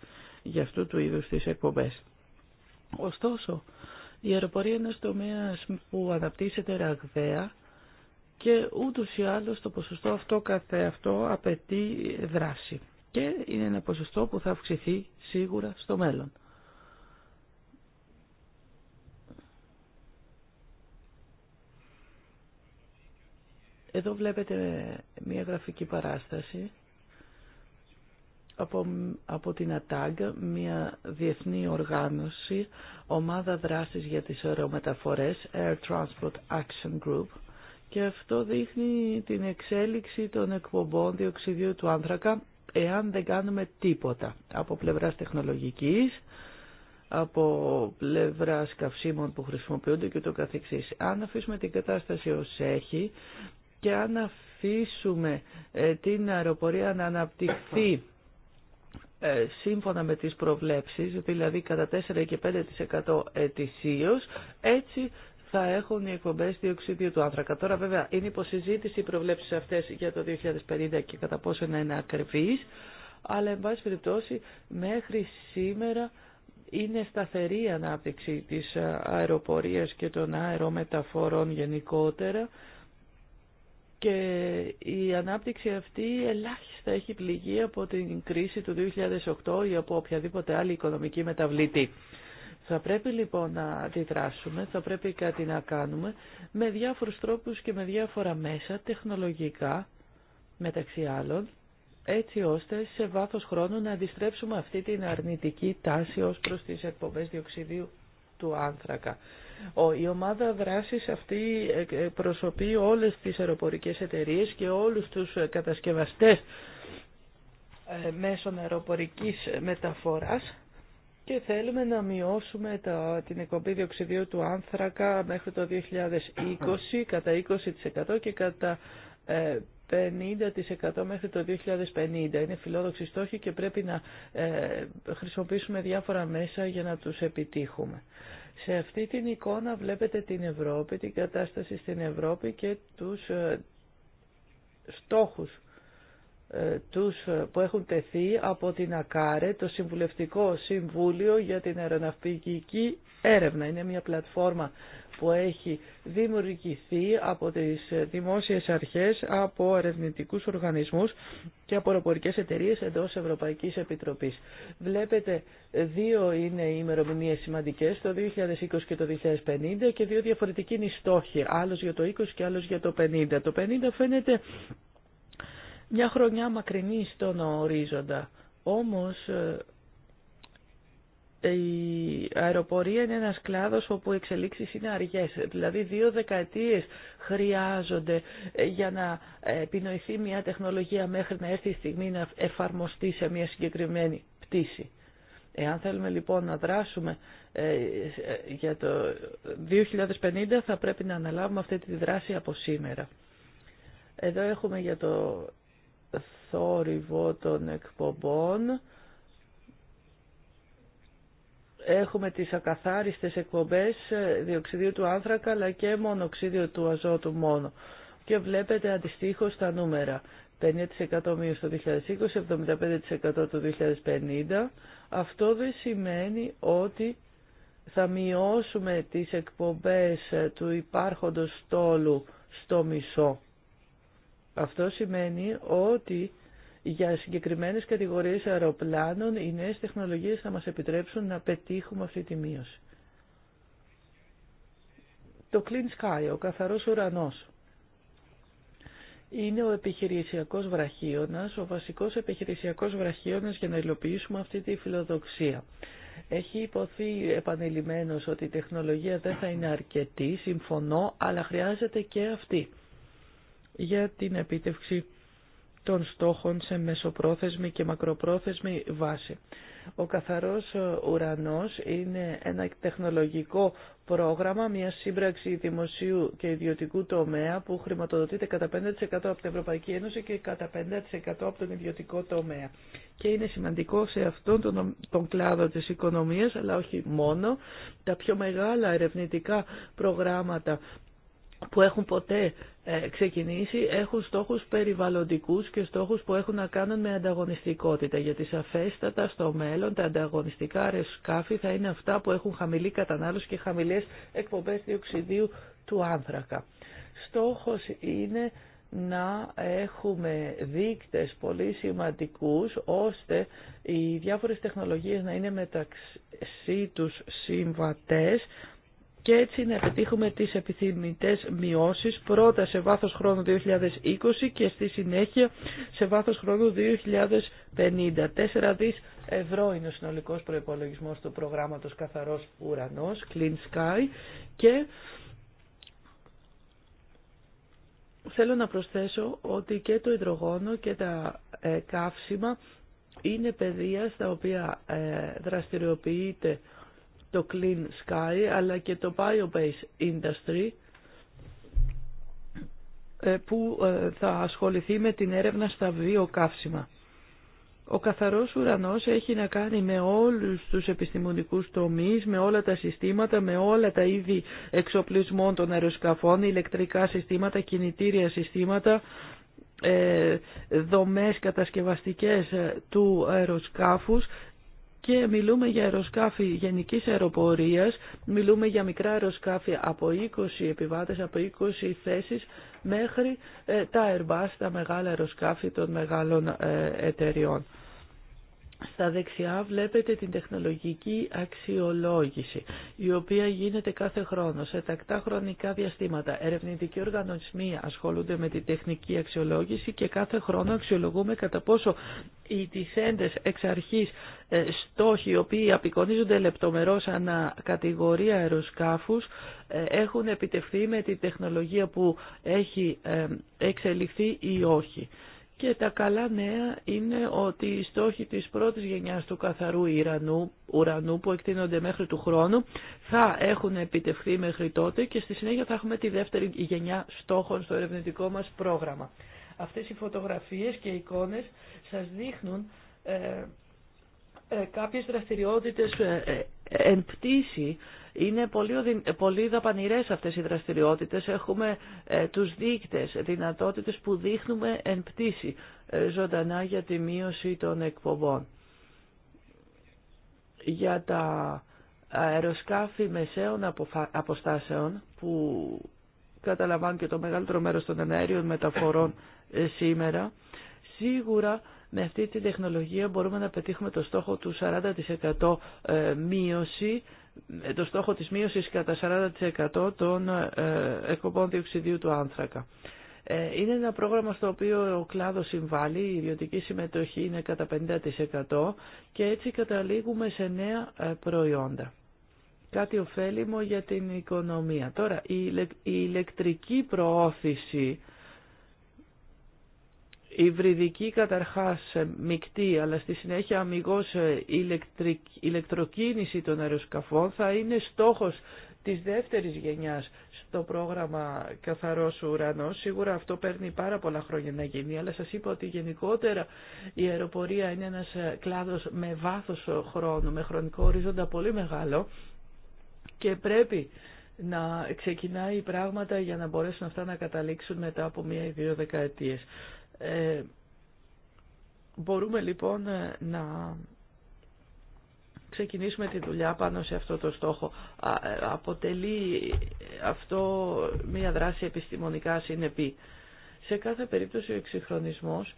για αυτού του είδους τις εκπομπές. Ωστόσο, η αεροπορία είναι ένας τομέας που αναπτύσσεται ραγδαία και ούτως ή άλλως το ποσοστό αυτό καθεαυτό απαιτεί δράση και είναι ένα ποσοστό που θα αυξηθεί σίγουρα στο μέλλον. Εδώ βλέπετε μια γραφική παράσταση από, από την ΑΤΑΓ, μια διεθνή οργάνωση, ομάδα δράσης για τις αερομεταφορές, Air Transport Action Group, και αυτό δείχνει την εξέλιξη των εκπομπών διοξιδίου του άνθρακα εάν δεν κάνουμε τίποτα από πλευράς τεχνολογικής, από πλευράς καυσίμων που χρησιμοποιούνται και το καθεξής. Αν αφήσουμε την κατάσταση ως έχει και αν αφήσουμε ε, την αεροπορία να αναπτυχθεί ε, σύμφωνα με τις προβλέψεις, δηλαδή κατά 4 και 5% ετησίως, έτσι θα έχουν οι εκπομπέ διοξίδιο του άνθρακα. Τώρα, βέβαια, είναι υποσυζήτηση οι προβλέψει αυτέ για το 2050 και κατά πόσο να είναι ακριβείς, αλλά, εν πάση περιπτώσει, μέχρι σήμερα είναι σταθερή η ανάπτυξη της αεροπορίας και των αερομεταφορών γενικότερα και η ανάπτυξη αυτή ελάχιστα έχει πληγεί από την κρίση του 2008 ή από οποιαδήποτε άλλη οικονομική μεταβλητή. Θα πρέπει λοιπόν να αντιδράσουμε, θα πρέπει κάτι να κάνουμε με διάφορους τρόπους και με διάφορα μέσα τεχνολογικά μεταξύ άλλων έτσι ώστε σε βάθος χρόνου να αντιστρέψουμε αυτή την αρνητική τάση ως προς τις εκπομπές διοξιδίου του άνθρακα. Η ομάδα δράσης αυτή ε, ε, προσωπεί όλες τις αεροπορικές εταιρείες και όλους τους ε, κατασκευαστές μέσων αεροπορική μεταφοράς και θέλουμε να μειώσουμε τα, την εκπομπή διοξιδίου του άνθρακα μέχρι το 2020 κατά 20% και κατά 50% μέχρι το 2050. Είναι φιλόδοξη στόχη και πρέπει να χρησιμοποιήσουμε διάφορα μέσα για να τους επιτύχουμε. Σε αυτή την εικόνα βλέπετε την Ευρώπη, την κατάσταση στην Ευρώπη και τους ε, στόχους τους που έχουν τεθεί από την ΑΚΑΡΕ, το Συμβουλευτικό Συμβούλιο για την Αεροναυπηγική Έρευνα. Είναι μια πλατφόρμα που έχει δημιουργηθεί από τις δημόσιες αρχές, από ερευνητικούς οργανισμούς και από αεροπορικές εταιρείες εντός Ευρωπαϊκής Επιτροπής. Βλέπετε, δύο είναι οι ημερομηνίες σημαντικές, το 2020 και το 2050 και δύο διαφορετικοί είναι οι στόχοι, άλλος για το 20 και άλλος για το 50. Το 50 φαίνεται μια χρονιά μακρινή στον ορίζοντα. Όμως ε, η αεροπορία είναι ένας κλάδος όπου οι εξελίξεις είναι αργές. Δηλαδή δύο δεκαετίες χρειάζονται ε, για να ε, επινοηθεί μια τεχνολογία μέχρι να έρθει η στιγμή να εφαρμοστεί σε μια συγκεκριμένη πτήση. Εάν θέλουμε λοιπόν να δράσουμε για το 2050 θα πρέπει να αναλάβουμε αυτή τη δράση από σήμερα. Εδώ έχουμε για το θόρυβο των εκπομπών. Έχουμε τις ακαθάριστες εκπομπές διοξιδίου του άνθρακα αλλά και μονοξίδιο του αζότου μόνο. Και βλέπετε αντιστοίχως τα νούμερα. 50% μείωση το 2020, 75% το 2050. Αυτό δεν σημαίνει ότι θα μειώσουμε τις εκπομπές του υπάρχοντος στόλου στο μισό. Αυτό σημαίνει ότι για συγκεκριμένες κατηγορίες αεροπλάνων οι νέες τεχνολογίες θα μας επιτρέψουν να πετύχουμε αυτή τη μείωση. Το Clean Sky, ο καθαρός ουρανός. Είναι ο επιχειρησιακός βραχίωνας, ο βασικός επιχειρησιακός βραχίωνας για να υλοποιήσουμε αυτή τη φιλοδοξία. Έχει υποθεί επανειλημμένος ότι η τεχνολογία δεν θα είναι αρκετή, συμφωνώ, αλλά χρειάζεται και αυτή για την επίτευξη των στόχων σε μεσοπρόθεσμη και μακροπρόθεσμη βάση. Ο καθαρός ουρανός είναι ένα τεχνολογικό πρόγραμμα, μια σύμπραξη δημοσίου και ιδιωτικού τομέα που χρηματοδοτείται κατά 5% από την Ευρωπαϊκή Ένωση και κατά 5% από τον ιδιωτικό τομέα. Και είναι σημαντικό σε αυτόν τον, τον κλάδο της οικονομίας, αλλά όχι μόνο, τα πιο μεγάλα ερευνητικά προγράμματα που έχουν ποτέ ε, ξεκινήσει έχουν στόχους περιβαλλοντικούς και στόχους που έχουν να κάνουν με ανταγωνιστικότητα γιατί σαφέστατα στο μέλλον τα ανταγωνιστικά αεροσκάφη θα είναι αυτά που έχουν χαμηλή κατανάλωση και χαμηλές εκπομπές διοξιδίου του άνθρακα. Στόχος είναι να έχουμε δείκτες πολύ σημαντικούς ώστε οι διάφορες τεχνολογίες να είναι μεταξύ τους συμβατές και έτσι να επιτύχουμε τις επιθυμητές μειώσεις πρώτα σε βάθος χρόνου 2020 και στη συνέχεια σε βάθος χρόνου 2050. 4 δις ευρώ είναι ο συνολικός προϋπολογισμός του προγράμματος Καθαρός Ουρανός, Clean Sky και θέλω να προσθέσω ότι και το υδρογόνο και τα ε, καύσιμα είναι πεδία στα οποία ε, δραστηριοποιείται το Clean Sky αλλά και το Biobase Industry ε, που ε, θα ασχοληθεί με την έρευνα στα βιοκαύσιμα. Ο καθαρός ουρανός έχει να κάνει με όλους τους επιστημονικούς τομείς, με όλα τα συστήματα, με όλα τα είδη εξοπλισμών των αεροσκαφών, ηλεκτρικά συστήματα, κινητήρια συστήματα, ε, δομές κατασκευαστικές του αεροσκάφους και μιλούμε για αεροσκάφη γενικής αεροπορίας, μιλούμε για μικρά αεροσκάφη από 20 επιβάτες, από 20 θέσεις μέχρι ε, τα Airbus, τα μεγάλα αεροσκάφη των μεγάλων ε, εταιριών. Στα δεξιά βλέπετε την τεχνολογική αξιολόγηση, η οποία γίνεται κάθε χρόνο, σε τακτά χρονικά διαστήματα. Ερευνητικοί οργανισμοί ασχολούνται με την τεχνική αξιολόγηση και κάθε χρόνο αξιολογούμε κατά πόσο οι τυσέντες εξ αρχής ε, στόχοι, οι οποίοι απεικονίζονται λεπτομερώς ανά κατηγορία αεροσκάφους, ε, έχουν επιτευχθεί με τη τεχνολογία που έχει ε, εξελιχθεί ή όχι. Και τα καλά νέα είναι ότι οι στόχοι της πρώτης γενιάς του καθαρού ουρανού, ουρανού που εκτείνονται μέχρι του χρόνου θα έχουν επιτευχθεί μέχρι τότε και στη συνέχεια θα έχουμε τη δεύτερη γενιά στόχων στο ερευνητικό μας πρόγραμμα. Αυτές οι φωτογραφίες και εικόνες σας δείχνουν ε, ε, κάποιες δραστηριότητες ε, ε, ε εν πτήση είναι πολύ, πολύ δαπανηρές αυτές οι δραστηριότητες. Έχουμε ε, τους δείκτες, δυνατότητες που δείχνουμε εν πτήση ε, ζωντανά για τη μείωση των εκπομπών. Για τα αεροσκάφη μεσαίων αποστάσεων που καταλαμβάνουν και το μεγαλύτερο μέρος των αερίων μεταφορών ε, σήμερα, σίγουρα με αυτή τη τεχνολογία μπορούμε να πετύχουμε το στόχο του 40% ε, μείωση ε, το στόχο της μείωσης κατά 40% των ε, εκπομπών διοξιδίου του άνθρακα. Ε, είναι ένα πρόγραμμα στο οποίο ο κλάδος συμβάλλει, η ιδιωτική συμμετοχή είναι κατά 50% και έτσι καταλήγουμε σε νέα προϊόντα. Κάτι ωφέλιμο για την οικονομία. Τώρα, η ηλεκτρική προώθηση η υβριδική καταρχάς μεικτή αλλά στη συνέχεια αμυγός ηλεκτρικ... ηλεκτροκίνηση των αεροσκαφών θα είναι στόχος της δεύτερης γενιάς στο πρόγραμμα Καθαρός Ουρανός. Σίγουρα αυτό παίρνει πάρα πολλά χρόνια να γίνει, αλλά σας είπα ότι γενικότερα η αεροπορία είναι ένας κλάδος με βάθος χρόνου, με χρονικό ορίζοντα πολύ μεγάλο και πρέπει να ξεκινάει πράγματα για να μπορέσουν αυτά να καταλήξουν μετά από μία ή δύο δεκαετίες. Ε, μπορούμε λοιπόν ε, να ξεκινήσουμε τη δουλειά πάνω σε αυτό το στόχο. Ε, αποτελεί αυτό μια δράση επιστημονικά συνεπή. Σε κάθε περίπτωση ο εξυγχρονισμός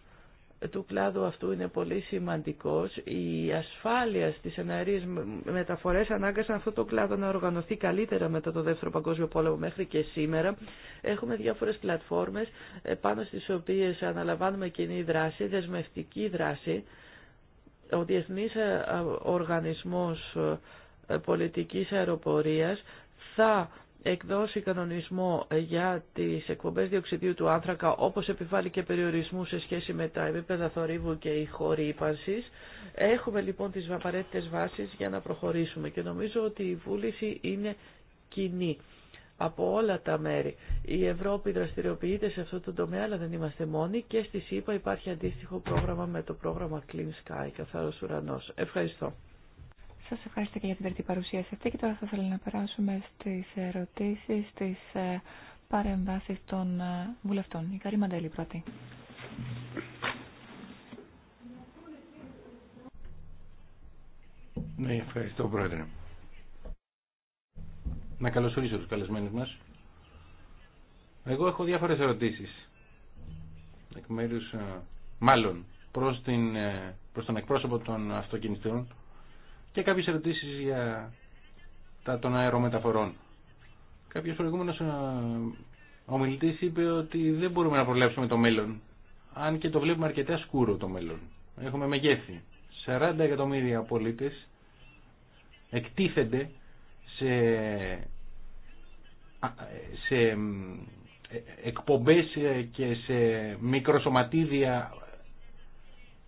του κλάδου αυτού είναι πολύ σημαντικός. Η ασφάλεια στις εναερίες μεταφορές ανάγκασαν αυτό το κλάδο να οργανωθεί καλύτερα μετά το Δεύτερο Παγκόσμιο Πόλεμο μέχρι και σήμερα. Έχουμε διάφορες πλατφόρμες ε, πάνω στις οποίες αναλαμβάνουμε κοινή δράση, δεσμευτική δράση. Ο Διεθνής ε, Οργανισμός ε, Πολιτικής Αεροπορίας θα εκδώσει κανονισμό για τις εκπομπές διοξιδίου του άνθρακα όπως επιβάλλει και περιορισμού σε σχέση με τα επίπεδα θορύβου και η χώρη ύπαρσης. Έχουμε λοιπόν τις απαραίτητε βάσεις για να προχωρήσουμε και νομίζω ότι η βούληση είναι κοινή από όλα τα μέρη. Η Ευρώπη δραστηριοποιείται σε αυτό το τομέα, αλλά δεν είμαστε μόνοι και στη ΣΥΠΑ υπάρχει αντίστοιχο πρόγραμμα με το πρόγραμμα Clean Sky, καθαρός ουρανός. Ευχαριστώ. Σας ευχαριστώ και για την τρίτη παρουσίαση αυτή και τώρα θα ήθελα να περάσουμε στις ερωτήσεις, στις ε, παρεμβάσεις των ε, βουλευτών. Η Καρή Μαντέλη πρώτη. Ναι, ευχαριστώ πρόεδρε. Να καλωσορίσω τους καλεσμένους μας. Εγώ έχω διάφορες ερωτήσεις. Εκ μέρους, ε, μάλλον, προς, την, προς τον εκπρόσωπο των αυτοκινηστών και κάποιες ερωτήσεις για τα των αερομεταφορών. Κάποιος προηγούμενος ε, ομιλητής είπε ότι δεν μπορούμε να προβλέψουμε το μέλλον, αν και το βλέπουμε αρκετά σκούρο το μέλλον. Έχουμε μεγέθη. 40 εκατομμύρια πολίτες εκτίθενται σε, σε ε, εκπομπές ε, και σε μικροσωματίδια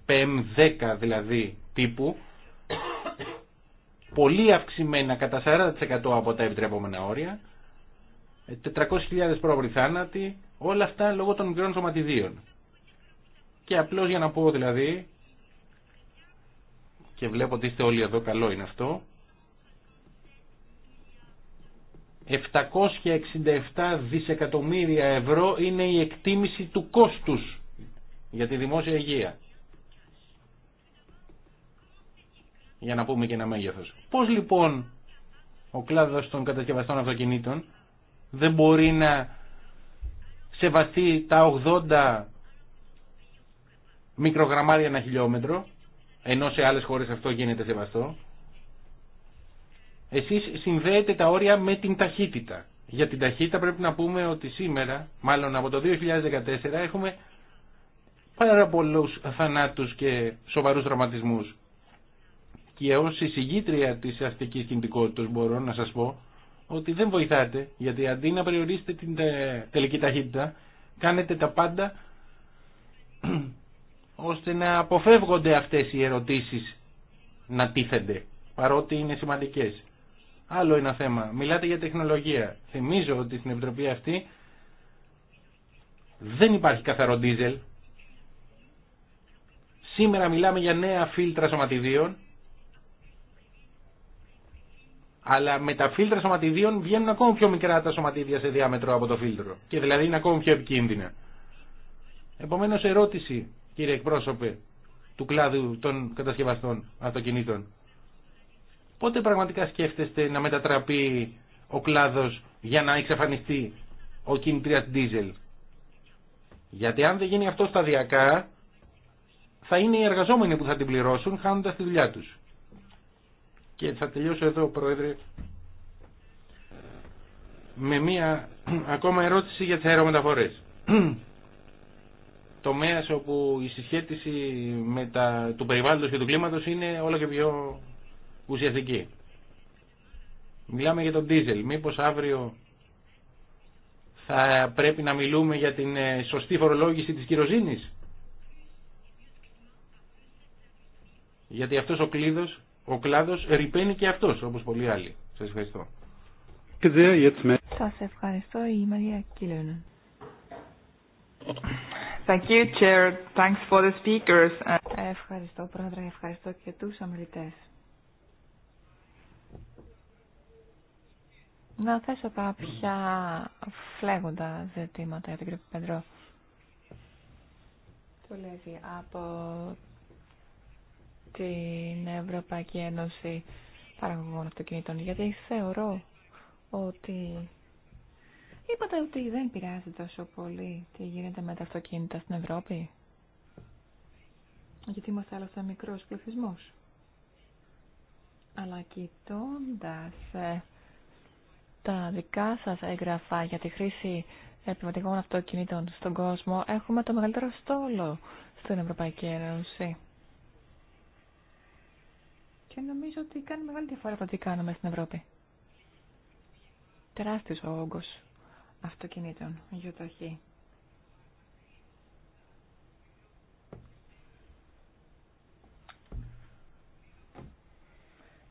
PM10 δηλαδή τύπου πολύ αυξημένα κατά 40% από τα επιτρεπόμενα όρια, 400.000 ε, πρόβλη θάνατοι, όλα αυτά λόγω των μικρών σωματιδίων. Και απλώς για να πω δηλαδή, και βλέπω ότι είστε όλοι εδώ, καλό είναι αυτό, 767 δισεκατομμύρια ευρώ είναι η εκτίμηση του κόστους για τη δημόσια υγεία. για να πούμε και ένα μέγεθο. Πώς λοιπόν ο κλάδος των κατασκευαστών αυτοκινήτων δεν μπορεί να σεβαστεί τα 80 μικρογραμμάρια ένα χιλιόμετρο, ενώ σε άλλες χώρες αυτό γίνεται σεβαστό. Εσείς συνδέετε τα όρια με την ταχύτητα. Για την ταχύτητα πρέπει να πούμε ότι σήμερα, μάλλον από το 2014, έχουμε πάρα πολλούς θανάτους και σοβαρούς δραματισμούς και ως εισηγήτρια της αστικής κινητικότητας μπορώ να σας πω ότι δεν βοηθάτε γιατί αντί να περιορίσετε την ε, τελική ταχύτητα κάνετε τα πάντα ώστε να αποφεύγονται αυτές οι ερωτήσεις να τίθενται παρότι είναι σημαντικές. Άλλο ένα θέμα. Μιλάτε για τεχνολογία. Θυμίζω ότι στην Επιτροπή αυτή δεν υπάρχει καθαρό ντίζελ. Σήμερα μιλάμε για νέα φίλτρα σωματιδίων αλλά με τα φίλτρα σωματιδίων βγαίνουν ακόμη πιο μικρά τα σωματίδια σε διάμετρο από το φίλτρο και δηλαδή είναι ακόμα πιο επικίνδυνα. Επομένως ερώτηση κύριε εκπρόσωπε του κλάδου των κατασκευαστών αυτοκινήτων. Πότε πραγματικά σκέφτεστε να μετατραπεί ο κλάδος για να εξαφανιστεί ο κινητήρας diesel. Γιατί αν δεν γίνει αυτό σταδιακά θα είναι οι εργαζόμενοι που θα την πληρώσουν χάνοντας τη δουλειά τους. Και θα τελειώσω εδώ, Πρόεδρε, με μία ακόμα ερώτηση για τις Το Τομέας όπου η συσχέτιση με τα, του περιβάλλοντος και του κλίματος είναι όλο και πιο ουσιαστική. Μιλάμε για τον δίζελ. Μήπως αύριο θα πρέπει να μιλούμε για την ε, σωστή φορολόγηση της κυροζήνης. Γιατί αυτός ο κλίδος ο κλάδο ρηπαίνει και αυτό, όπω πολλοί άλλοι. Σα ευχαριστώ. Σα ευχαριστώ, η Μαρία Κίλωνα. Thank you, Chair. Thanks for Ευχαριστώ, Πρόεδρε. Ευχαριστώ και του ομιλητέ. Να θέσω κάποια φλέγοντα ζητήματα για τον κ. Πεντρό. λέει από την Ευρωπαϊκή Ένωση Παραγωγών Αυτοκινήτων, γιατί θεωρώ ότι είπατε ότι δεν πειράζει τόσο πολύ τι γίνεται με τα αυτοκίνητα στην Ευρώπη. Γιατί είμαστε άλλωστε μικρός πληθυσμός. Αλλά κοιτώντα ε, τα δικά σας έγγραφα για τη χρήση επιβατικών αυτοκινήτων στον κόσμο, έχουμε το μεγαλύτερο στόλο στην Ευρωπαϊκή Ένωση και νομίζω ότι κάνει μεγάλη διαφορά από ό,τι κάνουμε στην Ευρώπη. Τεράστιος ο όγκος αυτοκινήτων αρχή.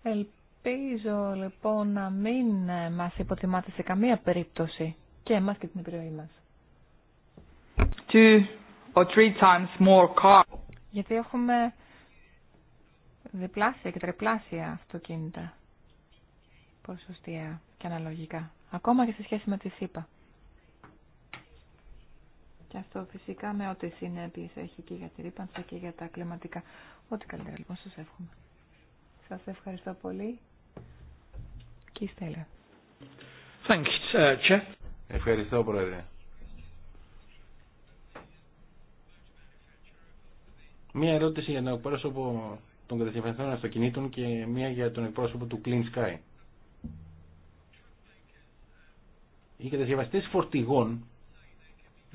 Ελπίζω λοιπόν να μην μας υποτιμάτε σε καμία περίπτωση και εμάς και την επιρροή μας. Two or three times more car. Γιατί έχουμε διπλάσια και τριπλάσια αυτοκίνητα ποσοστία και αναλογικά. Ακόμα και σε σχέση με τη ΣΥΠΑ. Και αυτό φυσικά με ό,τι συνέπειες έχει και για τη ρήπανση και για τα κλιματικά. Ό,τι καλύτερα λοιπόν σας εύχομαι. Σας ευχαριστώ πολύ. Και η Στέλλα. Uh, ευχαριστώ Πρόεδρε. Μία ερώτηση για ένα πρόσωπο των κατασκευαστών αυτοκινήτων και μία για τον εκπρόσωπο του Clean Sky. Οι κατασκευαστές φορτηγών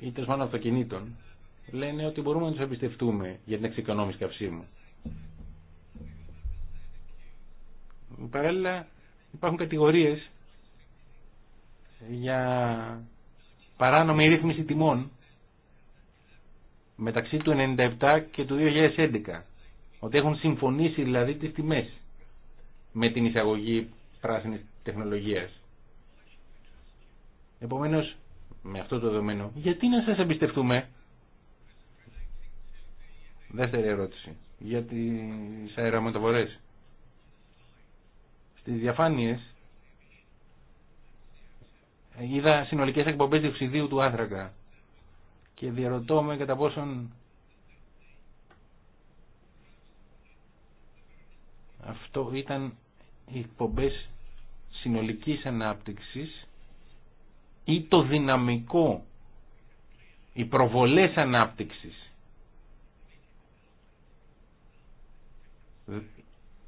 ή τέλο αυτοκινήτων λένε ότι μπορούμε να τους εμπιστευτούμε για την εξοικονόμηση καυσίμου. Παράλληλα υπάρχουν κατηγορίες για παράνομη ρύθμιση τιμών μεταξύ του 97 και του 2011 ότι έχουν συμφωνήσει δηλαδή τις τιμές με την εισαγωγή πράσινης τεχνολογίας. Επομένως, με αυτό το δεδομένο, γιατί να σας εμπιστευτούμε. Δεύτερη ερώτηση. Για τις αεραμεταφορές. Στις διαφάνειες είδα συνολικές εκπομπές διοξιδίου του άνθρακα και διαρωτώ με κατά πόσον Αυτό ήταν οι εκπομπές συνολικής ανάπτυξης ή το δυναμικό, οι προβολές ανάπτυξης.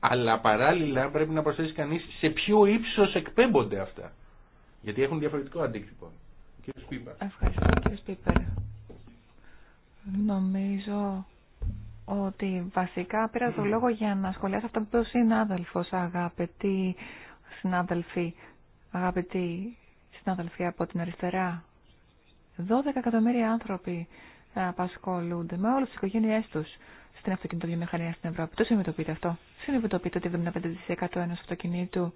Αλλά παράλληλα πρέπει να προσθέσει κανείς σε ποιο ύψος εκπέμπονται αυτά. Γιατί έχουν διαφορετικό αντίκτυπο. Ευχαριστώ κύριε Σπίπερ. Νομίζω ότι βασικά πήρα το λόγο για να σχολιάσω αυτό που είπε ο συνάδελφο, αγαπητοί συνάδελφοι, από την αριστερά. 12 εκατομμύρια άνθρωποι απασχολούνται με όλε τι οικογένειε του στην αυτοκινητοβιομηχανία στην Ευρώπη. Το συνειδητοποιείτε αυτό. Συνειδητοποιείτε ότι 75% ενό αυτοκινήτου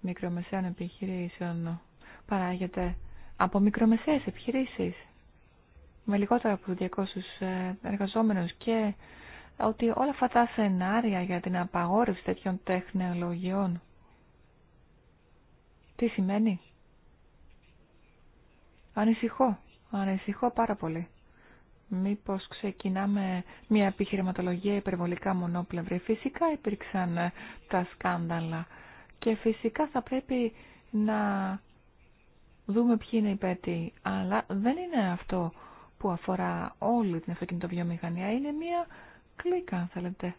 μικρομεσαίων επιχειρήσεων παράγεται από μικρομεσαίε επιχειρήσει, με λιγότερα από 200 ε, εργαζόμενους και ότι όλα αυτά τα σενάρια για την απαγόρευση τέτοιων τεχνολογιών τι σημαίνει. Ανησυχώ, ανησυχώ πάρα πολύ. Μήπως ξεκινάμε μια επιχειρηματολογία υπερβολικά μονόπλευρη. Φυσικά υπήρξαν ε, τα σκάνδαλα και φυσικά θα πρέπει να δούμε ποιοι είναι οι πέτοι. Αλλά δεν είναι αυτό που αφορά όλη την αυτοκινητοβιομηχανία είναι μία κλίκα, αν θέλετε,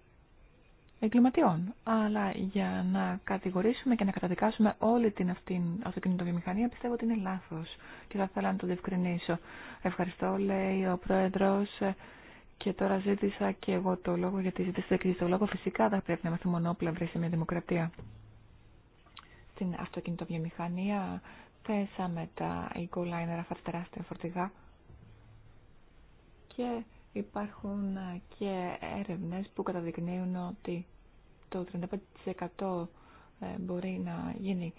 εγκληματιών. Αλλά για να κατηγορήσουμε και να καταδικάσουμε όλη την αυτήν αυτοκινητοβιομηχανία πιστεύω ότι είναι λάθος και θα ήθελα να το διευκρινίσω. Ευχαριστώ, λέει ο Πρόεδρος. Και τώρα ζήτησα και εγώ το λόγο, γιατί ζήτησα και το λόγο. Φυσικά θα πρέπει να είμαστε μονόπλευροι σε μια δημοκρατία. Στην αυτοκινητοβιομηχανία θέσαμε τα eco-liner, αυτά τα τεράστια φορτηγά, και υπάρχουν ε, και έρευνες που καταδεικνύουν ότι το 35% ε, μπορεί να γίνει,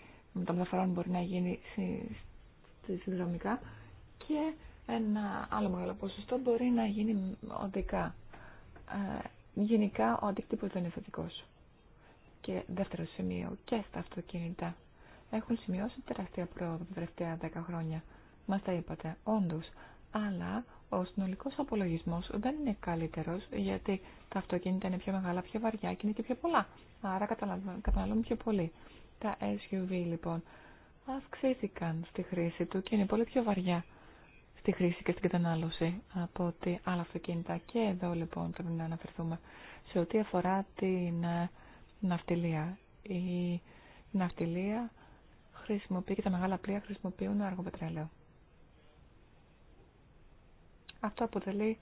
τα μεταφορών μπορεί να γίνει συνδρομικά και ένα άλλο μεγάλο ποσοστό μπορεί να γίνει οδικά. Ε, γενικά ο αντίκτυπος δεν είναι θετικός. Και δεύτερο σημείο, και στα αυτοκίνητα έχουν σημειώσει τεράστια πρόοδο τα τελευταία 10 χρόνια. Μας τα είπατε, όντως. Αλλά ο συνολικός απολογισμός δεν είναι καλύτερος γιατί τα αυτοκίνητα είναι πιο μεγάλα, πιο βαριά και είναι και πιο πολλά. Άρα καταναλώνουν πιο πολύ. Τα SUV λοιπόν αυξήθηκαν στη χρήση του και είναι πολύ πιο βαριά στη χρήση και στην κατανάλωση από ότι άλλα αυτοκίνητα. Και εδώ λοιπόν πρέπει να αναφερθούμε σε ό,τι αφορά την ε, ναυτιλία. Η ναυτιλία χρησιμοποιεί και τα μεγάλα πλοία χρησιμοποιούν αργό πετρέλαιο. Αυτό αποτελεί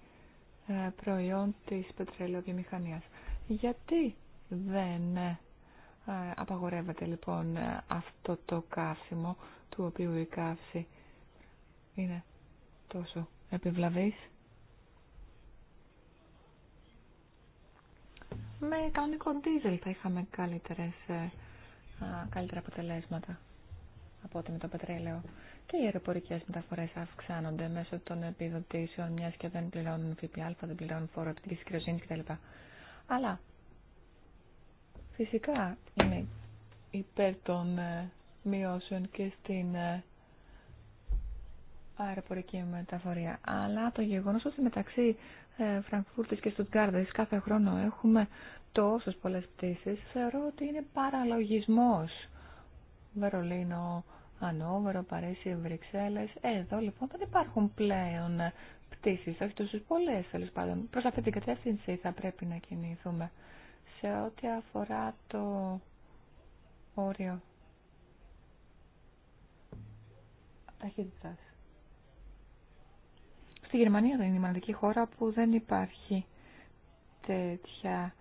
ε, προϊόν της πετρελαιοβιομηχανίας. Γιατί δεν ε, απαγορεύεται λοιπόν ε, αυτό το καύσιμο του οποίου η καύση είναι τόσο επιβλαβής. Με κανονικό ντίζελ θα είχαμε καλύτερες, καλύτερα αποτελέσματα από ό,τι με το πετρέλαιο. Και οι αεροπορικέ μεταφορέ αυξάνονται μέσω των επιδοτήσεων, μια και δεν πληρώνουν ΦΠΑ, δεν πληρώνουν φόρο επιτικής κυριοσύνη κτλ. Αλλά φυσικά είναι υπέρ των ε, μειώσεων και στην ε, αεροπορική μεταφορία. Αλλά το γεγονό ότι μεταξύ ε, Φραγκφούρτη και Στουτγκάρδη κάθε χρόνο έχουμε τόσε πολλέ πτήσει. θεωρώ ότι είναι παραλογισμό Βερολίνο, Ανόβερο, Παρίσι, Βρυξέλλε. Ε, εδώ λοιπόν δεν υπάρχουν πλέον πτήσει. όχι τόσες πολλές τέλο πάντων. Προς αυτή την κατεύθυνση θα πρέπει να κινηθούμε σε ό,τι αφορά το όριο ταχύτητας. Στη Γερμανία δεν είναι η μοναδική χώρα που δεν υπάρχει τέτοια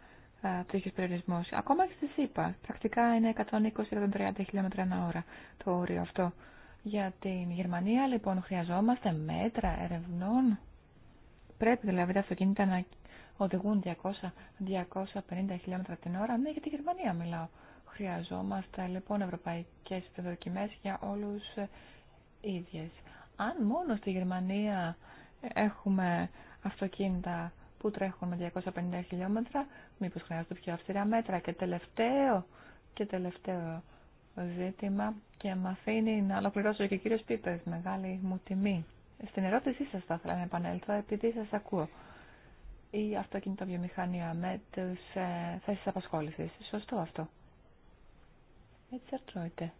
πτυχή ε, περιορισμός. Ακόμα και στη ΣΥΠΑ, πρακτικά είναι 120-130 χιλιόμετρα ανά ώρα το όριο αυτό. Για την Γερμανία, λοιπόν, χρειαζόμαστε μέτρα ερευνών. Πρέπει δηλαδή τα αυτοκίνητα να οδηγούν 200-250 χιλιόμετρα την ώρα. Ναι, για τη Γερμανία μιλάω. Χρειαζόμαστε λοιπόν ευρωπαϊκέ δοκιμέ για όλου ε, ίδιε. Αν μόνο στη Γερμανία έχουμε αυτοκίνητα που τρέχουν με 250 χιλιόμετρα, μήπω χρειάζονται πιο αυστηρά μέτρα. Και τελευταίο, και τελευταίο ζήτημα και με αφήνει να ολοκληρώσω και ο κύριος Πίπερς, μεγάλη μου τιμή. Στην ερώτησή σας θα ήθελα να επανέλθω επειδή σα ακούω. Η αυτοκινητοβιομηχανία με τις ε, θέσεις Σωστό αυτό. Έτσι αρτρώεται.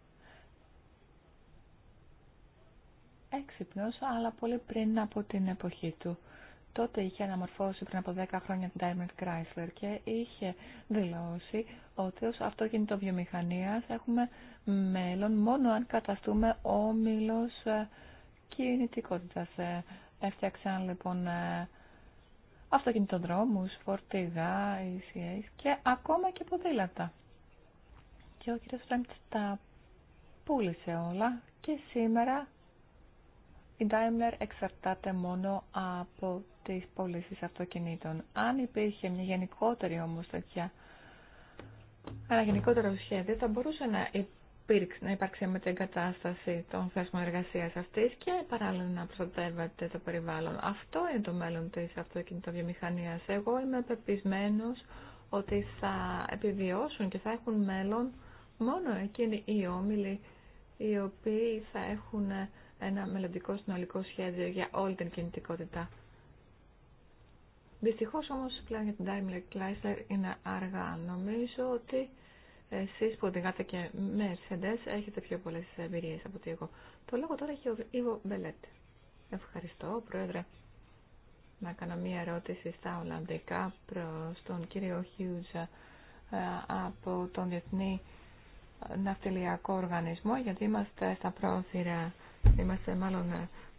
Έξυπνος, αλλά πολύ πριν από την εποχή του τότε είχε αναμορφώσει πριν από 10 χρόνια την Diamond Chrysler και είχε δηλώσει ότι ως αυτοκίνητο βιομηχανίας έχουμε μέλλον μόνο αν καταστούμε όμιλος ε, κινητικότητας. Ε, έφτιαξαν λοιπόν ε, αυτοκινητοδρόμους, φορτηγά, ECA και ακόμα και ποδήλατα. Και ο κ. Φρέμπτ τα πούλησε όλα και σήμερα η Daimler εξαρτάται μόνο από της πώληση αυτοκινήτων. Αν υπήρχε μια γενικότερη όμως τέτοια, ένα γενικότερο σχέδιο, θα μπορούσε να υπήρξε, να υπάρξει κατάσταση των θέσεων εργασία αυτή και παράλληλα να προστατεύεται το περιβάλλον. Αυτό είναι το μέλλον τη αυτοκινητοβιομηχανία. Εγώ είμαι πεπισμένο ότι θα επιβιώσουν και θα έχουν μέλλον μόνο εκείνοι οι όμιλοι οι οποίοι θα έχουν ένα μελλοντικό συνολικό σχέδιο για όλη την κινητικότητα. Δυστυχώ όμω πλέον για την Daimler Chrysler είναι αργά. Νομίζω ότι εσεί που οδηγάτε και Mercedes έχετε πιο πολλέ εμπειρίε από ότι εγώ. Το λόγο τώρα έχει ο Ιβο Μπελέτ. Ευχαριστώ, Πρόεδρε. Να κάνω μία ερώτηση στα Ολλανδικά προ τον κύριο Χιούτζα ε, από τον Διεθνή Ναυτιλιακό Οργανισμό, γιατί είμαστε στα πρόθυρα, είμαστε μάλλον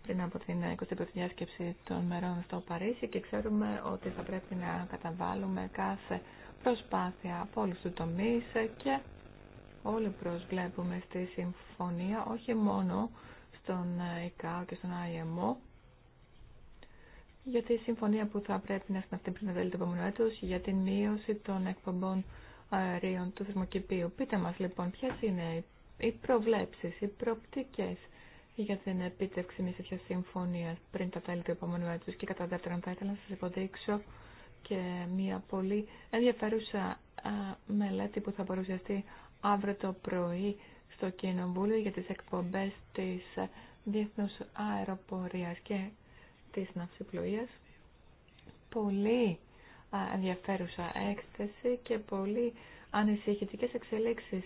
πριν από την 25η διάσκεψη των μερών στο Παρίσι και ξέρουμε ότι θα πρέπει να καταβάλουμε κάθε προσπάθεια από όλους τους τομείς και όλοι προσβλέπουμε στη συμφωνία όχι μόνο στον ΙΚΑΟ και στον ΑΕΜΟ για τη συμφωνία που θα πρέπει να συναυτεί πριν τέλη το επόμενο έτος για την μείωση των εκπομπών αερίων του θερμοκηπίου. Πείτε μας λοιπόν ποιες είναι οι προβλέψεις, οι προπτικές για την επίτευξη μια τέτοια συμφωνία πριν τα τέλη του επόμενου έτου. Και κατά δεύτερον, θα ήθελα να σα υποδείξω και μια πολύ ενδιαφέρουσα μελέτη που θα παρουσιαστεί αύριο το πρωί στο Κοινοβούλιο για τις εκπομπές της Διεθνούς Αεροπορίας και της Ναυσιπλοείας. Πολύ ενδιαφέρουσα έκθεση και πολύ ανησυχητικές εξελίξεις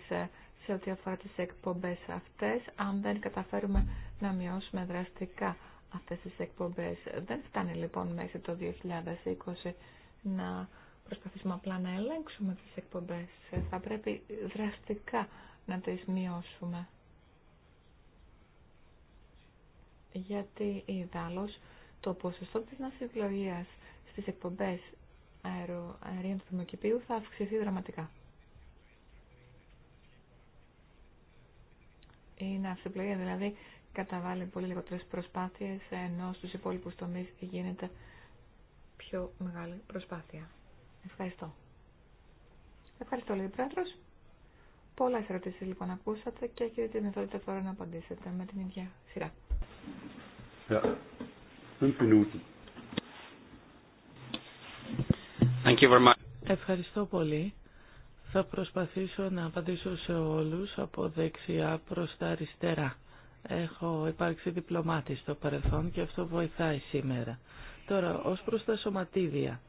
σε ό,τι αφορά τις εκπομπές αυτές, αν δεν καταφέρουμε να μειώσουμε δραστικά αυτές τις εκπομπές. Δεν φτάνει λοιπόν μέχρι το 2020 να προσπαθήσουμε απλά να ελέγξουμε τις εκπομπές. Θα πρέπει δραστικά να τις μειώσουμε. Γιατί η δάλος, το ποσοστό της ναυσιβλογίας στις εκπομπές αερίων του θερμοκηπίου θα αυξηθεί δραματικά. Είναι ναυσιπλοεία δηλαδή καταβάλει πολύ λιγότερες προσπάθειες ενώ στους υπόλοιπους τομείς γίνεται πιο μεγάλη προσπάθεια. Ευχαριστώ. Ευχαριστώ λέει ο Πρόεδρος. Πολλές ερωτήσεις λοιπόν ακούσατε και έχετε τη δυνατότητα τώρα να απαντήσετε με την ίδια σειρά. Ευχαριστώ πολύ. Θα προσπαθήσω να απαντήσω σε όλους από δεξιά προς τα αριστερά. Έχω υπάρξει διπλωμάτη στο παρελθόν και αυτό βοηθάει σήμερα. Τώρα, ως προς τα σωματίδια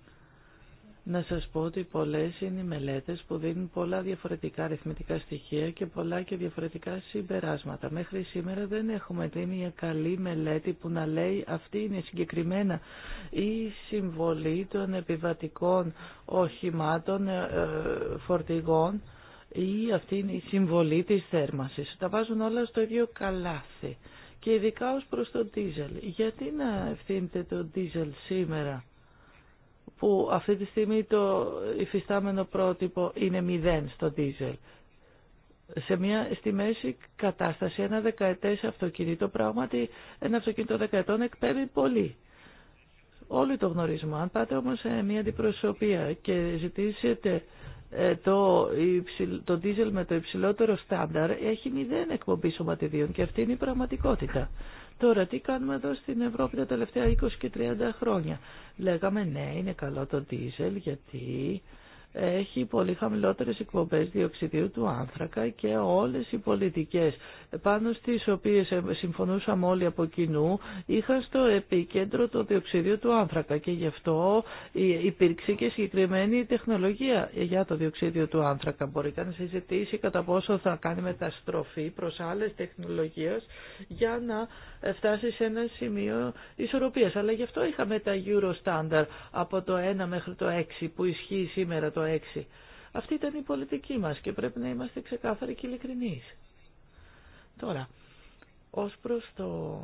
να σας πω ότι πολλές είναι οι μελέτες που δίνουν πολλά διαφορετικά αριθμητικά στοιχεία και πολλά και διαφορετικά συμπεράσματα. Μέχρι σήμερα δεν έχουμε δει μια καλή μελέτη που να λέει αυτή είναι συγκεκριμένα η συμβολή των επιβατικών οχημάτων, ε, ε, φορτηγών ή αυτή είναι η συμβολή της θέρμασης. Τα βάζουν όλα στο ίδιο καλάθι και ειδικά ως προς το Γιατί να ευθύνεται το ντίζελ σήμερα που αυτή τη στιγμή το υφιστάμενο πρότυπο είναι μηδέν στο δίζελ. Σε μια, στη μέση κατάσταση ένα δεκαετές αυτοκίνητο πράγματι ένα αυτοκίνητο δεκαετών εκπέμπει πολύ. Όλοι το γνωρίζουμε. Αν πάτε όμως σε μια αντιπροσωπεία και ζητήσετε ε, το, το δίζελ με το υψηλότερο στάνταρ έχει μηδέν εκπομπή σωματιδίων και αυτή είναι η πραγματικότητα. Τώρα, τι κάνουμε εδώ στην Ευρώπη τα τελευταία 20 και 30 χρόνια. Λέγαμε ναι, είναι καλό το ντίζελ γιατί έχει πολύ χαμηλότερες εκπομπές διοξιδίου του άνθρακα και όλες οι πολιτικές πάνω στις οποίες ε, συμφωνούσαμε όλοι από κοινού είχαν στο επίκεντρο το διοξιδίο του άνθρακα και γι' αυτό υπήρξε και συγκεκριμένη τεχνολογία για το διοξίδιο του άνθρακα. Μπορεί να συζητήσει κατά πόσο θα κάνει μεταστροφή προς άλλες τεχνολογίες για να ε, φτάσει σε ένα σημείο ισορροπίας. Αλλά γι' αυτό είχαμε τα Euro Standard από το 1 μέχρι το 6 που ισχύει σήμερα το το 6. Αυτή ήταν η πολιτική μας και πρέπει να είμαστε ξεκάθαροι και ειλικρινείς. Τώρα, ως προς το...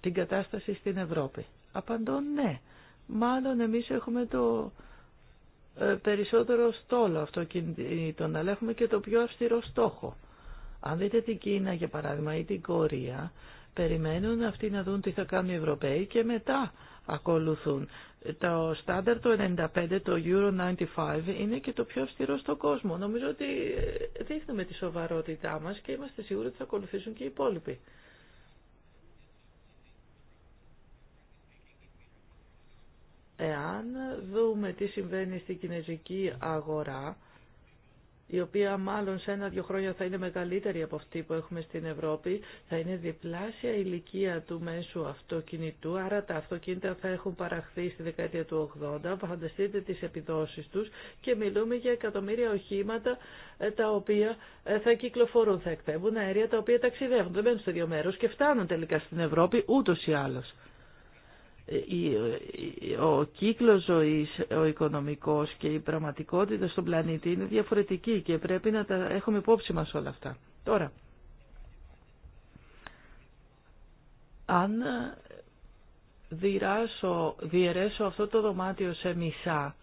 την κατάσταση στην Ευρώπη. Απαντώ ναι. Μάλλον εμείς έχουμε το ε, περισσότερο στόλο αυτοκινήτων, αλλά έχουμε και το πιο αυστηρό στόχο. Αν δείτε την Κίνα, για παράδειγμα, ή την Κορία, περιμένουν αυτοί να δουν τι θα κάνουν οι Ευρωπαίοι και μετά ακολουθούν. Το στάνταρ το 95, το Euro 95, είναι και το πιο αυστηρό στον κόσμο. Νομίζω ότι ε, δείχνουμε τη σοβαρότητά μας και είμαστε σίγουροι ότι θα ακολουθήσουν και οι υπόλοιποι. Εάν δούμε τι συμβαίνει στην κινέζικη αγορά, η οποία μάλλον σε ένα-δύο χρόνια θα είναι μεγαλύτερη από αυτή που έχουμε στην Ευρώπη, θα είναι διπλάσια ηλικία του μέσου αυτοκινητού, άρα τα αυτοκίνητα θα έχουν παραχθεί στη δεκαετία του 80, φανταστείτε τις επιδόσεις τους και μιλούμε για εκατομμύρια οχήματα ε, τα οποία ε, θα κυκλοφορούν, θα εκπέμπουν αέρια τα οποία ταξιδεύουν, δεν μένουν στο δύο μέρος και φτάνουν τελικά στην Ευρώπη ούτως ή άλλως ο κύκλος ζωής, ο οικονομικός και η πραγματικότητα στον πλανήτη είναι διαφορετική και πρέπει να τα έχουμε υπόψη μας όλα αυτά. Τώρα, αν διεράσω, διαιρέσω αυτό το δωμάτιο σε μισά,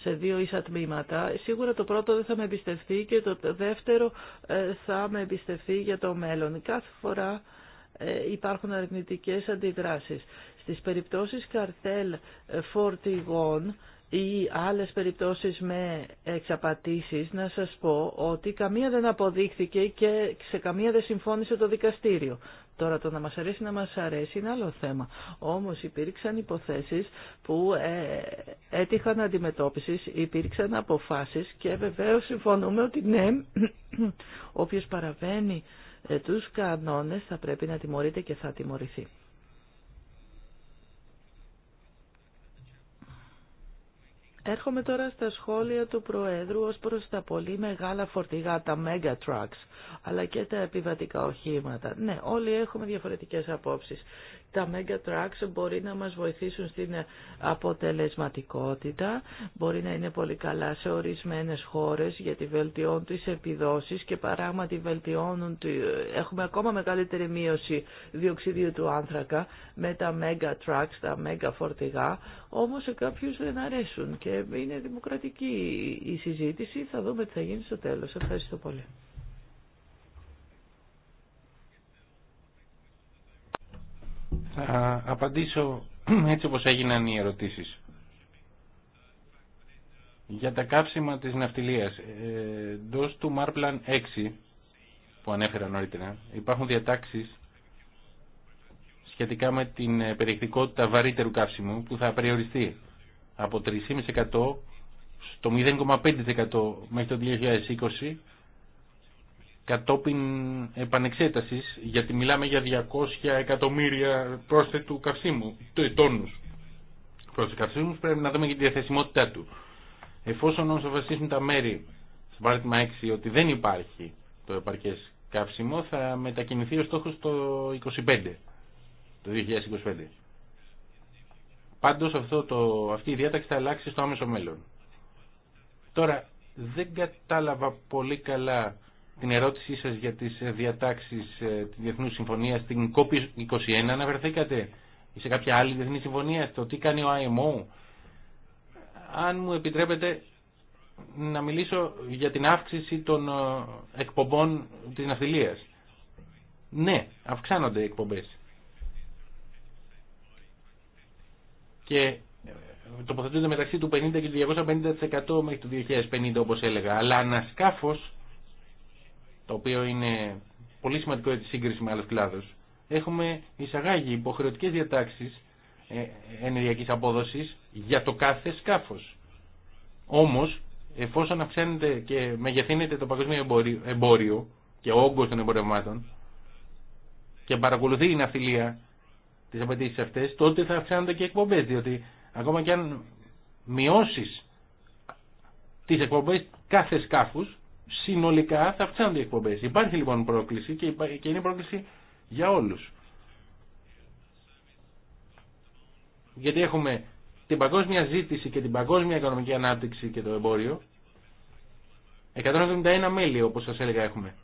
σε δύο ίσα τμήματα, σίγουρα το πρώτο δεν θα με εμπιστευτεί και το δεύτερο ε, θα με εμπιστευτεί για το μέλλον. Κάθε φορά ε, υπάρχουν αρνητικές αντιδράσεις. Στις περιπτώσεις καρτέλ ε, φορτηγών ή άλλες περιπτώσεις με εξαπατήσεις, να σας πω ότι καμία δεν αποδείχθηκε και σε καμία δεν συμφώνησε το δικαστήριο. Τώρα το να μας αρέσει να μας αρέσει είναι άλλο θέμα. Όμως υπήρξαν υποθέσεις που ε, έτυχαν αντιμετώπισης, υπήρξαν αποφάσεις και βεβαίως συμφωνούμε ότι ναι, όποιος παραβαίνει ε, τους κανόνες θα πρέπει να τιμωρείται και θα τιμωρηθεί. Έρχομαι τώρα στα σχόλια του Προέδρου ως προς τα πολύ μεγάλα φορτηγά, τα mega αλλά και τα επιβατικά οχήματα. Ναι, όλοι έχουμε διαφορετικές απόψεις. Τα mega trucks μπορεί να μας βοηθήσουν στην αποτελεσματικότητα, μπορεί να είναι πολύ καλά σε ορισμένες χώρες γιατί βελτιώνουν τις επιδόσεις και παράγματι βελτιώνουν, έχουμε ακόμα μεγαλύτερη μείωση διοξιδίου του άνθρακα με τα mega trucks, τα mega φορτηγά, όμως σε κάποιους δεν αρέσουν και είναι δημοκρατική η συζήτηση, θα δούμε τι θα γίνει στο τέλος. Ευχαριστώ πολύ. Θα απαντήσω έτσι όπως έγιναν οι ερωτήσεις. Για τα καύσιμα της ναυτιλίας, ε, εντός του Marplan 6 που ανέφερα νωρίτερα, υπάρχουν διατάξεις σχετικά με την ε, περιεκτικότητα βαρύτερου καύσιμου που θα περιοριστεί από 3,5% στο 0,5% μέχρι το 2020 κατόπιν επανεξέτασης, γιατί μιλάμε για 200 εκατομμύρια πρόσθετου καυσίμου, τόνους πρόσθετου καυσίμου, πρέπει να δούμε και τη διαθεσιμότητά του. Εφόσον όμως αποφασίσουν τα μέρη, στο παράδειγμα 6, ότι δεν υπάρχει το επαρκές καύσιμο, θα μετακινηθεί ο στόχος το 25, το 2025. Πάντως αυτό το, αυτή η διάταξη θα αλλάξει στο άμεσο μέλλον. Τώρα, δεν κατάλαβα πολύ καλά την ερώτησή σας για τις ε, διατάξεις ε, της Διεθνούς Συμφωνίας στην COP21 αναφερθήκατε σε κάποια άλλη διεθνή συμφωνία, στο τι κάνει ο IMO. Αν μου επιτρέπετε να μιλήσω για την αύξηση των ε, εκπομπών της ναυτιλίας. Ναι, αυξάνονται οι εκπομπές. Και τοποθετούνται μεταξύ του 50 και του 250% μέχρι το 2050 όπως έλεγα. Αλλά ανασκάφος το οποίο είναι πολύ σημαντικό για τη σύγκριση με άλλους κλάδους, έχουμε εισαγάγει υποχρεωτικές διατάξεις ε, ενεργειακής απόδοσης για το κάθε σκάφος. Όμως, εφόσον αυξάνεται και μεγεθύνεται το παγκοσμίο εμπόριο και ο όγκος των εμπορευμάτων και παρακολουθεί η ναυτιλία τις απαιτήσει αυτές, τότε θα αυξάνονται και εκπομπές, διότι ακόμα και αν μειώσεις τις εκπομπές κάθε σκάφους, συνολικά θα αυξάνονται οι εκπομπές. Υπάρχει λοιπόν πρόκληση και είναι πρόκληση για όλους. Γιατί έχουμε την παγκόσμια ζήτηση και την παγκόσμια οικονομική ανάπτυξη και το εμπόριο. 171 μέλη όπως σας έλεγα έχουμε.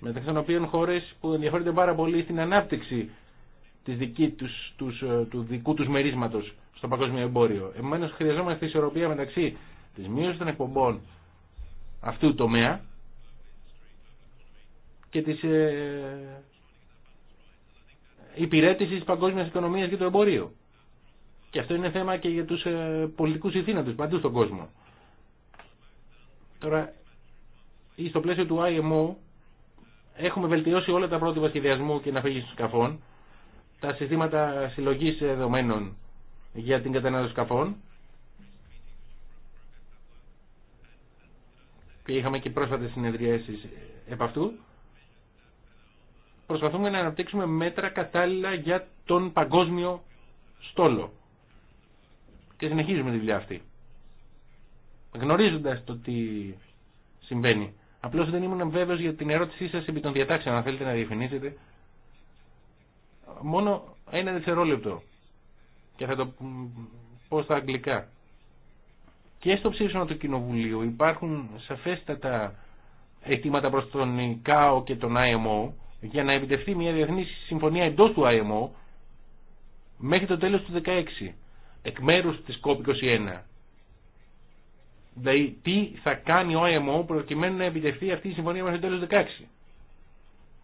Μεταξύ των οποίων χώρες που ενδιαφέρονται πάρα πολύ στην ανάπτυξη της δική τους, ε, του δικού τους μερίσματος στο παγκόσμιο εμπόριο. Επομένως χρειαζόμαστε ισορροπία μεταξύ της μείωση των εκπομπών αυτού του τομέα και της ε, υπηρέτησης της παγκόσμιας οικονομίας και του εμπορίου. Και αυτό είναι θέμα και για τους ε, πολιτικούς ηθήνατους παντού στον κόσμο. Τώρα, ή στο πλαίσιο του IMO έχουμε βελτιώσει όλα τα πρότυπα σχεδιασμού και να στους σκαφών, τα συστήματα συλλογής δεδομένων για την κατανάλωση σκαφών και είχαμε και πρόσφατες συνεδριέσεις επ' αυτού, προσπαθούμε να αναπτύξουμε μέτρα κατάλληλα για τον παγκόσμιο στόλο. Και συνεχίζουμε τη δουλειά αυτή. Γνωρίζοντας το τι συμβαίνει. Απλώς δεν ήμουν βέβαιος για την ερώτησή σας επί των διατάξεων, αν θέλετε να διευθυνίσετε. Μόνο ένα δευτερόλεπτο. Και θα το πω στα αγγλικά και στο ψήφισμα του Κοινοβουλίου υπάρχουν σαφέστατα αιτήματα προς τον ΚΑΟ και τον IMO για να επιτευχθεί μια διεθνή συμφωνία εντός του IMO μέχρι το τέλος του 2016 εκ μέρους της COP21. Δηλαδή τι θα κάνει ο IMO προκειμένου να επιτευχθεί αυτή η συμφωνία μέχρι το τέλος του 2016.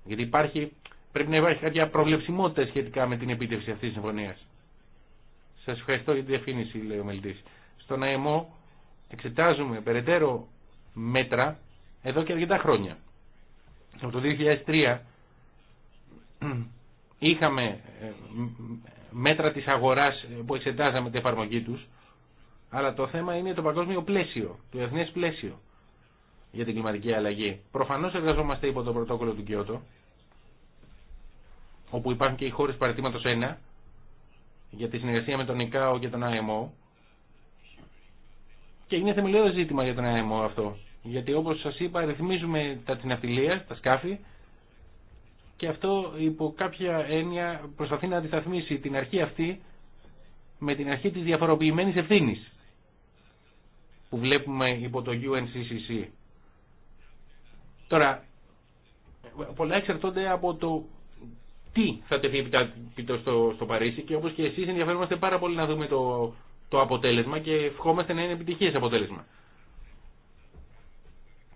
Γιατί υπάρχει, πρέπει να υπάρχει κάποια προβλεψιμότητα σχετικά με την επίτευξη αυτής της συμφωνίας. Σας ευχαριστώ για τη διαφήμιση, λέει ο Μελτής Στον IMO εξετάζουμε περαιτέρω μέτρα εδώ και αρκετά χρόνια. Από το 2003 είχαμε ε, μέτρα της αγοράς ε, που εξετάζαμε την εφαρμογή τους, αλλά το θέμα είναι το παγκόσμιο πλαίσιο, το εθνές πλαίσιο για την κλιματική αλλαγή. Προφανώς εργαζόμαστε υπό το πρωτόκολλο του Κιώτο, όπου υπάρχουν και οι χώρες παρετήματος 1, για τη συνεργασία με τον ΙΚΑΟ και τον ΑΕΜΟ, και είναι θεμελιώδη ζήτημα για τον ΑΕΜΟ αυτό. Γιατί όπως σας είπα ρυθμίζουμε τα τυναφιλία, τα σκάφη και αυτό υπό κάποια έννοια προσπαθεί να αντισταθμίσει την αρχή αυτή με την αρχή της διαφοροποιημένης ευθύνης που βλέπουμε υπό το UNCCC. Τώρα, πολλά εξαρτώνται από το τι θα τεθεί στο, στο Παρίσι και όπως και εσείς ενδιαφέρομαστε πάρα πολύ να δούμε το το αποτέλεσμα και ευχόμαστε να είναι επιτυχίες αποτέλεσμα.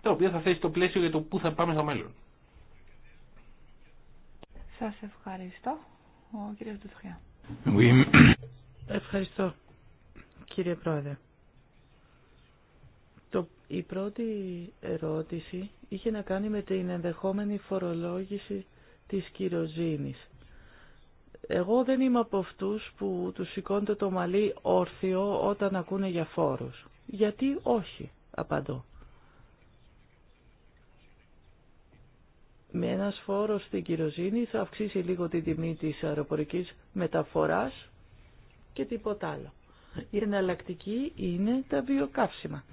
Το οποίο θα θέσει το πλαίσιο για το πού θα πάμε στο μέλλον. Σας ευχαριστώ. Ο κύριος Ευχαριστώ, κύριε Πρόεδρε. Το, η πρώτη ερώτηση είχε να κάνει με την ενδεχόμενη φορολόγηση της κυροζήνης. Εγώ δεν είμαι από αυτούς που του σηκώνεται το μαλλί όρθιο όταν ακούνε για φόρους. Γιατί όχι, απαντώ. Με ένας φόρος στην κυροζήνη θα αυξήσει λίγο την τιμή της αεροπορικής μεταφοράς και τίποτα άλλο. Η εναλλακτική είναι τα βιοκαύσιμα,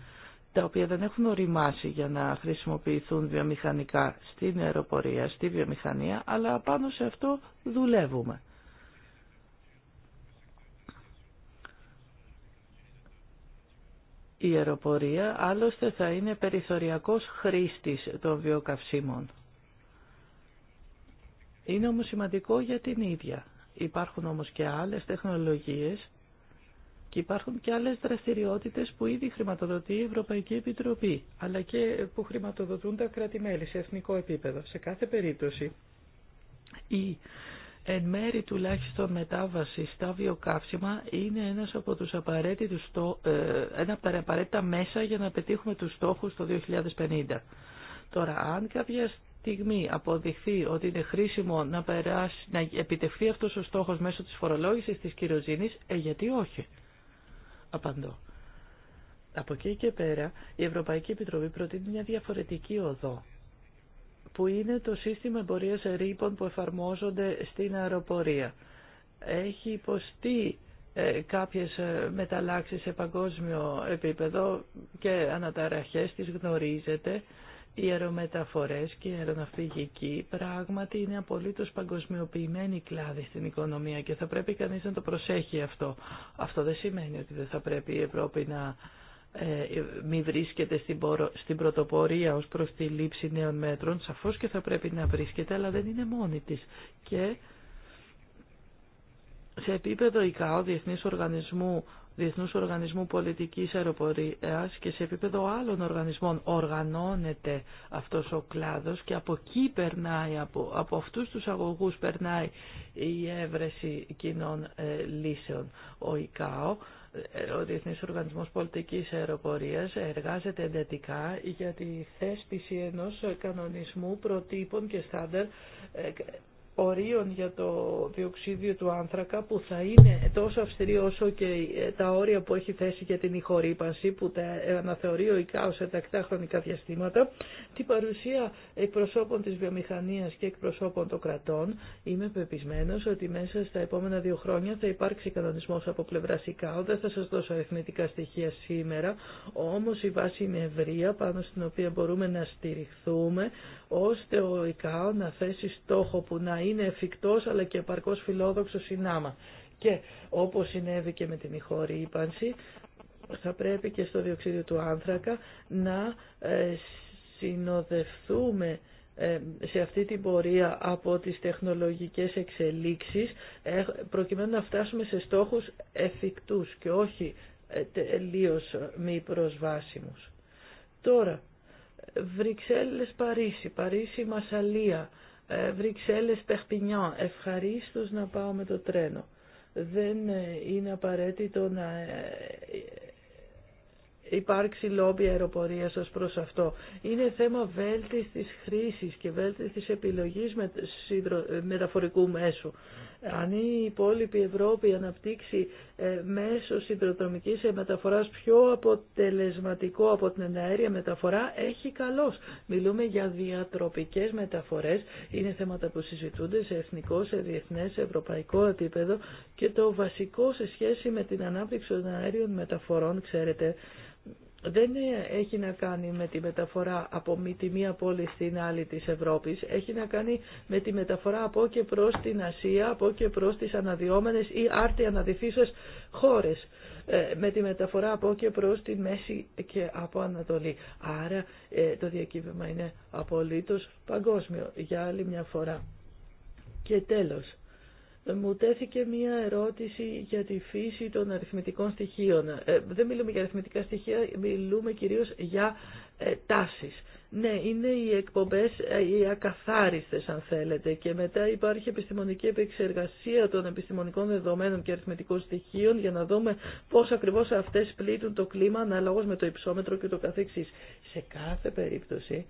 τα οποία δεν έχουν οριμάσει για να χρησιμοποιηθούν βιομηχανικά στην αεροπορία, στη βιομηχανία, αλλά πάνω σε αυτό δουλεύουμε. η αεροπορία άλλωστε θα είναι περιθωριακός χρήστης των βιοκαυσίμων. Είναι όμως σημαντικό για την ίδια. Υπάρχουν όμως και άλλες τεχνολογίες και υπάρχουν και άλλες δραστηριότητες που ήδη χρηματοδοτεί η Ευρωπαϊκή Επιτροπή, αλλά και που χρηματοδοτούν τα κράτη-μέλη σε εθνικό επίπεδο. Σε κάθε περίπτωση, η εν μέρη τουλάχιστον μετάβαση στα βιοκαύσιμα είναι ένας από τους απαραίτητους, ε, ένα από τα απαραίτητα μέσα για να πετύχουμε τους στόχους το 2050. Τώρα, αν κάποια στιγμή αποδειχθεί ότι είναι χρήσιμο να, περάσει, να επιτευχθεί αυτός ο στόχος μέσω της φορολόγησης της κυροζήνης, ε, γιατί όχι, απαντώ. Από εκεί και πέρα, η Ευρωπαϊκή Επιτροπή προτείνει μια διαφορετική οδό που είναι το σύστημα εμπορίας ρήπων που εφαρμόζονται στην αεροπορία. Έχει υποστεί ε, κάποιες ε, μεταλλάξεις σε παγκόσμιο επίπεδο και αναταραχές τις γνωρίζετε. Οι αερομεταφορές και η αεροναυπηγική πράγματι είναι απολύτως παγκοσμιοποιημένοι κλάδη στην οικονομία και θα πρέπει κανείς να το προσέχει αυτό. Αυτό δεν σημαίνει ότι δεν θα πρέπει η Ευρώπη να ε, μη βρίσκεται στην, πρωτοπορία ως προς τη λήψη νέων μέτρων, σαφώς και θα πρέπει να βρίσκεται, αλλά δεν είναι μόνη της. Και σε επίπεδο ΙΚΑΟ, Διεθνής Οργανισμού, Διεθνούς Οργανισμού Πολιτικής Αεροπορίας και σε επίπεδο άλλων οργανισμών οργανώνεται αυτός ο κλάδος και από εκεί περνάει, από, από αυτούς τους αγωγούς περνάει η έβρεση κοινών ε, λύσεων. Ο ΙΚΑΟ ο Διεθνής Οργανισμός Πολιτικής Αεροπορίας εργάζεται εντατικά για τη θέσπιση ενός κανονισμού προτύπων και στάνταρ ε, ορίων για το διοξίδιο του άνθρακα που θα είναι τόσο αυστηρή όσο και τα όρια που έχει θέσει για την ηχορύπανση που τα αναθεωρεί ο ΙΚΑΟ σε τακτά χρονικά διαστήματα, την παρουσία εκπροσώπων της βιομηχανίας και εκπροσώπων των κρατών. Είμαι πεπισμένος ότι μέσα στα επόμενα δύο χρόνια θα υπάρξει κανονισμός από πλευρά ΙΚΑΟ. Δεν θα σας δώσω αριθμητικά στοιχεία σήμερα, όμως η βάση είναι ευρεία πάνω στην οποία μπορούμε να στηριχθούμε ώστε ο ΙΚΑΟ να θέσει στόχο που να είναι εφικτός αλλά και επαρκώς φιλόδοξος συνάμα. Και όπως συνέβη και με την ηχώρη ύπανση, θα πρέπει και στο διοξίδιο του άνθρακα να ε, συνοδευτούμε ε, σε αυτή την πορεία από τις τεχνολογικές εξελίξεις ε, προκειμένου να φτάσουμε σε στόχους εφικτούς και όχι τελείως μη προσβάσιμους. Τώρα, Βρυξέλλες Παρίσι, Παρίσι Μασαλία, ε, Βρυξέλλες Περπινιάν. Ευχαρίστως να πάω με το τρένο. Δεν ε, είναι απαραίτητο να ε, υπάρξει λόμπι αεροπορίας ως προς αυτό. Είναι θέμα βέλτιστης χρήσης και βέλτιστης επιλογής μεταφορικού μέσου. Αν η υπόλοιπη Ευρώπη αναπτύξει ε, μέσω συντροδρομικής ε, μεταφοράς πιο αποτελεσματικό από την αέρια μεταφορά, έχει καλός. Μιλούμε για διατροπικές μεταφορές. Είναι θέματα που συζητούνται σε εθνικό, σε διεθνές, σε ευρωπαϊκό επίπεδο και το βασικό σε σχέση με την ανάπτυξη των αέριων μεταφορών, ξέρετε, δεν έχει να κάνει με τη μεταφορά από τη μία πόλη στην άλλη της Ευρώπης. Έχει να κάνει με τη μεταφορά από και προς την Ασία, από και προς τις αναδυόμενες ή άρτη αναδυθήσεις χώρες. Ε, με τη μεταφορά από και προς τη Μέση και από Ανατολή. Άρα ε, το διακύβευμα είναι απολύτως παγκόσμιο για άλλη μια φορά. Και τέλος, μου τέθηκε μία ερώτηση για τη φύση των αριθμητικών στοιχείων. Ε, δεν μιλούμε για αριθμητικά στοιχεία, μιλούμε κυρίως για ε, τάσεις. Ναι, είναι οι εκπομπές ε, οι ακαθάριστες αν θέλετε και μετά υπάρχει επιστημονική επεξεργασία των επιστημονικών δεδομένων και αριθμητικών στοιχείων για να δούμε πώς ακριβώς αυτές πλήττουν το κλίμα αναλόγως με το υψόμετρο και το καθεξής. Σε κάθε περίπτωση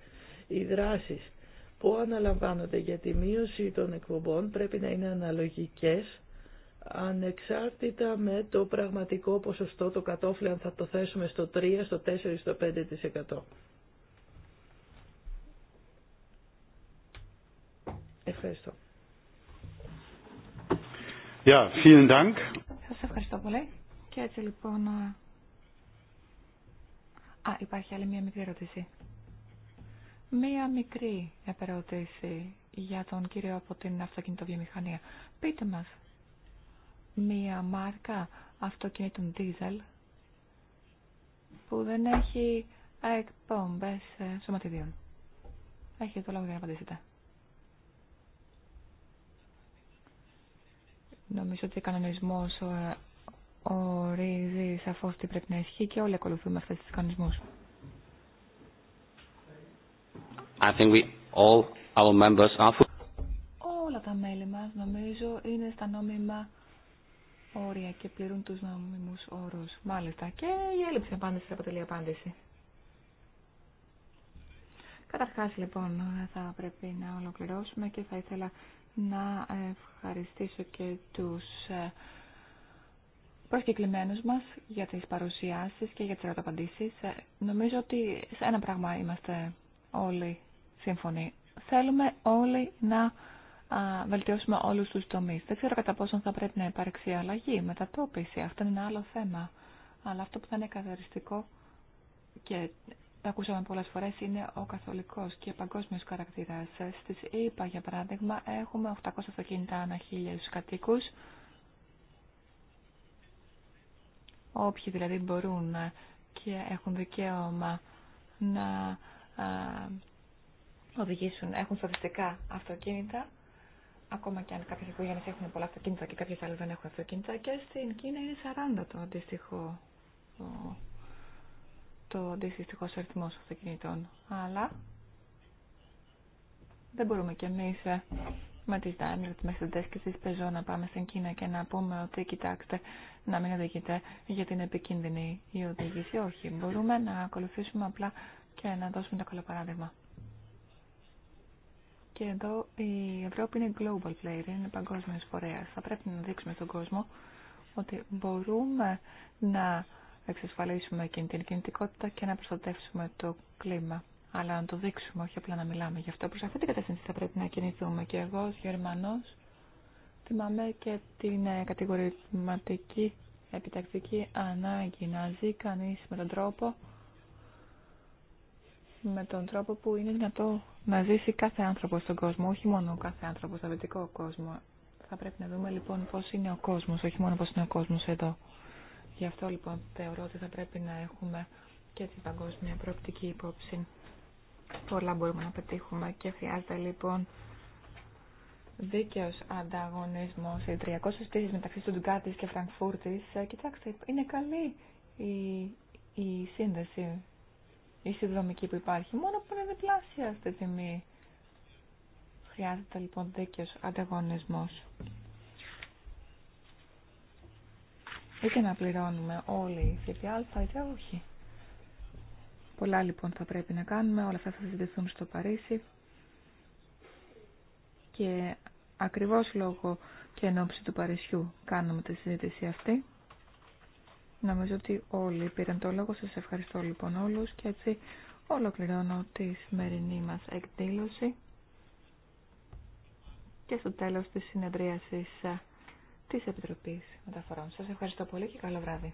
οι δράσεις που αναλαμβάνονται για τη μείωση των εκπομπών πρέπει να είναι αναλογικές ανεξάρτητα με το πραγματικό ποσοστό, το κατόφλι αν θα το θέσουμε στο 3, στο 4, στο 5%. Ευχαριστώ. Ja, vielen Dank. Σας ευχαριστώ πολύ. Και έτσι λοιπόν... Α, υπάρχει άλλη μια μικρή ερώτηση. Μία μικρή επερώτηση για τον κύριο από την αυτοκινητοβιομηχανία. Πείτε μας, μία μάρκα αυτοκινήτων diesel που δεν έχει εκπομπές ε, σωματιδίων. Έχετε το λόγο για να απαντήσετε. Νομίζω ότι ο κανονισμός ε, ορίζει σαφώς τι πρέπει να ισχύει και όλοι ακολουθούμε αυτές τις κανονισμούς. Όλα τα μέλη μας νομίζω είναι στα νόμιμα όρια και πληρούν τους νόμιμους όρους. Μάλιστα. Και η έλλειψη απάντηση αποτελεί απάντηση. Καταρχάς λοιπόν θα πρέπει να ολοκληρώσουμε και θα ήθελα να ευχαριστήσω και τους ε, προσκεκλημένους μας για τις παρουσιάσεις και για τις ερωταπαντήσεις. Ε, νομίζω ότι σε ένα πράγμα είμαστε όλοι σύμφωνοι. Θέλουμε όλοι να βελτιώσουμε όλους τους τομείς. Δεν ξέρω κατά πόσον θα πρέπει να υπάρξει αλλαγή, μετατόπιση. Αυτό είναι ένα άλλο θέμα. Αλλά αυτό που θα είναι καθαριστικό και τα ακούσαμε πολλές φορές είναι ο καθολικός και παγκόσμιος χαρακτήρας. Στις ΕΙΠΑ, για παράδειγμα, έχουμε 800 αυτοκίνητα ανά 1000 κατοίκους. Όποιοι δηλαδή μπορούν και έχουν δικαίωμα να οδηγήσουν, έχουν στατιστικά αυτοκίνητα, ακόμα και αν κάποιε οικογένειε έχουν πολλά αυτοκίνητα και κάποιε άλλε δεν έχουν αυτοκίνητα, και στην Κίνα είναι 40 το αντίστοιχο το, το αντίστοιχο αριθμό αυτοκινητών. Αλλά δεν μπορούμε κι εμεί ε, με τι με τι Mercedes και τι Peugeot να πάμε στην Κίνα και να πούμε ότι κοιτάξτε να μην οδηγείτε γιατί είναι επικίνδυνη η οδήγηση. Όχι, μπορούμε να ακολουθήσουμε απλά και να δώσουμε το καλό παράδειγμα και εδώ η Ευρώπη είναι global player, είναι παγκόσμιος φορέα. Θα πρέπει να δείξουμε στον κόσμο ότι μπορούμε να εξασφαλίσουμε και την κινητικότητα και να προστατεύσουμε το κλίμα. Αλλά να το δείξουμε, όχι απλά να μιλάμε. Γι' αυτό προς αυτή την κατεύθυνση θα πρέπει να κινηθούμε. Και εγώ ως Γερμανός θυμάμαι και την ε, κατηγορηματική επιτακτική ανάγκη να ζει κανείς με τον τρόπο με τον τρόπο που είναι δυνατό να ζήσει κάθε άνθρωπο στον κόσμο, όχι μόνο κάθε άνθρωπο στον δυτικό κόσμο. Θα πρέπει να δούμε λοιπόν πώς είναι ο κόσμος, όχι μόνο πώς είναι ο κόσμος εδώ. Γι' αυτό λοιπόν θεωρώ ότι θα πρέπει να έχουμε και την παγκόσμια προοπτική υπόψη. Πολλά μπορούμε να πετύχουμε και χρειάζεται λοιπόν δίκαιος ανταγωνισμός. Οι 300 πτήσεις μεταξύ Στουτγκάρτης και Φραγκφούρτης, ε, κοιτάξτε, είναι καλή η, η σύνδεση η συνδρομική που υπάρχει, μόνο που είναι διπλάσια στη τιμή. Χρειάζεται λοιπόν τέτοιο ανταγωνισμό. Είτε να πληρώνουμε όλοι οι ΦΠΑ είτε όχι. Πολλά λοιπόν θα πρέπει να κάνουμε, όλα αυτά θα συζητηθούν στο Παρίσι και ακριβώς λόγω και εν του Παρισιού κάνουμε τη συζήτηση αυτή. Νομίζω ότι όλοι πήραν το λόγο. Σας ευχαριστώ λοιπόν όλους και έτσι ολοκληρώνω τη σημερινή μας εκδήλωση και στο τέλος της συνεδρίασης ε, της Επιτροπής Μεταφορών. Σας ευχαριστώ πολύ και καλό βράδυ.